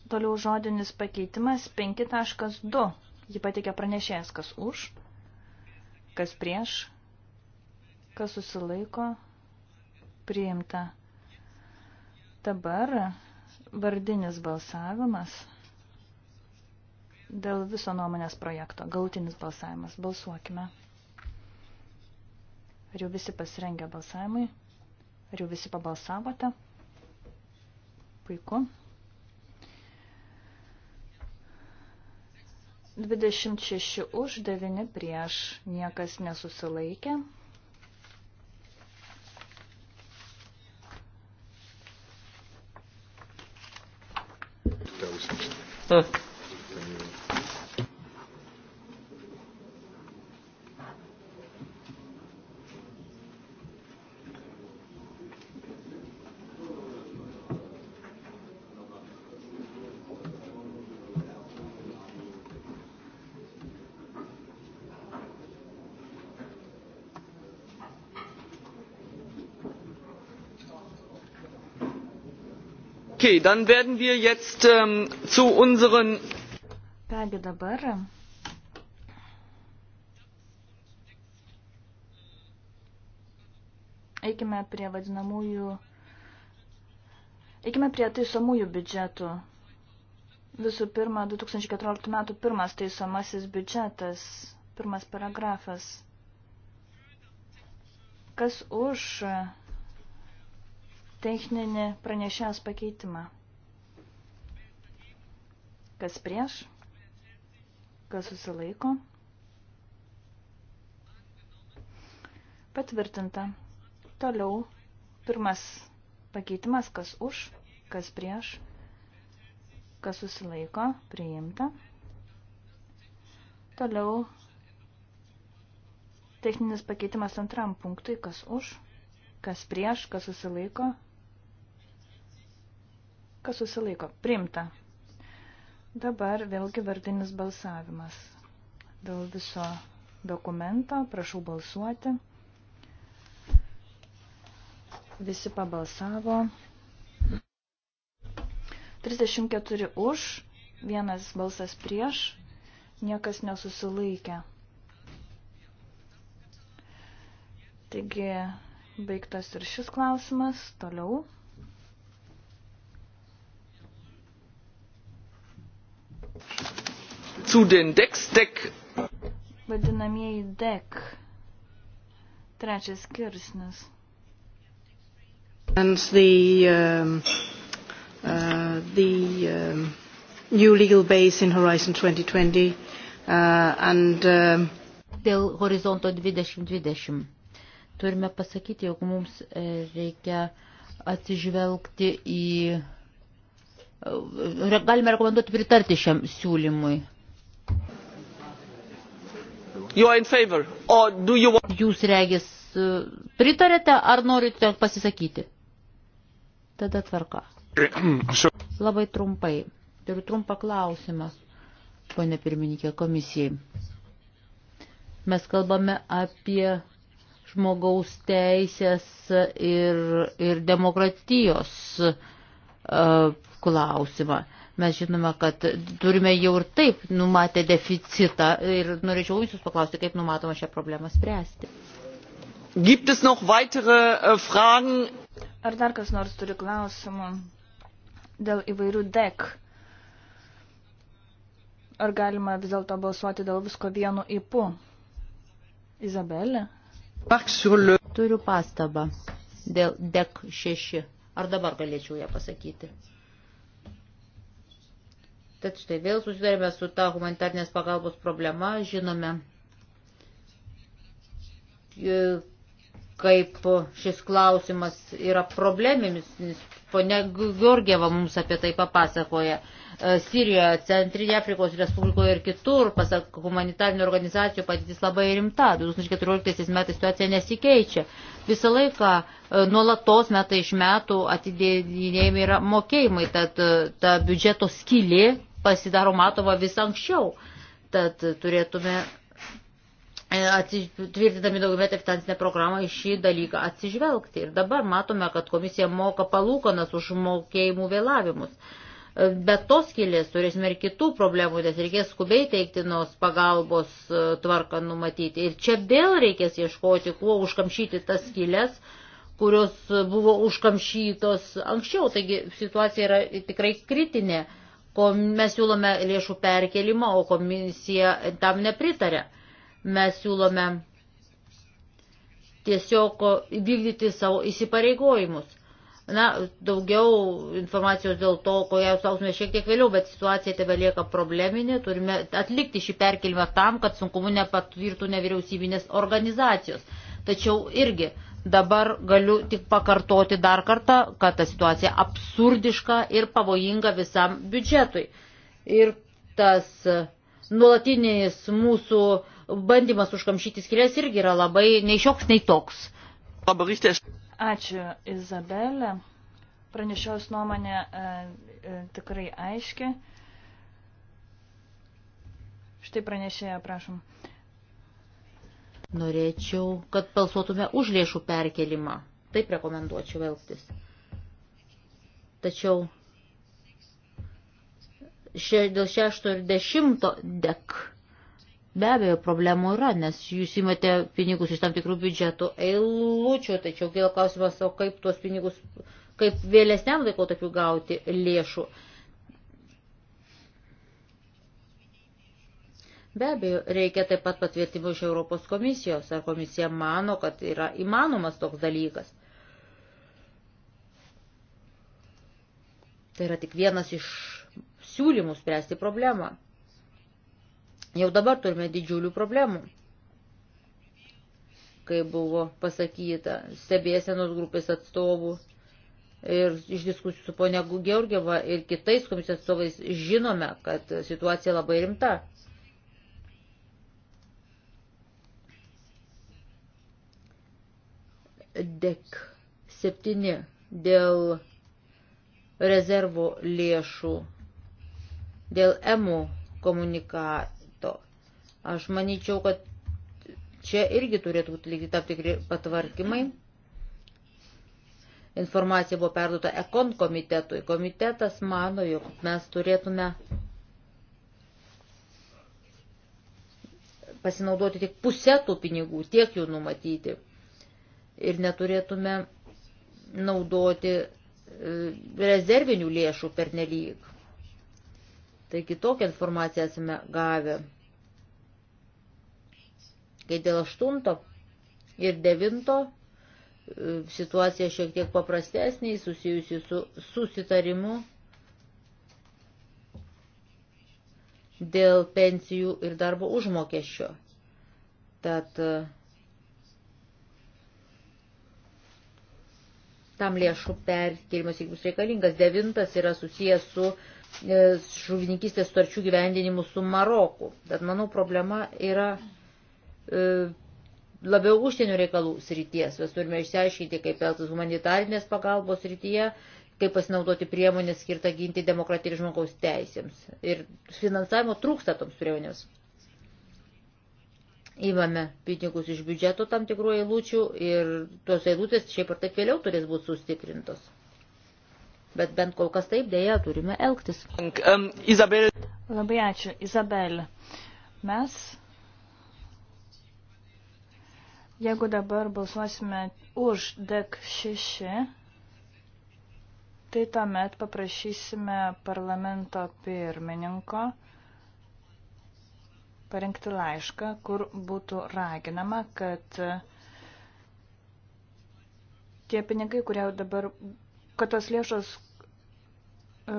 S2: Toliau žodinis pakeitimas 5.2. Ji patikė pranešėjas, kas už, kas prieš, kas susilaiko priimta priimta. Dabar vardinis balsavimas dėl viso nuomonės projekto, gautinis balsavimas. Balsuokime. Ar jau visi pasirengę balsavimui? Ar jau visi pabalsavote? Puiku. 26 už, 9 prieš, niekas nesusilaikė. Uh.
S1: Okay, dann werden wir jetzt ähm, zu unseren.
S2: Kągi dabar. Eikime prie vadinamųjų. Eikime prie taisomųjų biudžetų. Visų pirma, 2014 metų pirmas taisomasis biudžetas, pirmas paragrafas. Kas už techninį pranešęs pakeitimą. Kas prieš, kas susilaiko. Patvirtinta. Toliau pirmas pakeitimas, kas už, kas prieš, kas susilaiko, priimta. Toliau techninis pakeitimas antram punktui, kas už, kas prieš, kas susilaiko, Kas susilaiko? Priimta. Dabar vėlgi vardinis balsavimas. Dėl viso dokumento prašau balsuoti. Visi pabalsavo. 34 už, vienas balsas prieš, niekas nesusilaikė. Taigi baigtas ir šis klausimas. Toliau.
S1: zu den DEX, DEC.
S2: Vadinamieji DEC. Trečias skirsnis. And the,
S3: um, uh, the um, new legal base in Horizon 2020 uh, and um, Dėl horizonto 2020 turime pasakyti, jog mums e, reikia atsižvelgti į e, galime rekomenduoti pritarti šiam siūlymui. You... Jūs regis e, pritarėte ar norite pasisakyti? Tada tvarka. Labai trumpai. Turiu trumpą klausimą, ponė pirmininkė, komisijai. Mes kalbame apie žmogaus teisės ir, ir demokratijos uh, klausimą. Uh, Mes žinome, kad turime jau ir taip numatę deficitą ir norėčiau jūsų paklausti, kaip numatoma šią problemą spręsti.
S1: Gibt es noch weitere äh, Fragen?
S2: Ar dar kas nors turi klausimų dėl įvairių dek? Ar galima vis dėlto balsuoti dėl visko vienu ipu? Izabelė?
S3: Turiu pastabą dėl dek 6. Ar dabar galėčiau ją pasakyti? Tad štai vėl susidarėme su ta humanitarnės pagalbos problema, žinome, e, kaip šis klausimas yra probleminis. Pone Georgieva mums apie tai papasakoja. E, Sirijoje, Centrinė Afrikos Respublikoje ir kitur, pasak humanitarinių organizacijų, padėtis labai rimta. 2014 metais situacija nesikeičia. Visą laiką e, nuolatos metai iš metų atidėdinėjami yra mokėjimai, tad ta biudžeto skylė pasidaro matoma vis anksčiau. Tad turėtume, e, tvirtindami daugiametę finansinę programą, į šį dalyką atsižvelgti. Ir dabar matome, kad komisija moka palūkonas už mokėjimų vėlavimus. E, Bet tos kilės turėsime ir kitų problemų, nes reikės skubiai teiktinos pagalbos e, tvarką numatyti. Ir čia vėl reikės ieškoti, kuo užkamšyti tas kilės, kurios buvo užkamšytos anksčiau. Taigi situacija yra tikrai kritinė. Mes siūlome lėšų perkelimą, o komisija tam nepritarė. Mes siūlome tiesiog vykdyti savo įsipareigojimus. Na, daugiau informacijos dėl to, ko jau sausime šiek tiek vėliau, bet situacija tebe lieka probleminė. Turime atlikti šį perkelimą tam, kad sunkumu nepatirtų nevyriausybinės organizacijos. Tačiau irgi Dabar galiu tik pakartoti dar kartą, kad ta situacija absurdiška ir pavojinga visam biudžetui. Ir tas e, nuolatinis mūsų bandymas užkamšyti skilės irgi yra labai nei šioks, nei toks.
S2: Ačiū, Izabelė. Pranešiaus nuomonė e, e, tikrai aiški. Štai pranešėja, prašom. E,
S3: Norėčiau, kad balsuotume už lėšų perkelimą. Taip rekomenduočiau elgtis. Tačiau še, dėl šešto ir dešimto dek be abejo problemų yra, nes jūs įmate pinigus iš tam tikrų biudžeto eilučių, tačiau kila klausimas, o kaip tuos pinigus, kaip vėlesniam laikotarpiu gauti lėšų. Uh, Be abejo, reikia taip pat patvirtimų iš Europos komisijos. Ar komisija mano, kad yra įmanomas toks dalykas? Tai yra tik vienas iš siūlymų spręsti problemą. Jau dabar turime didžiulių problemų. Kai buvo pasakyta stebėsenos grupės atstovų ir iš diskusijų su ponia Georgieva ir kitais komisijos atstovais žinome, kad situacija labai rimta. DEC 7 dėl rezervo lėšų, dėl EMU komunikato. Aš manyčiau, kad čia irgi turėtų būti lygiai tam tikri patvarkymai. Informacija buvo perduota ekon komitetui. Komitetas mano, jog mes turėtume pasinaudoti tik pusę tų pinigų, tiek jų numatyti ir neturėtume naudoti e, rezervinių lėšų per nelyg. Taigi tokią informaciją esame gavę. Kai dėl aštunto ir devinto e, situacija šiek tiek paprastesnė, susijusi su susitarimu dėl pensijų ir darbo užmokesčio. Tad uh, tam lėšų perkėlimas, jeigu bus reikalingas. Devintas yra susijęs su e, žuvininkystės starčių gyvendinimu su Maroku. Tad manau, problema yra e, labiau užsienio reikalų srities. Mes turime išsiaiškinti, kaip elgtis humanitarinės pagalbos srityje, kaip pasinaudoti priemonės skirtą ginti demokratiją ir žmogaus teisėms. Ir finansavimo trūksta toms priemonėms. Įmame pinigus iš biudžeto tam tikrų eilučių ir tuos eilutės šiaip ar taip vėliau turės būti sustiprintos. Bet bent kol kas taip dėja turime elgtis. Ähm, Izabel. Labai ačiū, Izabel. Mes,
S2: jeigu dabar balsuosime už DEC 6, tai tuomet paprašysime parlamento pirmininko parengti laišką, kur būtų raginama, kad tie pinigai, kurie dabar, kad tos lėšos, e,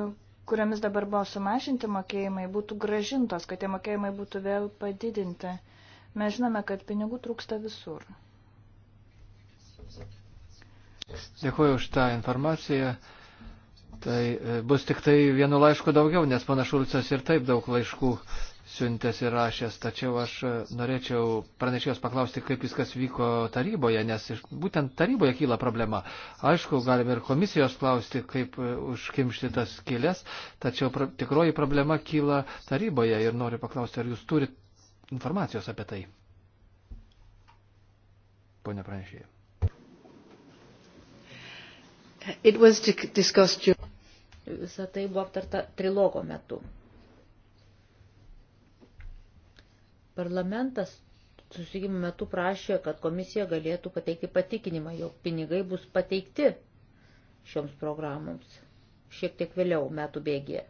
S2: kuriomis dabar buvo sumažinti mokėjimai, būtų gražintos, kad tie mokėjimai būtų vėl padidinti. Mes žinome, kad pinigų trūksta visur.
S4: Dėkuoju už tą informaciją. Tai e, bus tik tai vienu laišku daugiau, nes pana Šulcas ir taip daug laiškų siuntęs ir rašęs, tačiau aš norėčiau pranešėjos paklausti, kaip viskas vyko taryboje, nes būtent taryboje kyla problema. Aišku, galime ir komisijos klausti, kaip užkimšti tas kilės, tačiau pra, tikroji problema kyla taryboje ir noriu paklausti, ar jūs turit informacijos apie tai. Pone pranešėjai.
S3: Visą tai buvo aptarta trilogo metu. Parlamentas susitikimo metu prašė, kad komisija galėtų pateikti patikinimą, jog pinigai bus pateikti šioms programoms šiek tiek vėliau metų bėgėje.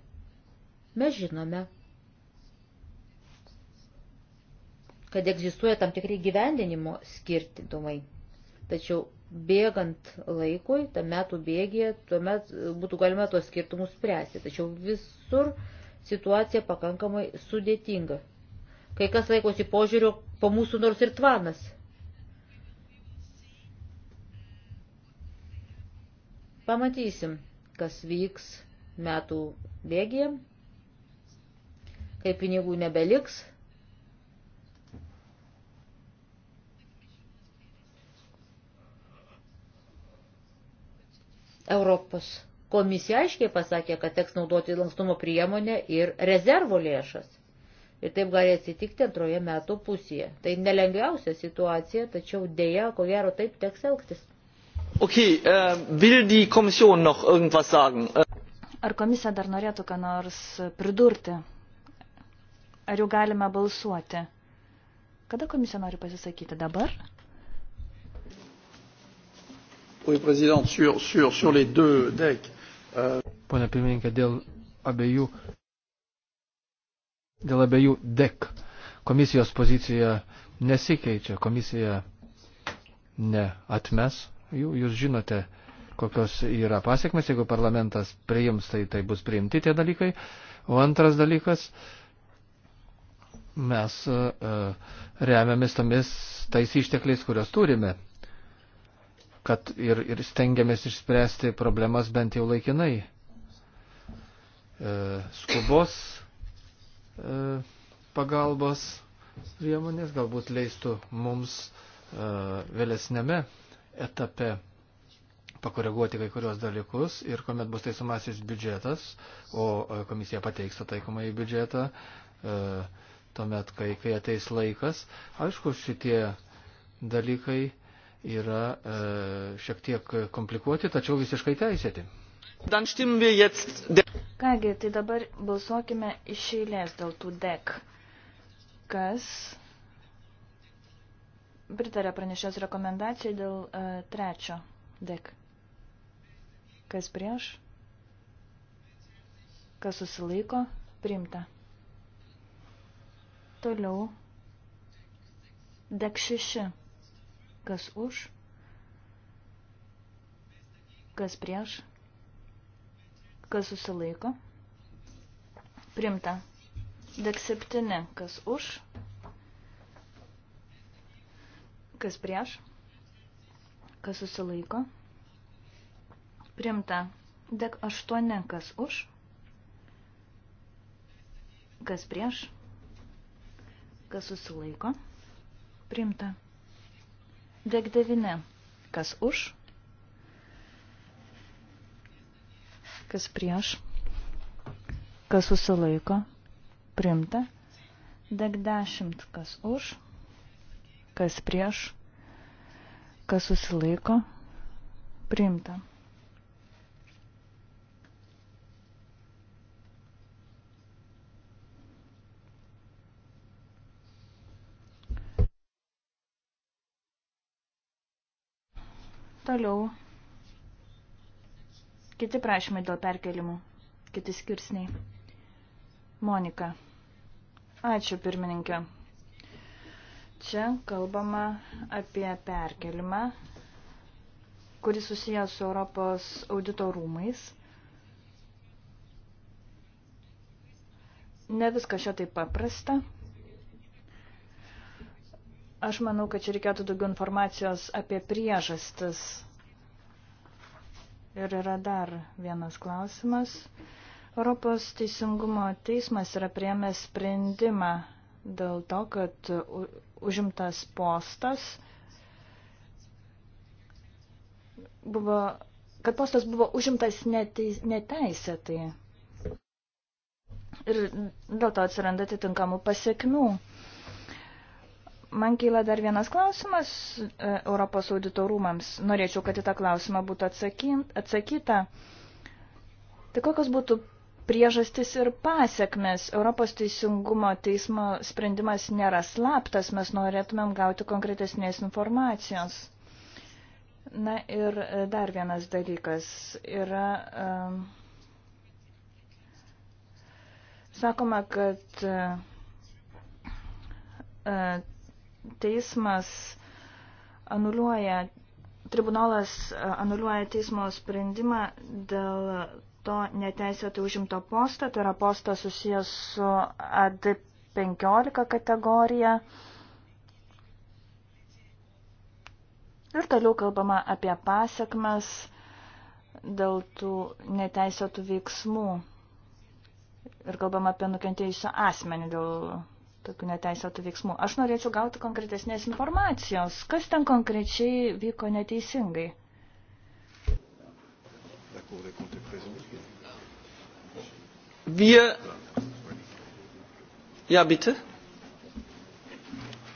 S3: Mes žinome, kad egzistuoja tam tikrai gyvendinimo skirtinumai, tačiau bėgant laikui, tam metų bėgėje, tuomet būtų galima tuos skirtumus spręsti, tačiau visur situacija pakankamai sudėtinga. Kai kas laikosi požiūrio po mūsų nors ir tvanas. Pamatysim, kas vyks metų bėgėje, kai pinigų nebeliks. Europos komisija aiškiai pasakė, kad teks naudoti lankstumo priemonę ir rezervo lėšas. Ir taip gali atsitikti antroje metų pusėje. Tai nelengviausia situacija, tačiau dėja, ko gero, taip teks elgtis.
S1: Okay, uh, will die Kommission noch irgendwas sagen? Äh,
S2: Ar komisija dar norėtų ką nors pridurti? Ar jau galime balsuoti? Kada komisija nori pasisakyti? Dabar?
S1: Oui, sur, sur, sur les deux deck.
S4: Uh... Pone pirmininkė, dėl abiejų Dėl abiejų DEC komisijos pozicija nesikeičia, komisija neatmes. Jūs žinote, kokios yra pasiekmes, jeigu parlamentas priims, tai tai bus priimti tie dalykai. O antras dalykas, mes e, e, remiamės tomis tais ištekliais, kurios turime, kad ir, ir stengiamės išspręsti problemas bent jau laikinai. E, skubos E, pagalbos priemonės galbūt leistų mums e, vėlesnėme etape pakoreguoti kai kurios dalykus ir kuomet bus taisomasis biudžetas, o e, komisija pateiks ataikomą į biudžetą, tuomet, kai, kai ateis laikas, aišku, šitie dalykai yra e, šiek tiek komplikuoti, tačiau visiškai teisėti.
S2: Kągi, tai dabar balsuokime iš eilės dėl tų dek. Kas pritarė pranešės rekomendacijai dėl uh, trečio dek? Kas prieš? Kas susilaiko? Primta. Toliau. Dek šeši. Kas už? Kas prieš? kas susilaiko, primta. Dek septyni, kas už, kas prieš, kas susilaiko, primta. Dek aštuoni, kas už, kas prieš, kas susilaiko, primta. Dek devyni, kas už, kas prieš kas prieš, kas susilaiko, primta. Deg dešimt, kas už, kas prieš, kas susilaiko, primta. Toliau Kiti prašymai dėl perkelimų, kiti skirsniai. Monika. Ačiū, pirmininkė. Čia kalbama apie perkelimą, kuris susijęs su Europos audito rūmais. Ne viskas čia taip paprasta. Aš manau, kad čia reikėtų daugiau informacijos apie priežastis Ir yra dar vienas klausimas. Europos teisingumo teismas yra priemęs sprendimą dėl to, kad užimtas postas buvo, kad postas buvo užimtas neteis, neteisėtai. Ir dėl to atsiranda atitinkamų pasiekmių. Man kyla dar vienas klausimas e, Europos auditorumams. Norėčiau, kad į tą klausimą būtų atsakyta. Tai kokios būtų priežastis ir pasiekmes? Europos teisingumo teismo sprendimas nėra slaptas, mes norėtumėm gauti konkretesnės informacijos. Na ir e, dar vienas dalykas yra. Um, sakoma, kad uh, teismas anuliuoja, tribunolas e, anuliuoja teismo sprendimą dėl to neteisėtai užimto postą, tai yra postas susijęs su AD15 kategorija. Ir toliau kalbama apie pasiekmes dėl tų neteisėtų veiksmų. Ir kalbama apie nukentėjusią asmenį dėl tokių neteisėtų veiksmų. Aš norėčiau gauti konkretesnės informacijos, kas ten konkrečiai vyko neteisingai. Wir.
S1: Ja, bitte.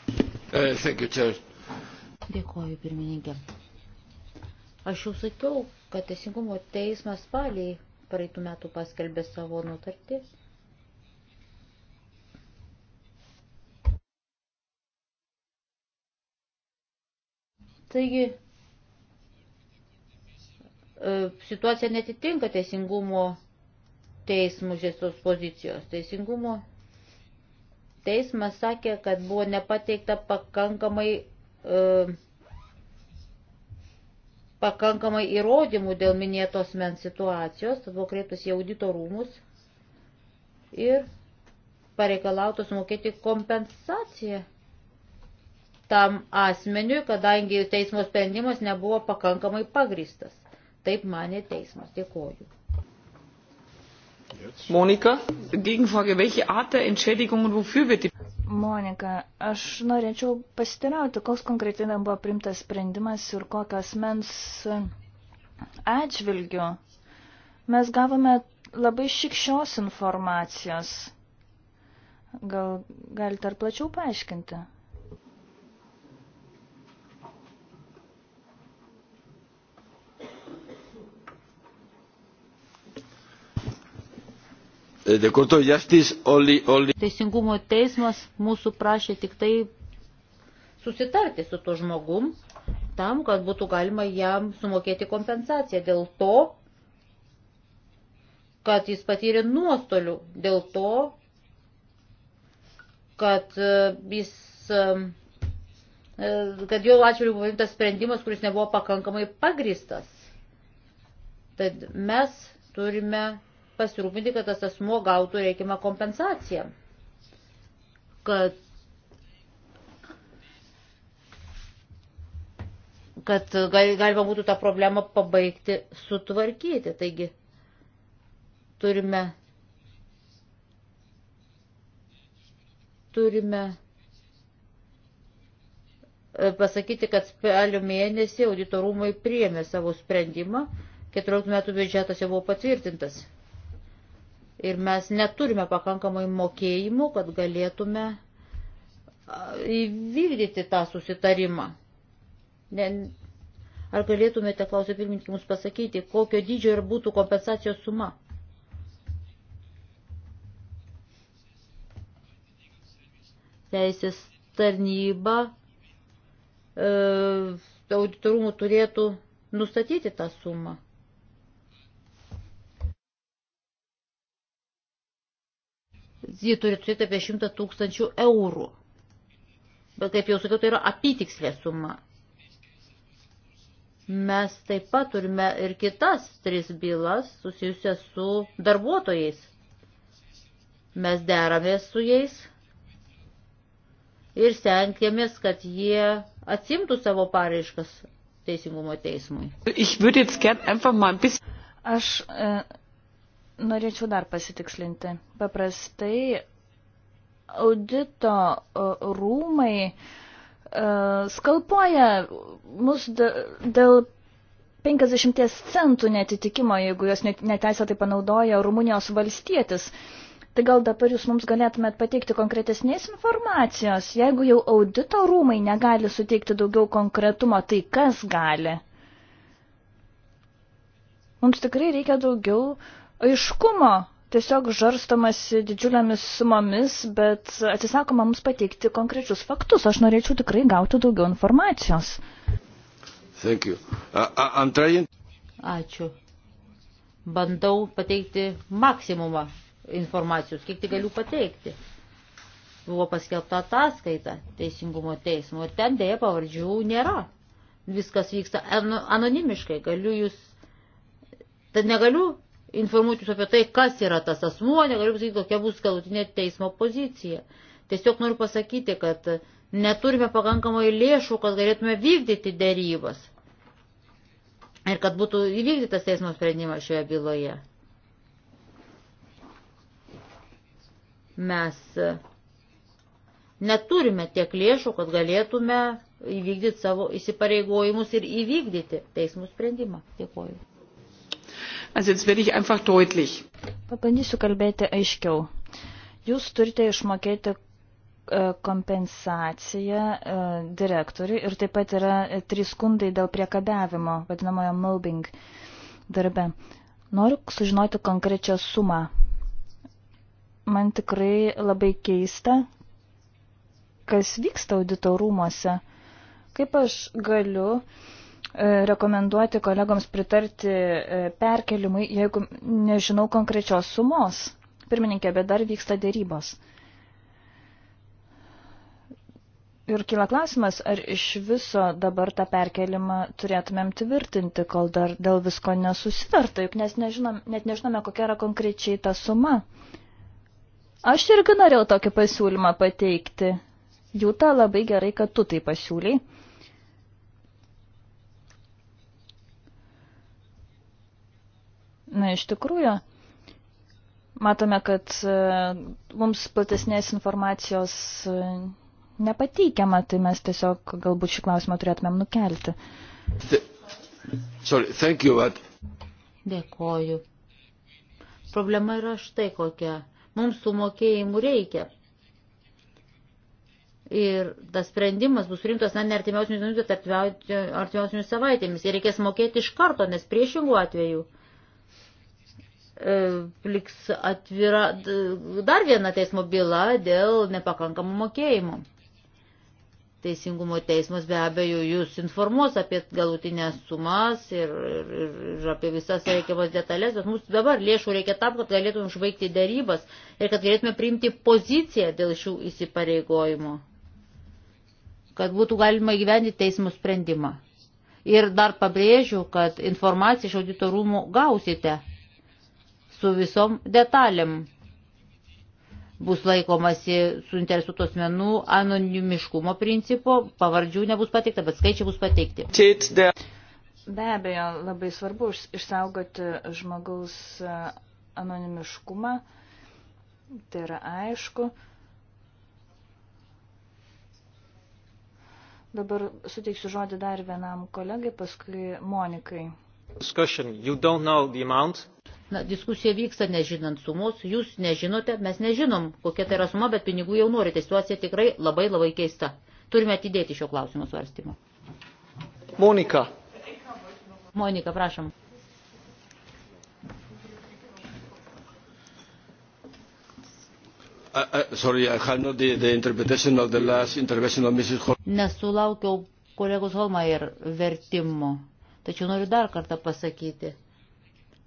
S1: Uh, thank you, Chair.
S3: Dėkoju, pirmininkė. Aš jau sakiau, kad Teisingumo teismas spalį praeitų metų paskelbė savo nutartį Taigi e, situacija netitinka teisingumo teismų žiesos pozicijos. Teisingumo teismas sakė, kad buvo nepateikta pakankamai, e, pakankamai įrodymų dėl minėtos men situacijos, tad buvo kreiptas į audito rūmus ir pareikalautos mokėti kompensaciją tam asmeniui, kadangi teismo sprendimas nebuvo pakankamai pagristas. Taip mane teismas. Dėkoju.
S1: Monika, gegenfrage, welche Art der Entschädigung
S2: und wofür wird die... Monika, aš norėčiau pasitirauti, koks konkretinai buvo primtas sprendimas ir kokios mens atžvilgių. Mes gavome labai šikščios informacijos. Gal galite ar plačiau paaiškinti?
S4: The Court of Justice only, only...
S3: Teisingumo teismas mūsų prašė tik tai susitarti su tuo žmogum, tam, kad būtų galima jam sumokėti kompensaciją dėl to, kad jis patyrė nuostolių, dėl to, kad eh, jis eh, eh, kad jo atžvilgiu buvo imtas sprendimas, kuris nebuvo pakankamai pagristas. Tad mes turime pasirūpinti, kad tas asmuo gautų reikiamą kompensaciją. Kad, kad gal, galima būtų tą problemą pabaigti sutvarkyti. Taigi turime, turime e, pasakyti, kad spalio mėnesį auditorumai priėmė savo sprendimą, 14 metų biudžetas jau buvo patvirtintas ir mes neturime pakankamai mokėjimų, kad galėtume įvykdyti tą susitarimą. Ne, ar galėtumėte, klausė pirmininkė, mums pasakyti, kokio dydžio ir būtų kompensacijos suma? Teisės tarnyba e, auditorumų turėtų nustatyti tą sumą. ji turi turėti apie 100 tūkstančių eurų. Bet kaip jau sakiau, tai yra apitikslė suma. Mes taip pat turime ir kitas tris bylas susijusias su darbuotojais. Mes deramės su jais ir stengiamės, kad jie atsimtų savo pareiškas teisingumo teismui.
S2: Aš e, Norėčiau dar pasitikslinti. Paprastai audito e, rūmai e, skalpuoja mus dėl 50 centų netitikimo, jeigu jos neteisėtai panaudoja Rumunijos valstietis. Tai gal dabar jūs mums galėtumėt pateikti konkretesnės informacijos. Jeigu jau audito rūmai negali suteikti daugiau konkretumo, tai kas gali? Mums tikrai reikia daugiau uh, aiškumo, tiesiog žarstomasi didžiuliamis sumomis, bet atsisakoma mums pateikti konkrečius faktus. Aš norėčiau tikrai gauti daugiau informacijos.
S4: Trying...
S3: Ačiū. Bandau pateikti maksimumą informacijos, kiek tik galiu pateikti. Buvo paskelbta ataskaita Teisingumo teismo ir ten dėja pavardžių nėra. Viskas vyksta anonimiškai, galiu jūs. Tad negaliu informuoti jūs apie tai, kas yra tas asmuo, negaliu pasakyti, kokia bus galutinė teismo pozicija. Tiesiog noriu pasakyti, kad neturime pakankamai lėšų, kad galėtume vykdyti dėrybas ir kad būtų įvykdytas teismo sprendimas šioje byloje. Mes neturime tiek lėšų, kad galėtume įvykdyti savo įsipareigojimus ir įvykdyti teismų sprendimą. Dėkuoju. Also jetzt werde ich einfach deutlich.
S2: Pabandysiu kalbėti aiškiau. Jūs turite išmokėti e, kompensacija e, direktoriui ir taip pat yra e, trys skundai dėl priekabiavimo, vadinamojo mobbing darbe. Noriu sužinoti konkrečią sumą. Man tikrai labai keista, kas vyksta audito rūmose. Kaip aš galiu uh, E, rekomenduoti kolegoms pritarti e, perkelimui, jeigu nežinau konkrečios sumos. Pirmininkė, bet dar vyksta dėrybos. Ir kyla klausimas, ar iš viso dabar tą perkelimą turėtumėm tvirtinti, kol dar dėl visko nesusitarta, juk nes nežinom, net nežinome, kokia yra konkrečiai ta suma. Aš irgi norėjau tokį pasiūlymą pateikti. Jūta labai gerai, kad tu tai pasiūlyi. Na, iš tikrųjų, matome, kad e, mums platesnės informacijos e, nepateikiama, tai mes tiesiog galbūt šį klausimą turėtumėm nukelti.
S3: The,
S4: sorry, thank you, but...
S3: Dėkoju. Problema yra štai kokia. Mums tų mokėjimų reikia. Ir tas sprendimas bus rimtas, na, ne artimiausiamis dienomis, bet artimiausiamis savaitėmis. Ir reikės mokėti iš karto, nes priešingų atveju E, liks atvira dar viena teismo byla dėl nepakankamų mokėjimų. Teisingumo teismas be abejo jūs informuos apie galutinės sumas ir, ir, ir apie visas reikiamas detalės, bet mums dabar lėšų reikia tam, kad galėtume užbaigti darybas ir kad galėtume priimti poziciją dėl šių įsipareigojimų, kad būtų galima įgyvendinti teismų sprendimą. Ir dar pabrėžiu, kad informaciją iš audito rūmų gausite su visom detalėm. Bus laikomasi suinteresuotos menų anonimiškumo principo, pavardžių nebus pateikta, bet skaičiai bus pateikti.
S2: Be abejo, labai svarbu išsaugoti žmogaus e, anonimiškumą, tai yra aišku. Dabar suteiksiu žodį dar
S3: vienam kolegai, paskui Monikai. Na, diskusija vyksta nežinant sumos, jūs nežinote, mes nežinom, kokia tai yra suma, bet pinigų jau norite. Situacija tikrai labai labai keista. Turime atidėti šio klausimo svarstymą. Monika. Monika, prašom. Uh, uh, Nesulaukiau kolegos Holma ir vertimo, tačiau noriu dar kartą pasakyti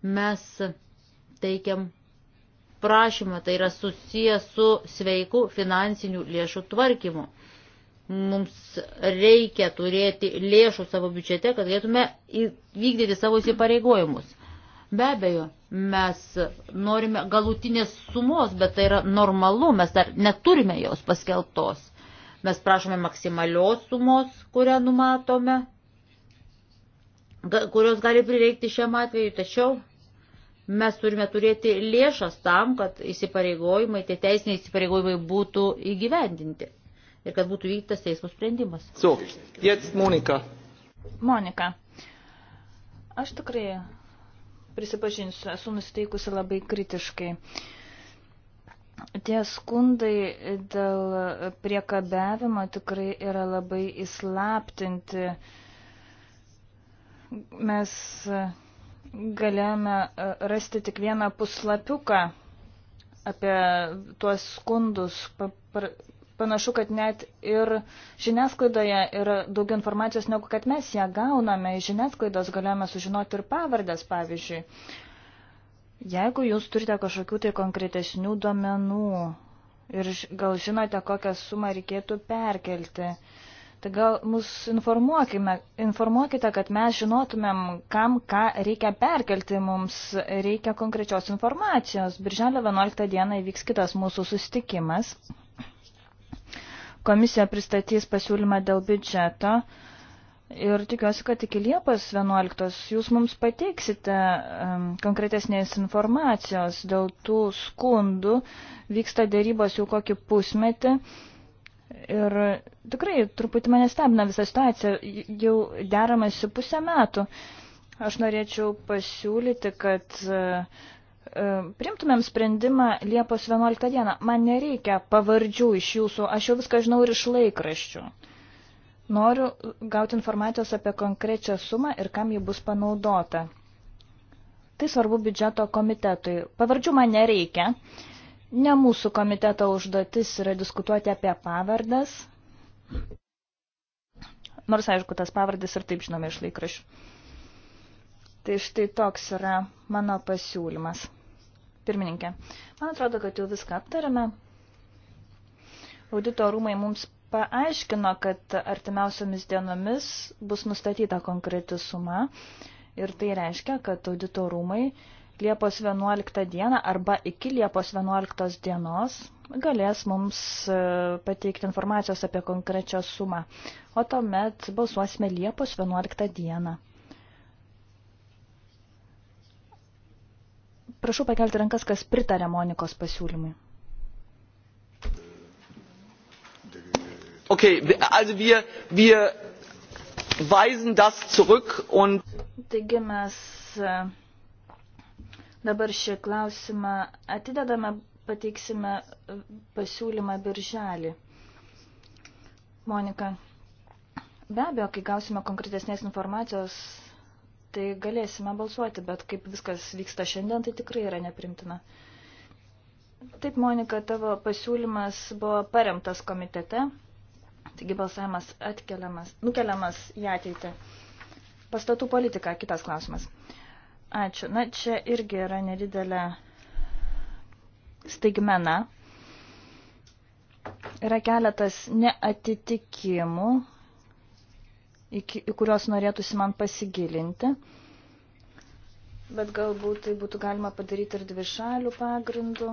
S3: mes teikiam prašymą, tai yra susijęs su sveiku finansinių lėšų tvarkymu. Mums reikia turėti lėšų savo biudžete, kad galėtume vykdyti savo įsipareigojimus. Be abejo, mes norime galutinės sumos, bet tai yra normalu, mes dar neturime jos paskelbtos. Mes prašome maksimalios sumos, kurią numatome, kurios gali prireikti šiam atveju, tačiau mes turime turėti lėšas tam, kad įsipareigojimai, tie teisiniai įsipareigojimai būtų įgyvendinti ir kad būtų vyktas teismo sprendimas. So, jetzt Monika. Monika,
S2: aš tikrai prisipažinsiu, esu nusiteikusi labai kritiškai. Tie skundai dėl priekabiavimo tikrai yra labai įslaptinti. Mes galėjome e, rasti tik vieną puslapiuką apie tuos skundus. Panašu, kad net ir žiniasklaidoje yra daug informacijos, negu kad mes ją gauname. Iš žiniasklaidos galėjome sužinoti ir pavardės, pavyzdžiui. Jeigu jūs turite kažkokių tai konkretesnių duomenų ir gal žinote, kokią sumą reikėtų perkelti, uh, Tai gal mus informuokime, informuokite, kad mes žinotumėm, kam ką reikia perkelti, mums reikia konkrečios informacijos. Birželio 11 dieną įvyks kitas mūsų susitikimas. Komisija pristatys pasiūlymą dėl biudžeto ir tikiuosi, kad iki Liepos 11 jūs mums pateiksite um, konkretesnės informacijos dėl tų skundų. Vyksta dėrybos jau kokį pusmetį. Um, Ir tikrai truputį mane stebina visa situacija, jau deramasi pusę metų. Aš norėčiau pasiūlyti, kad e, e, primtumėm sprendimą Liepos 11 dieną. Man nereikia pavardžių iš jūsų, aš jau viską žinau ir iš laikraščių. Noriu gauti informacijos apie konkrečią sumą ir kam ji bus panaudota. Tai svarbu biudžeto komitetui. Pavardžių man nereikia. Uh, Ne mūsų komiteto užduotis yra diskutuoti apie pavardas. Nors, aišku, tas pavardas ir taip žinome iš laikrašių. Tai štai toks yra mano pasiūlymas. Pirmininkė, man atrodo, kad jau viską aptarėme. Audito rūmai mums paaiškino, kad artimiausiomis dienomis bus nustatyta konkreti suma ir tai reiškia, kad audito rūmai Liepos 11 dieną arba iki Liepos 11 dienos galės mums e, pateikti informacijos apie konkrečią sumą, o tuomet balsuosime Liepos 11 dieną. Prašau pakelti rankas, kas pritarė Monikos pasiūlymui.
S1: Okay, also wir, wir weisen das zurück und.
S2: Taigi mes e, Dabar šį klausimą atidedame, pateiksime pasiūlymą birželį. Monika, be abejo, kai gausime konkretesnės informacijos, tai galėsime balsuoti, bet kaip viskas vyksta šiandien, tai tikrai yra neprimtina. Taip, Monika, tavo pasiūlymas buvo paremtas komitete, taigi balsavimas atkeliamas, nukeliamas į ateitį. Pastatų politika, kitas klausimas. Uh, Ačiū. Na, čia irgi yra nedidelė staigmena. Yra keletas neatitikimų, iki, į kuriuos norėtųsi man pasigilinti. Bet galbūt tai būtų galima padaryti ir dvi šalių pagrindų.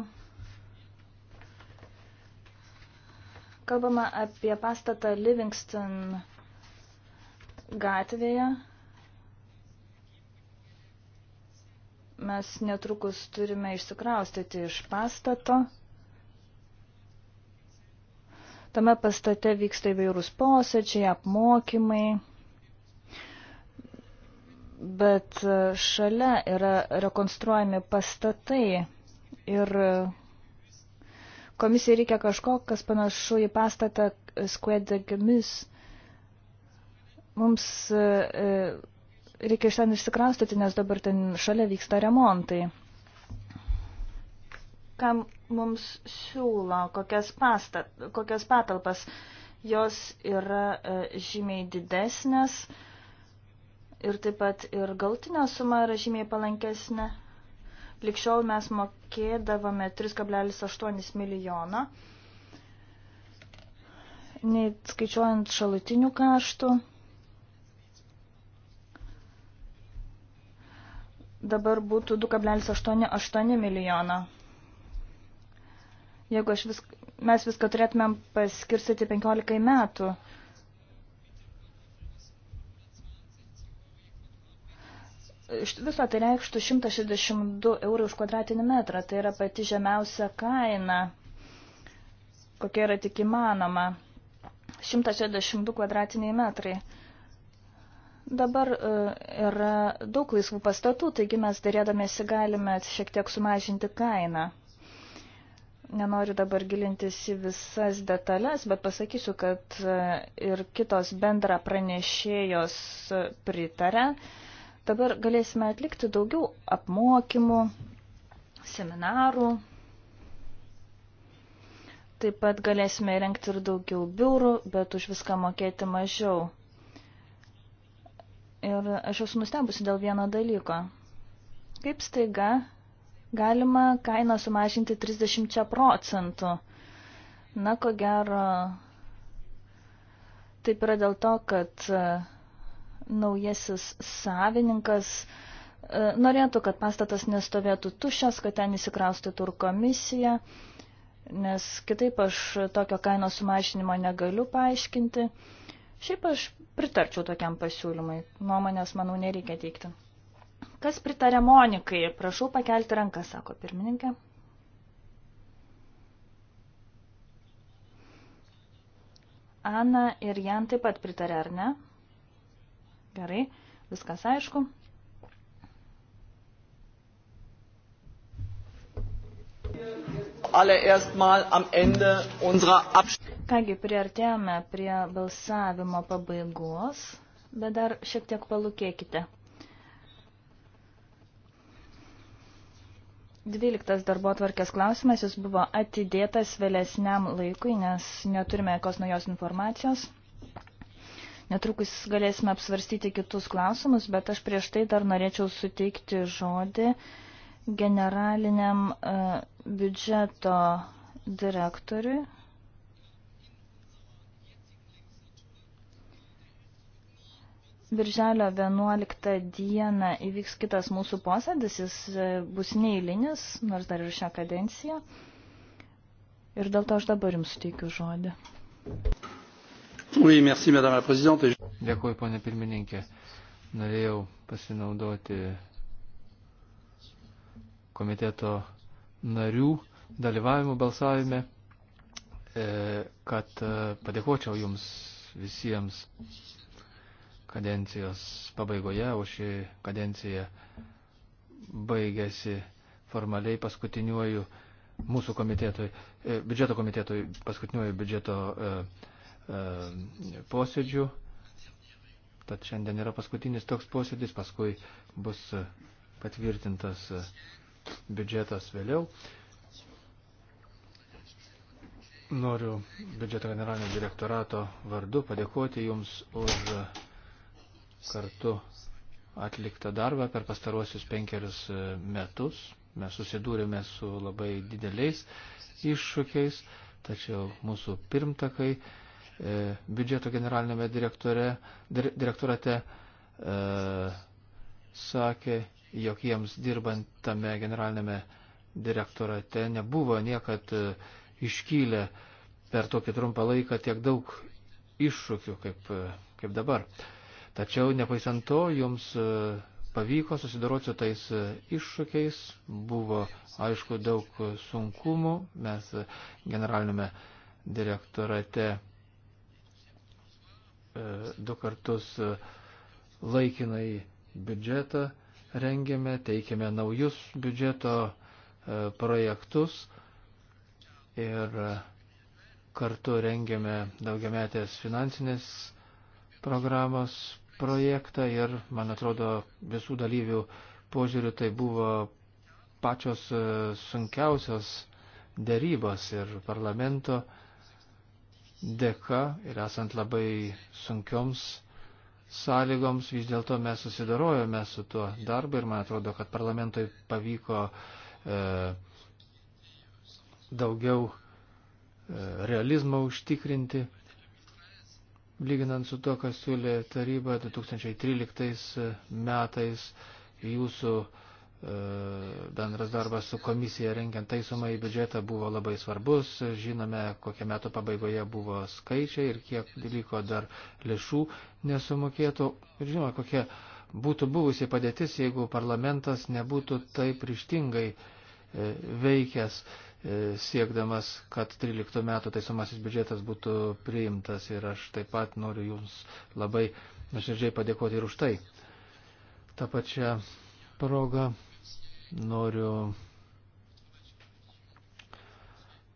S2: Kalbama apie pastatą Livingston gatvėje. Mes netrukus turime išsikraustyti iš pastato. Tame pastate vyksta įvairūs posėdžiai, apmokymai, bet šalia yra rekonstruojami pastatai ir komisijai reikia kažko, kas panašu į pastatą Square de Gamis. Mums e, reikia iš ten išsikraustyti, nes dabar ten šalia vyksta remontai. Kam mums siūlo, kokias, pasta, kokias patalpas, jos yra e, žymiai didesnės ir taip pat ir galtinė suma yra žymiai palankesnė. Likščiau mes mokėdavome 3,8 milijono, neįskaičiuojant šalutinių kaštų. dabar būtų 2,88 milijono. Jeigu aš vis, mes viską turėtumėm paskirstyti 15 metų, Viso tai reikštų 162 eurų už kvadratinį metrą, tai yra pati žemiausia kaina, kokia yra tik įmanoma. 162 kvadratiniai metrai. Dabar e, yra daug laisvų pastatų, taigi mes darėdamėsi galime šiek tiek sumažinti kainą. Nenoriu dabar gilintis į visas detalės, bet pasakysiu, kad e, ir kitos bendra pranešėjos pritarė. Dabar galėsime atlikti daugiau apmokymų, seminarų. Taip pat galėsime įrengti ir daugiau biurų, bet už viską mokėti mažiau. Ir aš esu nustebusi dėl vieno dalyko. Kaip staiga galima kainą sumažinti 30 procentų? Na, ko gero, taip yra dėl to, kad e, naujasis savininkas e, norėtų, kad pastatas nestovėtų tušęs, kad ten įsikraustytų ir komisija, nes kitaip aš tokio kaino sumažinimo negaliu paaiškinti. Uh, Šiaip aš pritarčiau tokiam pasiūlymui. Nuomonės, manau, nereikia teikti. Kas pritarė Monikai? Prašau pakelti ranką, sako pirmininkė. Ana ir Jan taip pat pritarė, ar ne? Gerai, viskas aišku.
S1: zuallererst mal am Ende unserer Abstimmung.
S2: Kągi, priartėjome prie balsavimo pabaigos, bet dar šiek tiek palūkėkite. Dvyliktas darbo tvarkės klausimas, jis buvo atidėtas vėlesniam laikui, nes neturime jokios naujos informacijos. Netrukus galėsime apsvarstyti kitus klausimus, bet aš prieš tai dar norėčiau suteikti žodį uh, generaliniam e, biudžeto direktoriui. Birželio 11 dieną įvyks kitas mūsų posėdis, jis e, bus neįlinis, nors dar ir šią kadenciją. Ir dėl to aš dabar jums suteikiu žodį.
S4: Oui, merci, Dėkuoju, ponė pirmininkė. Norėjau pasinaudoti komiteto narių dalyvavimu balsavime, e, kad e, padėkočiau jums visiems kadencijos pabaigoje, o ši kadencija baigėsi formaliai paskutiniuoju mūsų komitetui, e, biudžeto komitetui, paskutiniuoju biudžeto posėdžiu. Tad šiandien yra paskutinis toks posėdis, paskui bus patvirtintas biudžetas vėliau. Noriu biudžeto generalinio direktorato vardu padėkoti Jums už kartu atliktą darbą per pastaruosius penkerius metus. Mes susidūrėme su labai dideliais iššūkiais, tačiau mūsų pirmtakai e, biudžeto generalinėme direktorate e, sakė, jog jiems dirbant tame generalinėme direktorate nebuvo niekad e, iškylę per tokį trumpą laiką tiek daug iššūkių kaip, e, kaip dabar. Tačiau nepaisant to, jums e, pavyko susidoroti su tais iššūkiais, buvo aišku daug sunkumų, mes generalinėme direktorate du kartus laikinai biudžetą rengiame, teikiame naujus biudžeto e, projektus ir e, kartu rengiame daugiametės finansinės programos projektą ir, man atrodo, visų dalyvių požiūrių tai buvo pačios e, sunkiausios dėrybos ir parlamento dėka ir esant labai sunkioms sąlygoms vis dėlto mes susidarojome su tuo darbu ir man atrodo, kad parlamentui pavyko e, daugiau e, realizmą užtikrinti, lyginant su to, kas siūlė taryba 2013 e, metais jūsų e, bendras darbas su komisija rengiant taisomą į biudžetą buvo labai svarbus. Žinome, kokie metų pabaigoje buvo skaičiai ir kiek liko dar lėšų nesumokėtų. Ir žinoma, kokia būtų buvusi padėtis, jeigu parlamentas nebūtų taip ryštingai e, veikęs e, siekdamas, kad 13 metų taisomasis biudžetas būtų priimtas. Ir aš taip pat noriu Jums labai nuoširdžiai padėkoti ir už tai. Ta pačia proga Noriu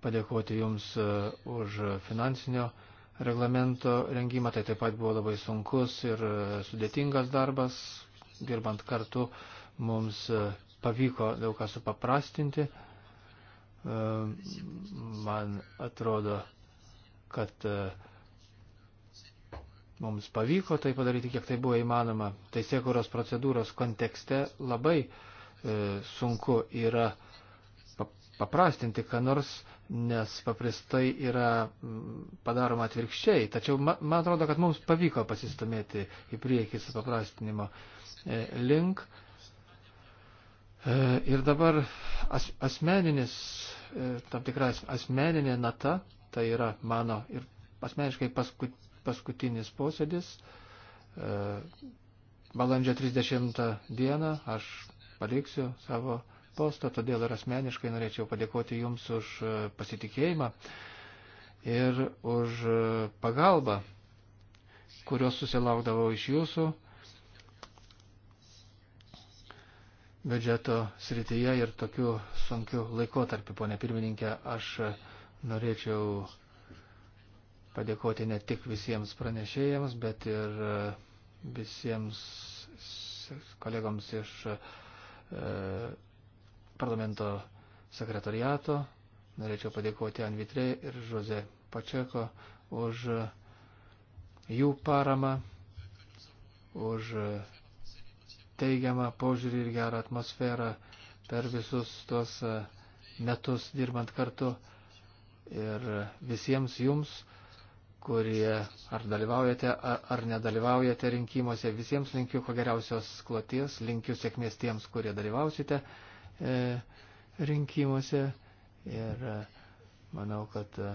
S4: padėkoti Jums e, už finansinio reglamento rengimą. Tai taip pat buvo labai sunkus ir e, sudėtingas darbas. Dirbant kartu mums e, pavyko daug ką supaprastinti. Man atrodo, kad mums pavyko tai padaryti, kiek tai buvo įmanoma. Teisėkuros procedūros kontekste labai uh, E, sunku yra paprastinti, ką nors, nes paprastai yra padaroma atvirkščiai. Tačiau man atrodo, kad mums pavyko pasistumėti į priekį su paprastinimo e, link. E, ir dabar as, asmeninis, tam tikra asmeninė nata, tai yra mano ir asmeniškai paskut, paskutinis posėdis. Balandžio 30 dieną aš nepaliksiu savo posto, todėl ir asmeniškai norėčiau padėkoti Jums už e, pasitikėjimą ir už e, pagalbą, kurios susilaukdavau iš Jūsų biudžeto srityje ir tokiu sunkiu laikotarpiu, ponė pirmininkė, aš e, norėčiau padėkoti ne tik visiems pranešėjams, bet ir visiems kolegoms iš E, parlamento sekretariato. Norėčiau padėkoti Anvitrė ir Žoze Pačeko už jų paramą, už teigiamą požiūrį ir gerą atmosferą per visus tuos metus dirbant kartu. Ir visiems jums kurie ar dalyvaujate, ar nedalyvaujate rinkimuose. Visiems linkiu ko geriausios kloties, linkiu sėkmės tiems, kurie dalyvausite e, rinkimuose. Ir e, manau, kad e,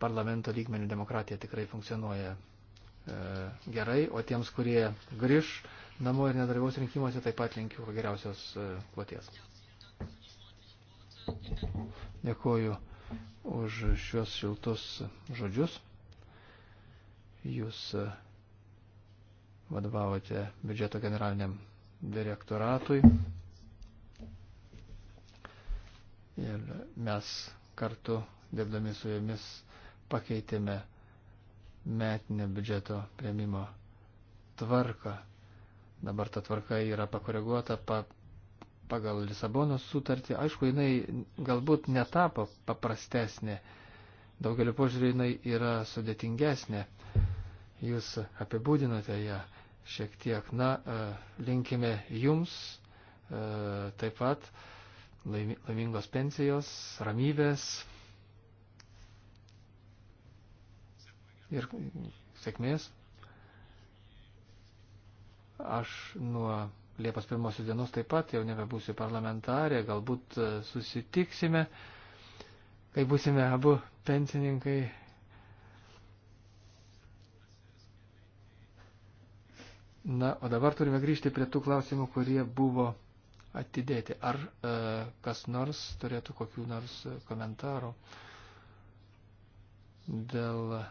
S4: parlamento lygmenių demokratija tikrai funkcionuoja e, gerai, o tiems, kurie grįž namo ir nedalyvaus rinkimuose, taip pat linkiu ko geriausios e, kloties. Dėkuoju už šios šiltus žodžius. Jūs e, vadovavote biudžeto generaliniam direktoratui. Ir mes kartu, dirbdami su jumis, pakeitėme metinę biudžeto prieimimo tvarką. Dabar ta tvarka yra pakoreguota, pa, pagal Lisabonos sutartį, aišku, jinai galbūt netapo paprastesnė, daugeliu požiūrį jinai yra sudėtingesnė, jūs apibūdinote ją šiek tiek, na, e, linkime jums e, taip pat laimingos pensijos, ramybės ir sėkmės. Aš nuo Liepos pirmosios dienos taip pat jau nebebūsiu parlamentarė, galbūt e, susitiksime, kai būsime abu pensininkai. Na, o dabar turime grįžti prie tų klausimų, kurie buvo atidėti. Ar e, kas nors turėtų kokių nors komentarų dėl. E,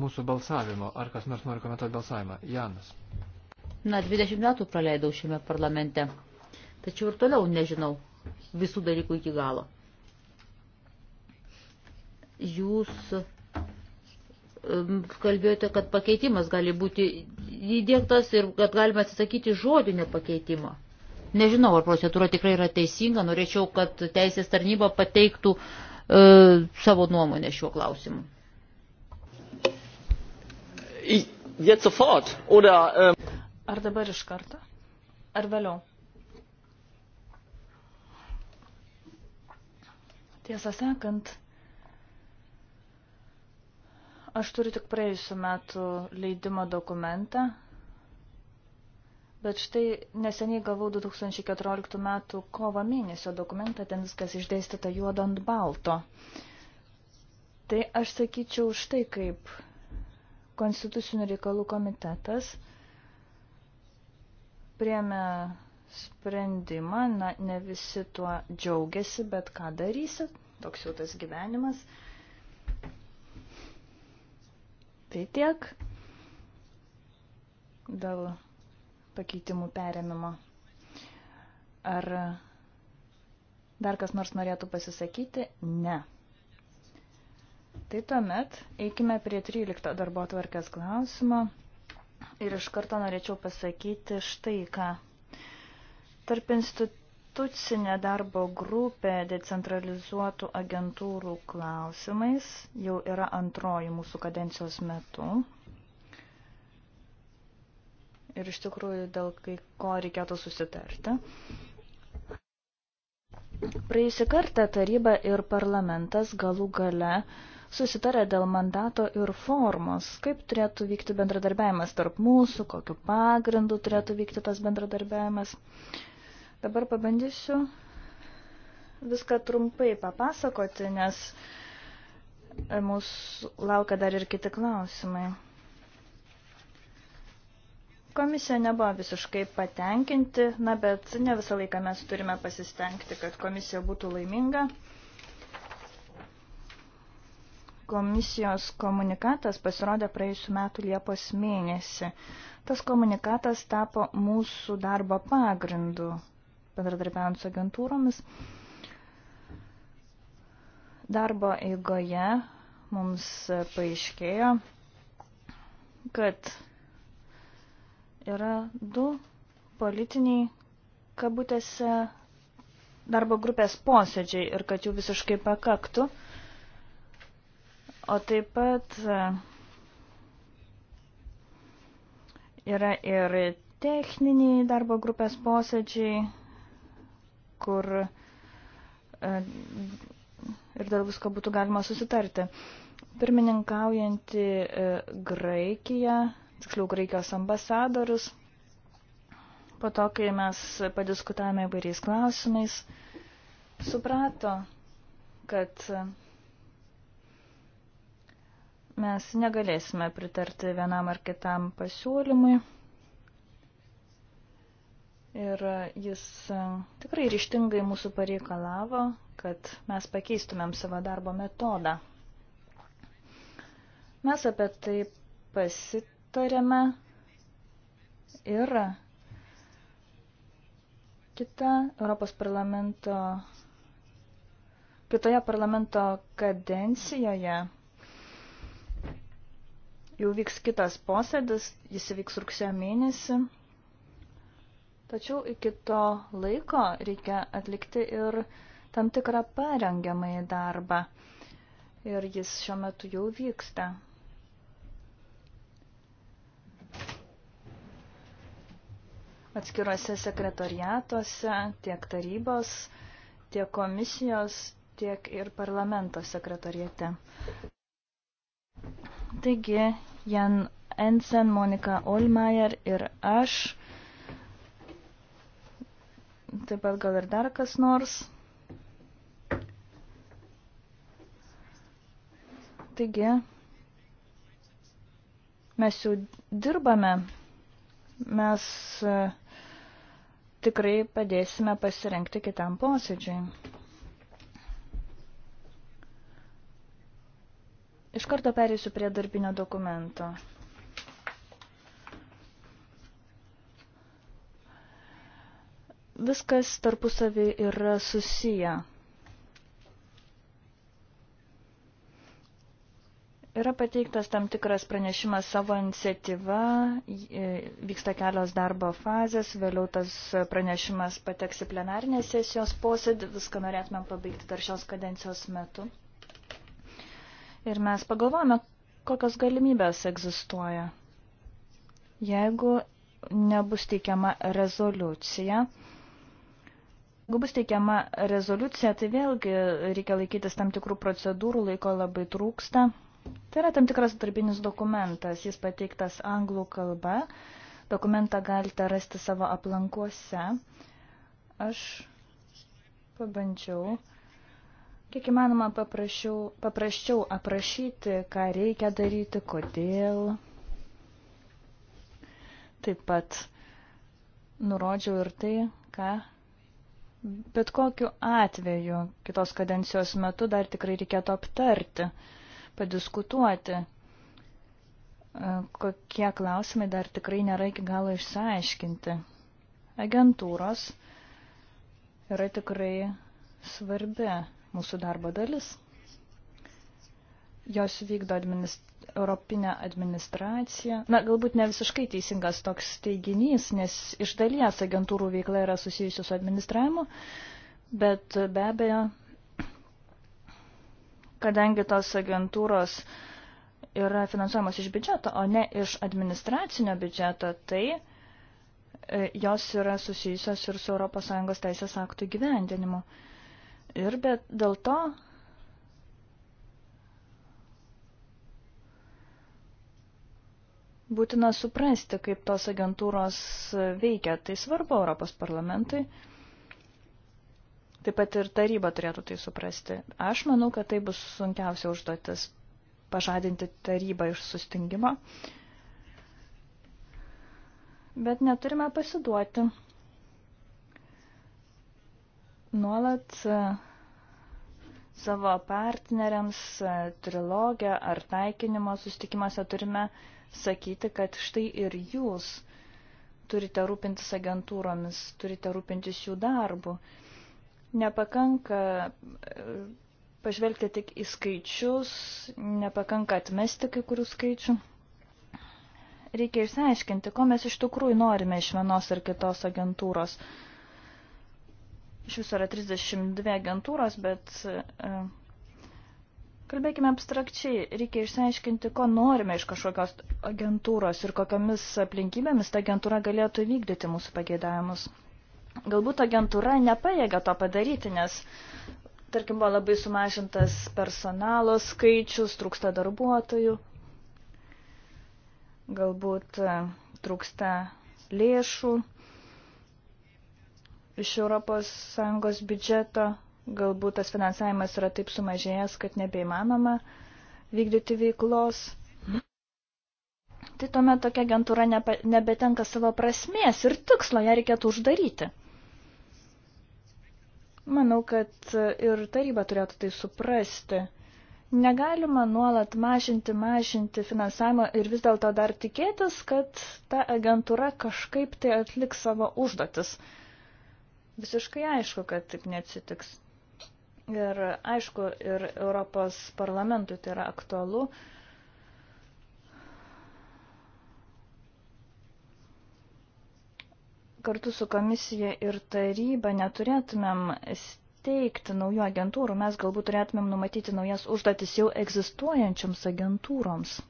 S4: mūsų balsavimo. Ar kas nors nori komentuoti balsavimą? Janas.
S3: Na, 20 metų praleidau šiame parlamente. Tačiau ir toliau nežinau visų dalykų iki galo. Jūs kalbėjote, kad pakeitimas gali būti įdėktas ir kad galime atsisakyti žodinio pakeitimo. Nežinau, ar procedūra tikrai yra teisinga. Norėčiau, kad teisės tarnyba pateiktų e, savo nuomonę šiuo klausimu.
S1: Jetzt sofort? Oder, ähm
S2: Ar dabar iš karto? Ar vėliau? Tiesą sakant, aš turiu tik praėjusiu metu leidimo dokumentą, bet štai neseniai gavau 2014 metų kovo mėnesio dokumentą, ten viskas išdėstyta juodo ant balto. Tai aš sakyčiau štai kaip Konstitucinių reikalų komitetas priemė sprendimą, na, ne visi tuo džiaugiasi, bet ką darysi, toks jau tas gyvenimas. Tai tiek dėl pakeitimų perėmimo. Ar dar kas nors norėtų pasisakyti? Ne. Tai tuomet eikime prie 13 darbo tvarkės klausimo ir iš karto norėčiau pasakyti štai ką. Tarp institucinė darbo grupė decentralizuotų agentūrų klausimais jau yra antroji mūsų kadencijos metu. Ir iš tikrųjų dėl kai ko reikėtų susitarti. Praėjusį kartą taryba ir parlamentas galų gale uh, susitarę dėl mandato ir formos, kaip turėtų vykti bendradarbiavimas tarp mūsų, kokiu pagrindu turėtų vykti tas bendradarbiavimas. Dabar pabandysiu viską trumpai papasakoti, nes mūsų laukia dar ir kiti klausimai. Komisija nebuvo visiškai patenkinti, na bet ne visą laiką mes turime pasistengti, kad komisija būtų laiminga komisijos komunikatas pasirodė praėjusiu metu Liepos mėnesį. Tas komunikatas tapo mūsų darbo pagrindu, bendradarbiavant su agentūromis. Darbo eigoje mums paaiškėjo, kad yra du politiniai kabutėse darbo grupės posėdžiai ir kad jų visiškai pakaktų O taip pat e, yra ir techniniai darbo grupės posėdžiai, kur e, ir dėl visko būtų galima susitarti. Pirmininkaujanti e, Graikija, tiksliau Graikijos ambasadorius, po to, kai mes padiskutavome įvairiais klausimais, suprato, kad mes negalėsime pritarti vienam ar kitam pasiūlymui. Ir jis tikrai ryštingai mūsų pareikalavo, kad mes pakeistumėm savo darbo metodą. Mes apie tai pasitarėme ir kita Europos parlamento, kitoje parlamento kadencijoje jau vyks kitas posėdis, jis vyks rugsėjo mėnesį. Tačiau iki to laiko reikia atlikti ir tam tikrą parengiamąjį darbą. Ir jis šiuo metu jau vyksta. Atskiruose sekretoriatuose tiek tarybos, tiek komisijos, tiek ir parlamento sekretoriate. Taigi, Jan Ensen, Monika Olmeier ir aš. Taip pat gal ir dar kas nors. Taigi, mes jau dirbame, mes e, tikrai padėsime pasirenkti kitam posėdžiui. Iš karto perėsiu prie darbinio dokumento. Viskas tarpusavį yra susiję. Yra pateiktas tam tikras pranešimas savo iniciatyva, e, vyksta kelios darbo fazės, vėliau tas pranešimas pateks į plenarinės sesijos posėdį, viską norėtumėm pabaigti dar šios kadencijos metu. Ir mes pagalvojame, kokios galimybės egzistuoja. Jeigu nebus teikiama rezoliucija, Jeigu bus teikiama rezoliucija, tai vėlgi reikia laikytis tam tikrų procedūrų, laiko labai trūksta. Tai yra tam tikras darbinis dokumentas, jis pateiktas anglų kalba, dokumentą galite rasti savo aplankuose. Aš pabandžiau kiek įmanoma paprašiau, paprasčiau aprašyti, ką reikia daryti, kodėl. Taip pat nurodžiau ir tai, ką bet kokiu atveju kitos kadencijos metu dar tikrai reikėtų aptarti, padiskutuoti, kokie klausimai dar tikrai nėra iki galo išsiaiškinti. Agentūros yra tikrai svarbi mūsų darbo dalis. Jos vykdo administ... Europinę administraciją. Na, galbūt ne visiškai teisingas toks teiginys, nes iš dalies agentūrų veikla yra susijusi su administravimu, bet be abejo, kadangi tos agentūros yra finansuojamos iš biudžeto, o ne iš administracinio biudžeto, tai e, jos yra susijusios ir su ES teisės aktų gyvendinimu. Ir bet dėl to būtina suprasti, kaip tos agentūros veikia. Tai svarbu Europos parlamentui. Taip pat ir taryba turėtų tai suprasti. Aš manau, kad tai bus sunkiausia užduotis - pažadinti tarybą iš sustingimo. Bet neturime pasiduoti nuolat e, savo partneriams e, trilogę ar taikinimo sustikimuose turime sakyti, kad štai ir jūs turite rūpintis agentūromis, turite rūpintis jų darbu. Nepakanka e, pažvelgti tik į skaičius, nepakanka atmesti kai kurių skaičių. Reikia išsiaiškinti, ko mes iš tikrųjų norime iš vienos ar kitos agentūros. Uh, Iš viso yra 32 agentūros, bet e, kalbėkime abstrakčiai. Reikia išsiaiškinti, ko norime iš kažkokios agentūros ir kokiamis aplinkybėmis ta agentūra galėtų vykdyti mūsų pageidavimus. Galbūt agentūra nepaėga to padaryti, nes, tarkim, buvo labai sumažintas personalo skaičius, trūksta darbuotojų, galbūt e, trūksta lėšų iš ES biudžeto, galbūt tas finansavimas yra taip sumažėjęs, kad nebeįmanoma vykdyti veiklos. Tai tuomet tokia agentūra nebetenka savo prasmės ir tikslo, ją reikėtų uždaryti. Manau, kad ir taryba turėtų tai suprasti. Negalima nuolat mažinti, mažinti finansavimą ir vis dėlto dar tikėtis, kad ta agentūra kažkaip tai atliks savo užduotis. Visiškai aišku, kad taip neatsitiks. Ir aišku, ir Europos parlamentui tai yra aktualu. Kartu su komisija ir taryba neturėtumėm steigti naujų agentūrų, mes galbūt turėtumėm numatyti naujas užduotis jau egzistuojančioms agentūroms.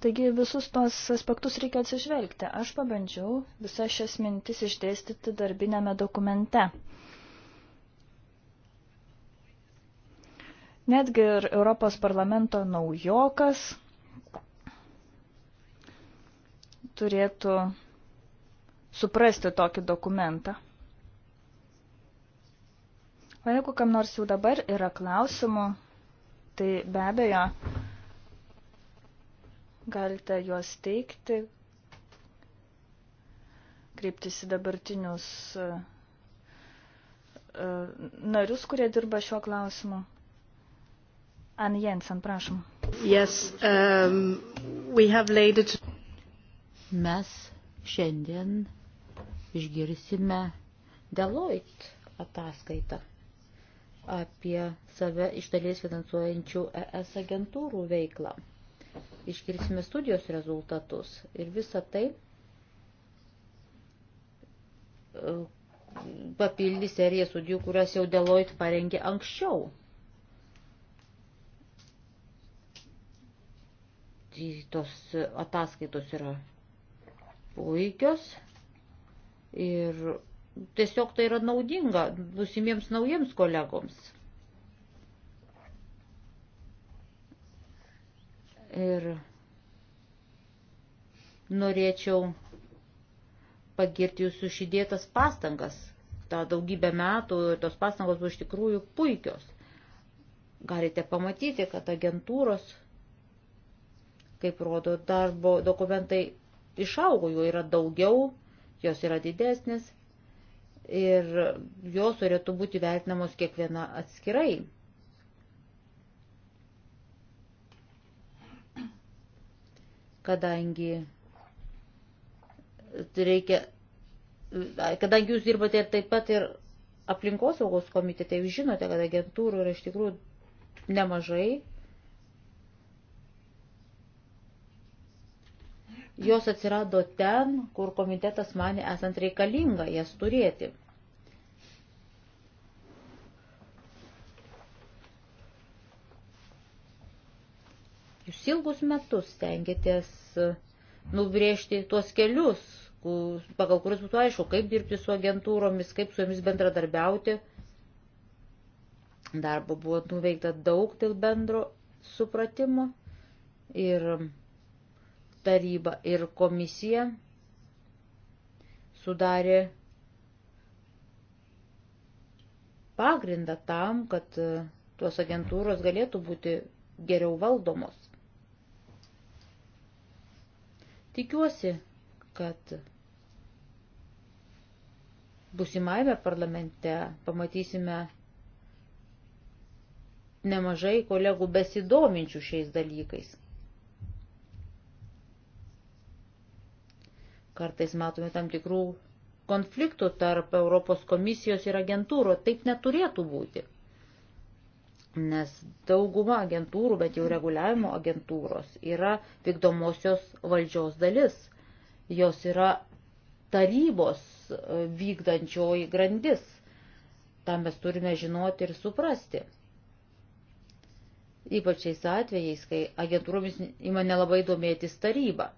S2: Taigi visus tos aspektus reikia atsižvelgti. Aš pabandžiau visas šias mintis išdėstyti darbinėme dokumente. Netgi ir Europos parlamento naujokas turėtų suprasti tokį dokumentą. O jeigu kam nors jau dabar yra klausimų, tai be abejo galite juos teikti, kreiptis į dabartinius e, narius, kurie dirba šiuo klausimu. Ann Jensen, prašom.
S3: Yes, um, we have laid it... Mes šiandien išgirsime Deloitte ataskaitą apie save iš dalies finansuojančių ES agentūrų veiklą išgirsime studijos rezultatus ir visą tai e, papildys seriją studijų, kurias jau Deloitte parengė anksčiau. Tai tos ataskaitos yra puikios ir tiesiog tai yra naudinga būsimiems naujiems kolegoms. Ir norėčiau pagirti jūsų šidėtas pastangas. Ta daugybė metų tos pastangos buvo iš tikrųjų puikios. Galite pamatyti, kad agentūros, kaip rodo darbo dokumentai, išaugo, jų yra daugiau, jos yra didesnės ir jos turėtų būti vertinamos kiekviena atskirai. kadangi reikia, kadangi jūs dirbate ir taip pat ir aplinkosaugos komitete, jūs žinote, kad agentūrų yra iš tikrųjų nemažai. Jos atsirado ten, kur komitetas mane esant reikalinga jas turėti. Jūs ilgus metus stengiatės e, nubrėžti tuos kelius, pagal kuris būtų aišku, kaip dirbti su agentūromis, kaip su jomis bendradarbiauti. Darbo buvo nuveikta daug dėl bendro supratimo ir taryba ir komisija sudarė pagrindą tam, kad e, tuos agentūros galėtų būti geriau valdomos. Tikiuosi, kad busimaime parlamente pamatysime nemažai kolegų besidominčių šiais dalykais. Kartais matome tam tikrų konfliktų tarp Europos komisijos ir agentūro. Taip neturėtų būti nes dauguma agentūrų, bet jau reguliavimo agentūros yra vykdomosios valdžios dalis. Jos yra tarybos e, vykdančioji grandis. Tam mes turime žinoti ir suprasti. Ypač šiais atvejais, kai agentūromis ima nelabai domėtis taryba.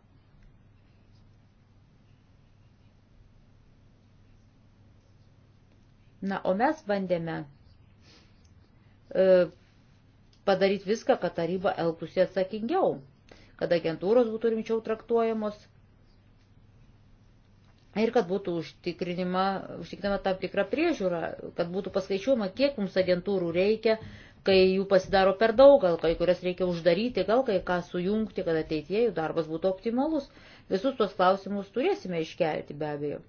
S3: Na, o mes bandėme E, padaryti viską, kad taryba elgtųsi atsakingiau, kad agentūros būtų rimčiau traktuojamos ir kad būtų užtikrinima, užtikrinama tam tikra priežiūra, kad būtų paskaičiuojama, kiek mums agentūrų reikia, kai jų pasidaro per daug, gal kai kurias reikia uždaryti, gal kai ką sujungti, kad ateitie jų darbas būtų optimalus. Visus tuos klausimus turėsime iškelti be abejo.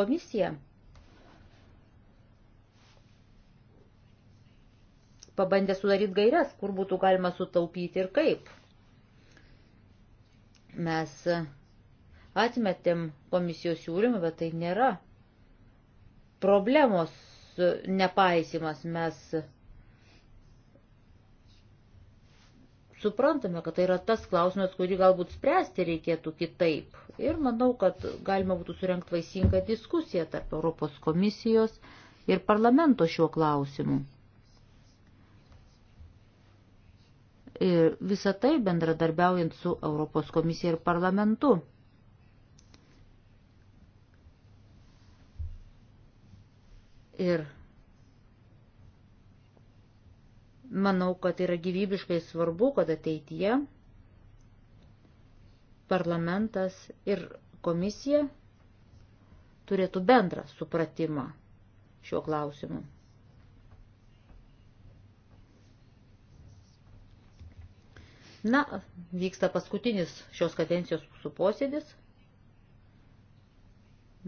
S3: Komisija pabandė sudaryti gairias, kur būtų galima sutaupyti ir kaip. Mes atmetėm komisijos siūlymą, bet tai nėra problemos nepaisimas. Mes suprantame, kad tai yra tas klausimas, kurį galbūt spręsti reikėtų kitaip. Ir manau, kad galima būtų surenkti vaisingą diskusiją tarp Europos komisijos ir parlamento šiuo klausimu. Ir visą tai bendradarbiaujant su Europos komisija ir parlamentu. Ir manau, kad yra gyvybiškai svarbu, kad ateityje parlamentas ir komisija turėtų bendrą supratimą šiuo klausimu. Na, vyksta paskutinis šios kadencijos mūsų posėdis.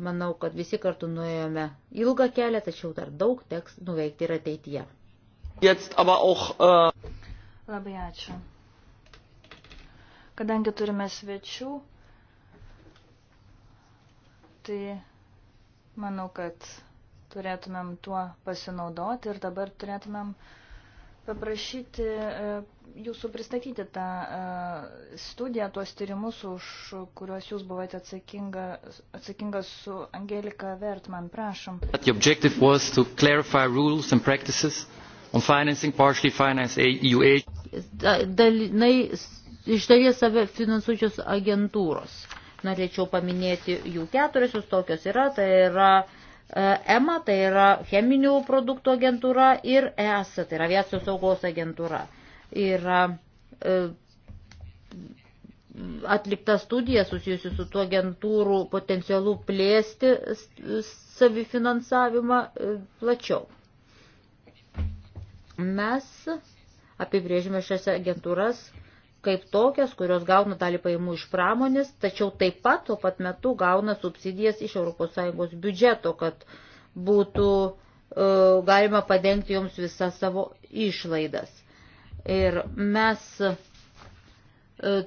S3: Manau, kad visi kartu nuėjome ilgą kelią, tačiau dar daug teks nuveikti ir ateityje.
S1: Jetzt aber auch, uh...
S2: Labai ačiū. Kadangi turime svečių, tai manau, kad turėtumėm tuo pasinaudoti ir dabar turėtumėm uh, paprašyti e, jūsų pristatyti tą e, studiją, tuos tyrimus, už kuriuos jūs buvote atsakinga, atsakingas su Angelika Vertman. Prašom.
S4: The objective was to clarify rules and practices on financing partially financed EU
S3: Dalinai iš dalies save finansuojančios agentūros. Norėčiau paminėti jų keturiosios, tokios yra, tai yra EMA, e tai yra cheminių produktų agentūra, ir EASA, tai yra aviacijos saugos agentūra. Yra e, atlikta studija susijusi su tuo agentūrų potencialu plėsti savifinansavimą e, plačiau. Mes apibrėžime šias agentūras kaip tokias, kurios gauna dalį pajamų iš pramonės, tačiau taip pat tuo pat metu gauna subsidijas iš ES biudžeto, kad būtų e, galima padengti joms visas savo išlaidas. Ir mes e,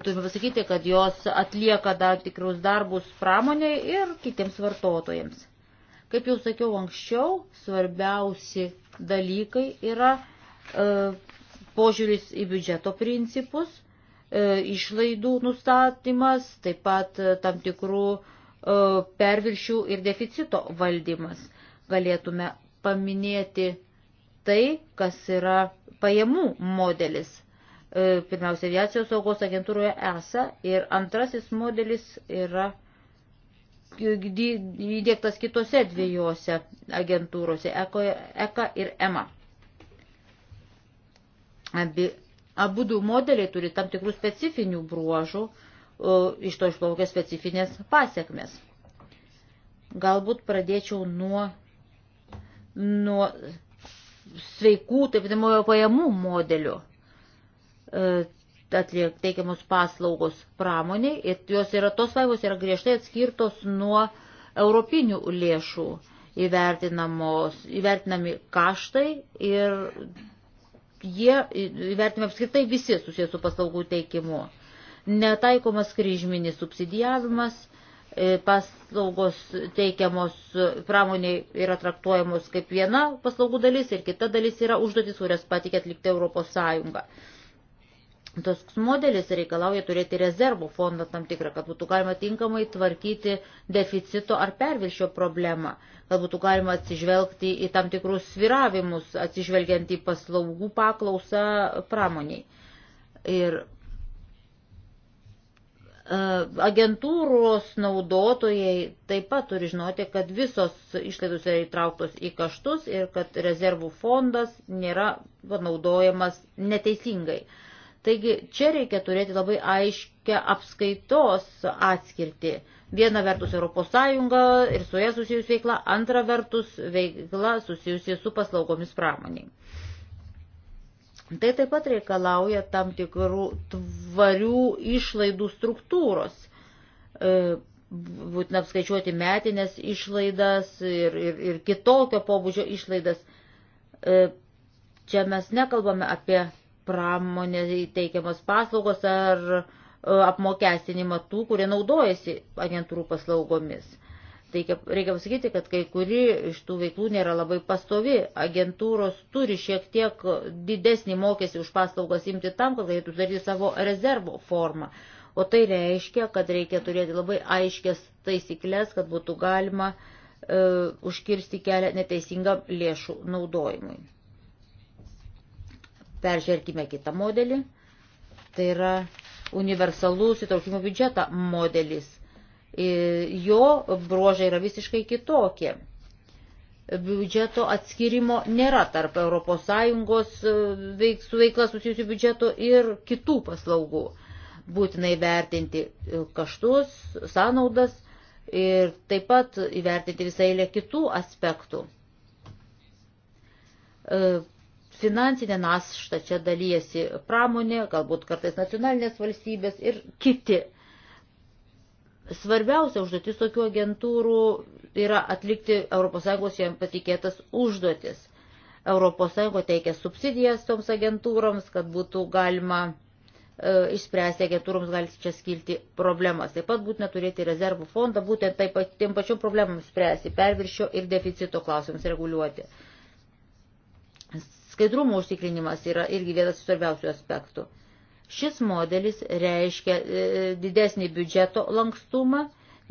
S3: turime pasakyti, kad jos atlieka dar tikrus darbus pramoniai ir kitiems vartotojams. Kaip jau sakiau anksčiau, svarbiausi dalykai yra e, požiūris į biudžeto principus, E, išlaidų nustatymas, taip pat e, tam tikrų e, perviršių ir deficito valdymas. Galėtume paminėti tai, kas yra pajamų modelis. Pirmiausia, aviacijos saugos agentūroje ESA ir antrasis modelis yra įdėktas kitose dviejose agentūrose ECA ir EMA. Abi Abu du modeliai turi tam tikrų specifinių bruožų, iš to išplaukia specifinės pasiekmes. Galbūt pradėčiau nuo, nuo sveikų, taip vadinamojo, pajamų modelių e, atliekiamos paslaugos pramoniai ir jos yra, tos vaivos yra griežtai atskirtos nuo europinių lėšų įvertinami kaštai ir jie įvertinami apskritai visi susijęs su paslaugų teikimu. Netaikomas kryžminis subsidijavimas, e, paslaugos teikiamos pramoniai yra traktuojamos kaip viena paslaugų dalis ir kita dalis yra užduotis, kurias patikė atlikti Europos Sąjunga. Toks modelis reikalauja turėti rezervų fondą tam tikrą, kad būtų galima tinkamai tvarkyti deficito ar perviršio problemą, kad būtų galima atsižvelgti į tam tikrus sviravimus, atsižvelgiant į paslaugų paklausą pramoniai. Ir e, agentūros naudotojai taip pat turi žinoti, kad visos išlaidos yra įtrauktos į kaštus ir kad rezervų fondas nėra panaudojamas neteisingai. Uh, Taigi čia reikia turėti labai aiškę apskaitos atskirti. Viena vertus ES ir su ja susijus veikla, antra vertus veikla susijusi su paslaugomis pramoniai. Tai taip pat reikalauja tam tikrų tvarių išlaidų struktūros. E, būtina apskaičiuoti metinės išlaidas ir, ir, ir kitokio pobūdžio išlaidas. E, čia mes nekalbame apie pramonė teikiamos paslaugos ar e, apmokestinimą tų, kurie naudojasi agentūrų paslaugomis. Teikia, tai reikia pasakyti, kad kai kuri iš tų veiklų nėra labai pastovi. Agentūros turi šiek tiek didesnį mokestį už paslaugas imti tam, kad galėtų daryti savo rezervo formą. O tai reiškia, kad reikia turėti labai aiškias taisyklės, kad būtų galima e, užkirsti kelią neteisingam lėšų naudojimui. Peržvelkime kitą modelį. Tai yra universalus įtraukimo biudžetą modelis. Jo bruožai yra visiškai kitokie. Biudžeto atskirimo nėra tarp ES e, su veikla susijusių biudžeto ir kitų paslaugų. Būtinai vertinti e, kaštus, sąnaudas ir taip pat įvertinti visą eilę kitų aspektų e, Finansinė naštą čia dalyjasi pramonė, galbūt kartais nacionalinės valstybės ir kiti. Svarbiausia užduotis tokių agentūrų yra atlikti ES jam patikėtas užduotis. ES teikia subsidijas toms agentūroms, kad būtų galima e, išspręsti agentūroms gali čia skilti problemas. Taip pat būtina turėti rezervų fondą, būtent taip pat tiem pačiom problemams spręsti, perviršio ir deficito klausimams reguliuoti. Skaidrumo užtikrinimas yra irgi vienas svarbiausių aspektų. Šis modelis reiškia e, didesnį biudžeto lankstumą,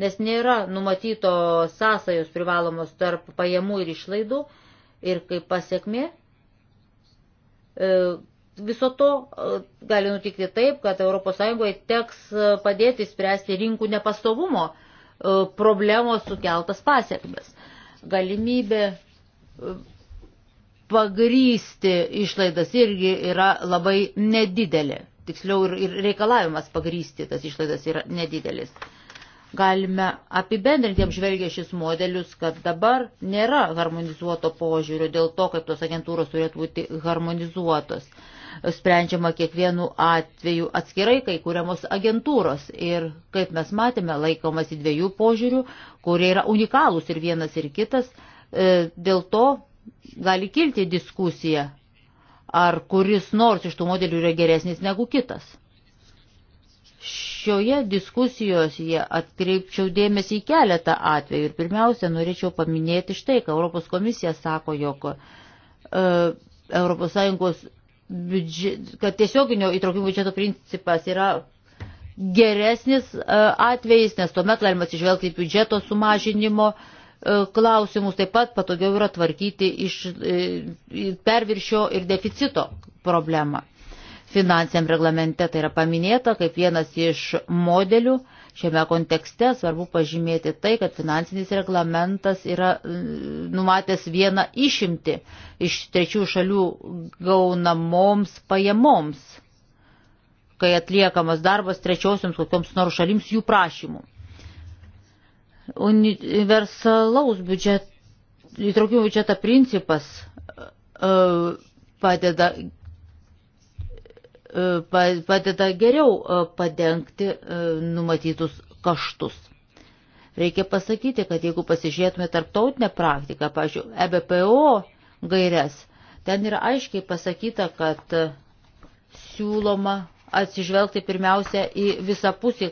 S3: nes nėra numatyto sąsajos privalomos tarp pajamų ir išlaidų ir kaip pasiekmė e, viso to e, gali nutikti taip, kad ES teks padėti spręsti rinkų nepastovumo problemos sukeltas pasiekmes. Galimybė pagrysti išlaidas irgi yra labai nedidelė. Tiksliau ir, ir reikalavimas pagrysti tas išlaidas yra nedidelis. Galime apibendrinti apžvelgę šis modelius, kad dabar nėra harmonizuoto požiūrio dėl to, kaip tos agentūros turėtų būti harmonizuotos. Sprendžiama kiekvienu atveju atskirai, kai kuriamos agentūros. Ir kaip mes matėme, laikomasi dviejų požiūrių, kurie yra unikalūs ir vienas ir kitas. E, dėl to gali kilti diskusija, ar kuris nors iš tų modelių yra geresnis negu kitas. Šioje diskusijose atkreipčiau dėmesį į keletą atvejų ir pirmiausia, norėčiau paminėti štai, ką Europos komisija sako, jog e, ES biudžet, kad tiesioginio įtraukimo biudžeto principas yra geresnis e, atvejis, nes tuomet galima atsižvelgti į biudžeto sumažinimo e, E, klausimus taip pat patogiau yra tvarkyti iš e, perviršio ir deficito problemą. Finansiniam reglamente tai yra paminėta kaip vienas iš modelių. Šiame kontekste svarbu pažymėti tai, kad finansinis reglamentas yra e, numatęs vieną išimti iš trečių šalių gaunamoms pajamoms, kai atliekamas darbas trečiosioms kokioms nors šalims jų prašymų universalaus biudžet, įtraukimo biudžetą principas e, padeda, e, padeda geriau e, padengti numatytus kaštus. Reikia pasakyti, kad jeigu pasižiūrėtume tarptautinę praktiką, pažiūrėjau, EBPO gairias, ten yra aiškiai pasakyta, kad siūloma atsižvelgti pirmiausia į visapusį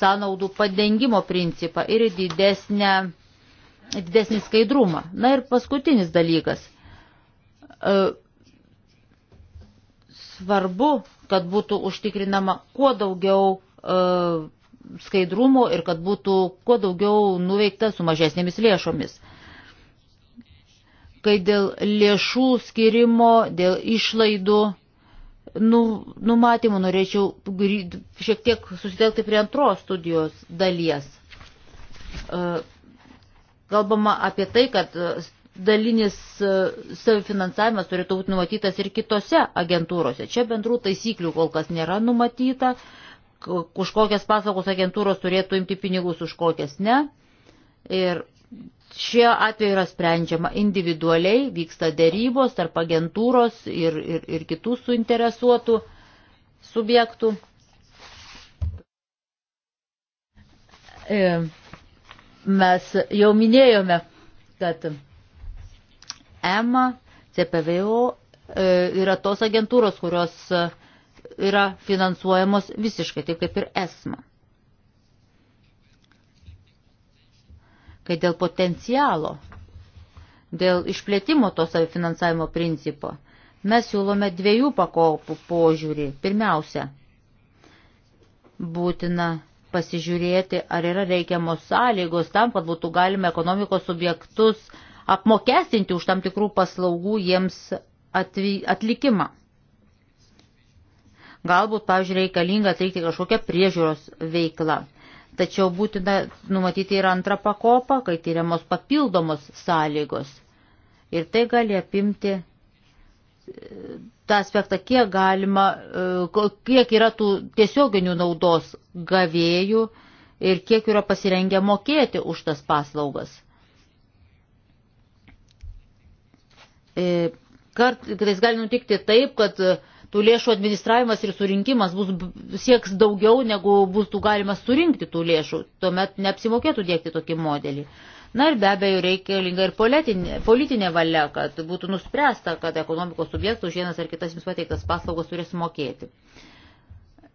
S3: sąnaudų padengimo principą ir didesnę, didesnį skaidrumą. Na ir paskutinis dalykas. E, svarbu, kad būtų užtikrinama kuo daugiau e, skaidrumo ir kad būtų kuo daugiau nuveikta su mažesnėmis lėšomis. Kai dėl lėšų skirimo, dėl išlaidų Nu, numatymų norėčiau šiek tiek susitelkti prie antros studijos dalies. E, kalbama apie tai, kad e, dalinis e, savifinansavimas turėtų būti numatytas ir kitose agentūrose. Čia bendrų taisyklių kol kas nėra numatyta, už kokias paslaugos agentūros turėtų imti pinigus, už kokias ne. Ir Šie atvejai yra sprendžiama individualiai, vyksta dėrybos tarp agentūros ir, ir, ir kitų suinteresuotų subjektų. E, mes jau minėjome, kad EMA, CPVO e, yra tos agentūros, kurios yra finansuojamos visiškai, taip kaip ir ESMA. kai dėl potencialo, dėl išplėtimo to savifinansavimo principo, mes siūlome dviejų pakopų požiūrį. Pirmiausia, būtina pasižiūrėti, ar yra reikiamos sąlygos tam, kad būtų galima ekonomikos subjektus apmokestinti už tam tikrų paslaugų jiems atlikimą. Galbūt, pavyzdžiui, reikalinga atlikti kažkokią priežiūros veiklą. Tačiau būtina numatyti ir antrą pakopą, kai tyriamos papildomos sąlygos. Ir tai gali apimti e, tą aspektą, kiek galima, e, kiek yra tų tiesioginių naudos gavėjų ir kiek yra pasirengę mokėti už tas paslaugas. E, kartais gali nutikti taip, kad tų lėšų administravimas ir surinkimas bus, sieks daugiau, negu bus tų galima surinkti tų lėšų. Tuomet neapsimokėtų dėkti tokį modelį. Na ir be abejo reikalinga ir politinė, politinė valia, kad būtų nuspręsta, kad ekonomikos subjektų už vienas ar kitas jums pateiktas paslaugas turės mokėti.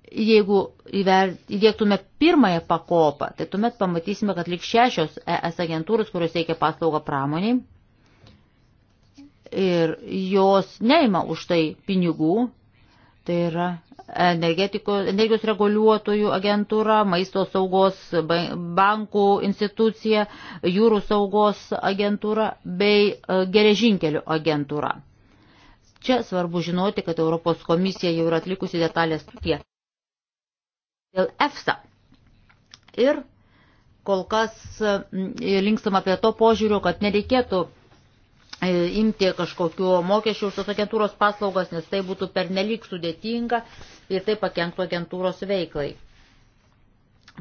S3: Jeigu įdėktume pirmąją pakopą, tai tuomet pamatysime, kad lik šešios ES agentūros, kurios teikia paslaugą pramoniai, ir jos neima už tai pinigų, Tai yra e, energijos reguliuotojų agentūra, maisto saugos bankų institucija, jūrų saugos agentūra bei e, geležinkelių agentūra. Čia svarbu žinoti, kad Europos komisija jau yra atlikusi detalės tiek dėl EFSA. Ir kol kas linkstam apie to požiūriu, kad nereikėtų E, imti kažkokio mokesčio už tos agentūros paslaugas, nes tai būtų pernelyg sudėtinga ir tai pakenktų agentūros veiklai.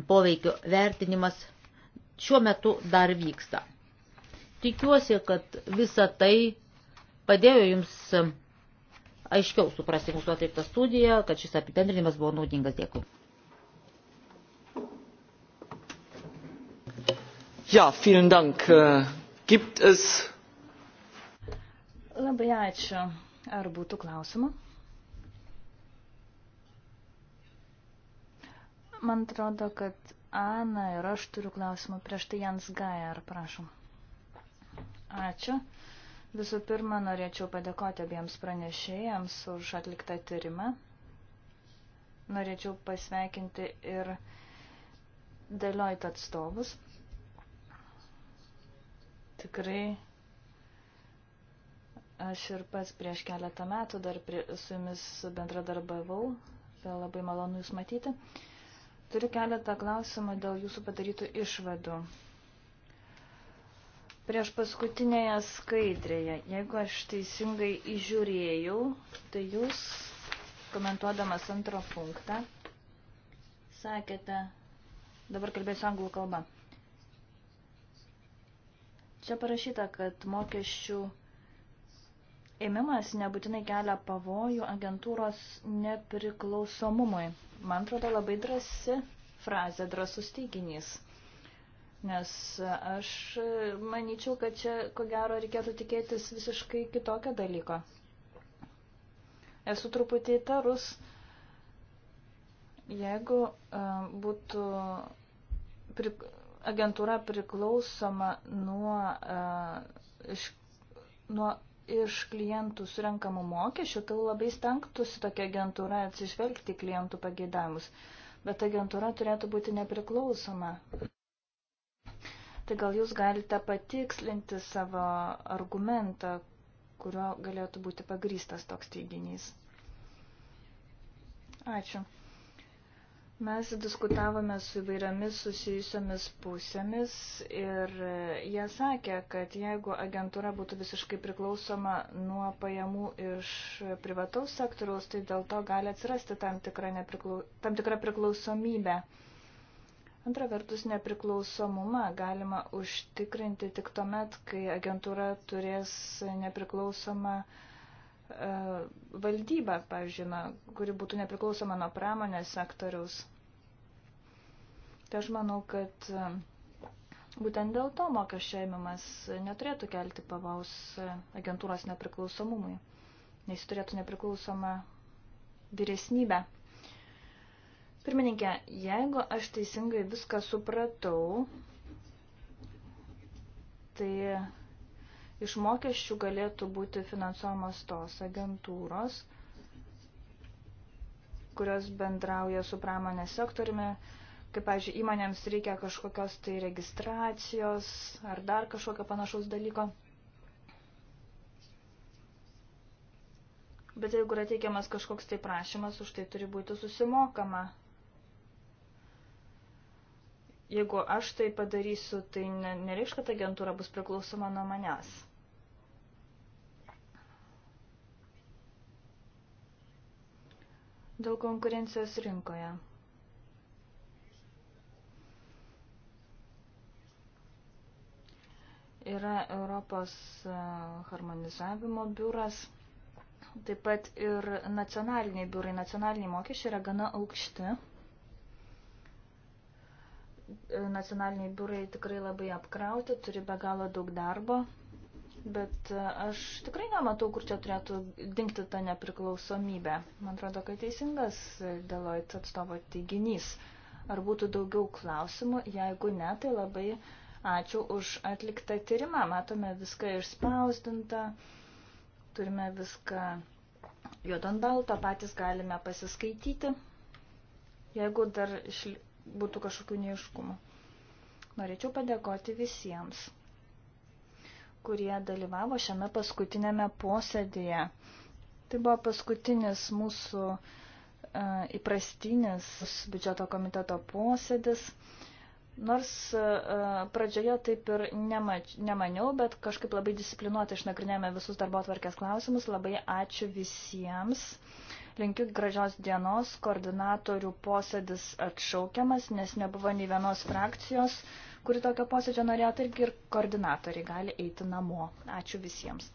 S3: Poveikio vertinimas šiuo metu dar vyksta. Tikiuosi, kad visa tai padėjo jums aiškiau suprasti mūsų atliktą studiją, kad šis apipendrinimas buvo naudingas. Dėkui.
S1: Ja, vielen Dank. Äh, gibt es
S2: Labai ačiū. Ar būtų klausimų? Man atrodo, kad Ana ir aš turiu klausimų prieš tai Jans Gajar, prašom. Ačiū. Visų pirma, norėčiau padėkoti abiems pranešėjams už atliktą tyrimą. Norėčiau pasveikinti ir Deloitte atstovus. Tikrai Aš ir pats prieš keletą metų dar prie, su jumis bendradarbavau. Labai malonu jūs matyti. Turiu keletą klausimų dėl jūsų padarytų išvadų. Prieš paskutinėje skaidrėje, jeigu aš teisingai įžiūrėjau, tai jūs, komentuodamas antrą punktą, sakėte, dabar kalbėsiu anglų kalbą. Čia parašyta, kad mokesčių ėmimas nebūtinai kelia pavojų agentūros nepriklausomumui. Man atrodo labai drasi frazė, drasus teiginys. Nes aš manyčiau, kad čia ko gero reikėtų tikėtis visiškai kitokio dalyko. Esu truputį įtarus, jeigu uh, būtų pri, agentūra priklausoma nuo, uh, iš, nuo iš klientų surenkamų mokesčių, tai labai stengtųsi tokia agentūra atsižvelgti klientų pageidavimus. Bet agentūra turėtų būti nepriklausoma. Tai gal jūs galite patikslinti savo argumentą, kurio galėtų būti pagrystas toks teiginys. Ačiū. Mes diskutavome su įvairiomis susijusiomis pusėmis ir e, jie sakė, kad jeigu agentūra būtų visiškai priklausoma nuo pajamų iš privataus sektoriaus, tai dėl to gali atsirasti tam tikra, nepriklau... tam tikra priklausomybė. Antra vertus, nepriklausomumą galima užtikrinti tik tuomet, kai agentūra turės nepriklausomą uh, E, valdybą, pavyzdžiui, na, kuri būtų nepriklausoma nuo pramonės sektoriaus. Tai aš manau, kad e, būtent dėl to mokesčio ėmimas neturėtų kelti pavaus e, agentūros nepriklausomumui, nes turėtų nepriklausomą vyresnybę. Pirmininkė, jeigu aš teisingai viską supratau, tai iš mokesčių galėtų būti finansuojamos tos agentūros, kurios bendrauja su pramonės sektoriumi, kaip, pavyzdžiui, įmonėms reikia kažkokios tai registracijos ar dar kažkokio panašaus dalyko. Bet jeigu yra teikiamas kažkoks tai prašymas, už tai turi būti susimokama. Jeigu aš tai padarysiu, tai nereikš, kad agentūra bus priklausoma nuo manęs. dėl konkurencijos rinkoje. Yra Europos e, harmonizavimo biuras, taip pat ir nacionaliniai biurai, nacionaliniai mokesčiai yra gana aukšti. E, nacionaliniai biurai tikrai labai apkrauti, turi be galo daug darbo, Bet e, aš tikrai nematau, kur čia turėtų dinkti ta nepriklausomybė. Man atrodo, kad teisingas Deloitte atstovo teiginys. Ar būtų daugiau klausimų? Jeigu ne, tai labai ačiū už atliktą tyrimą. Matome viską išspausdintą, turime viską juodon balto, patys galime pasiskaityti, jeigu dar išli... būtų kažkokių neiškumų. Norėčiau padėkoti visiems kurie dalyvavo šiame paskutinėme posėdėje. Tai buvo paskutinis mūsų uh, įprastinis biudžeto komiteto posėdis. Nors uh, pradžioje taip ir nemač, nemaniau, bet kažkaip labai disciplinuotai išnagrinėjome visus darbo atvarkės klausimus. Labai ačiū visiems. Linkiu gražios dienos. Koordinatorių posėdis atšaukiamas, nes nebuvo nei vienos frakcijos. Uh, kuri tokio posėdžio norėtų irgi ir koordinatoriai gali eiti namo. Ačiū visiems.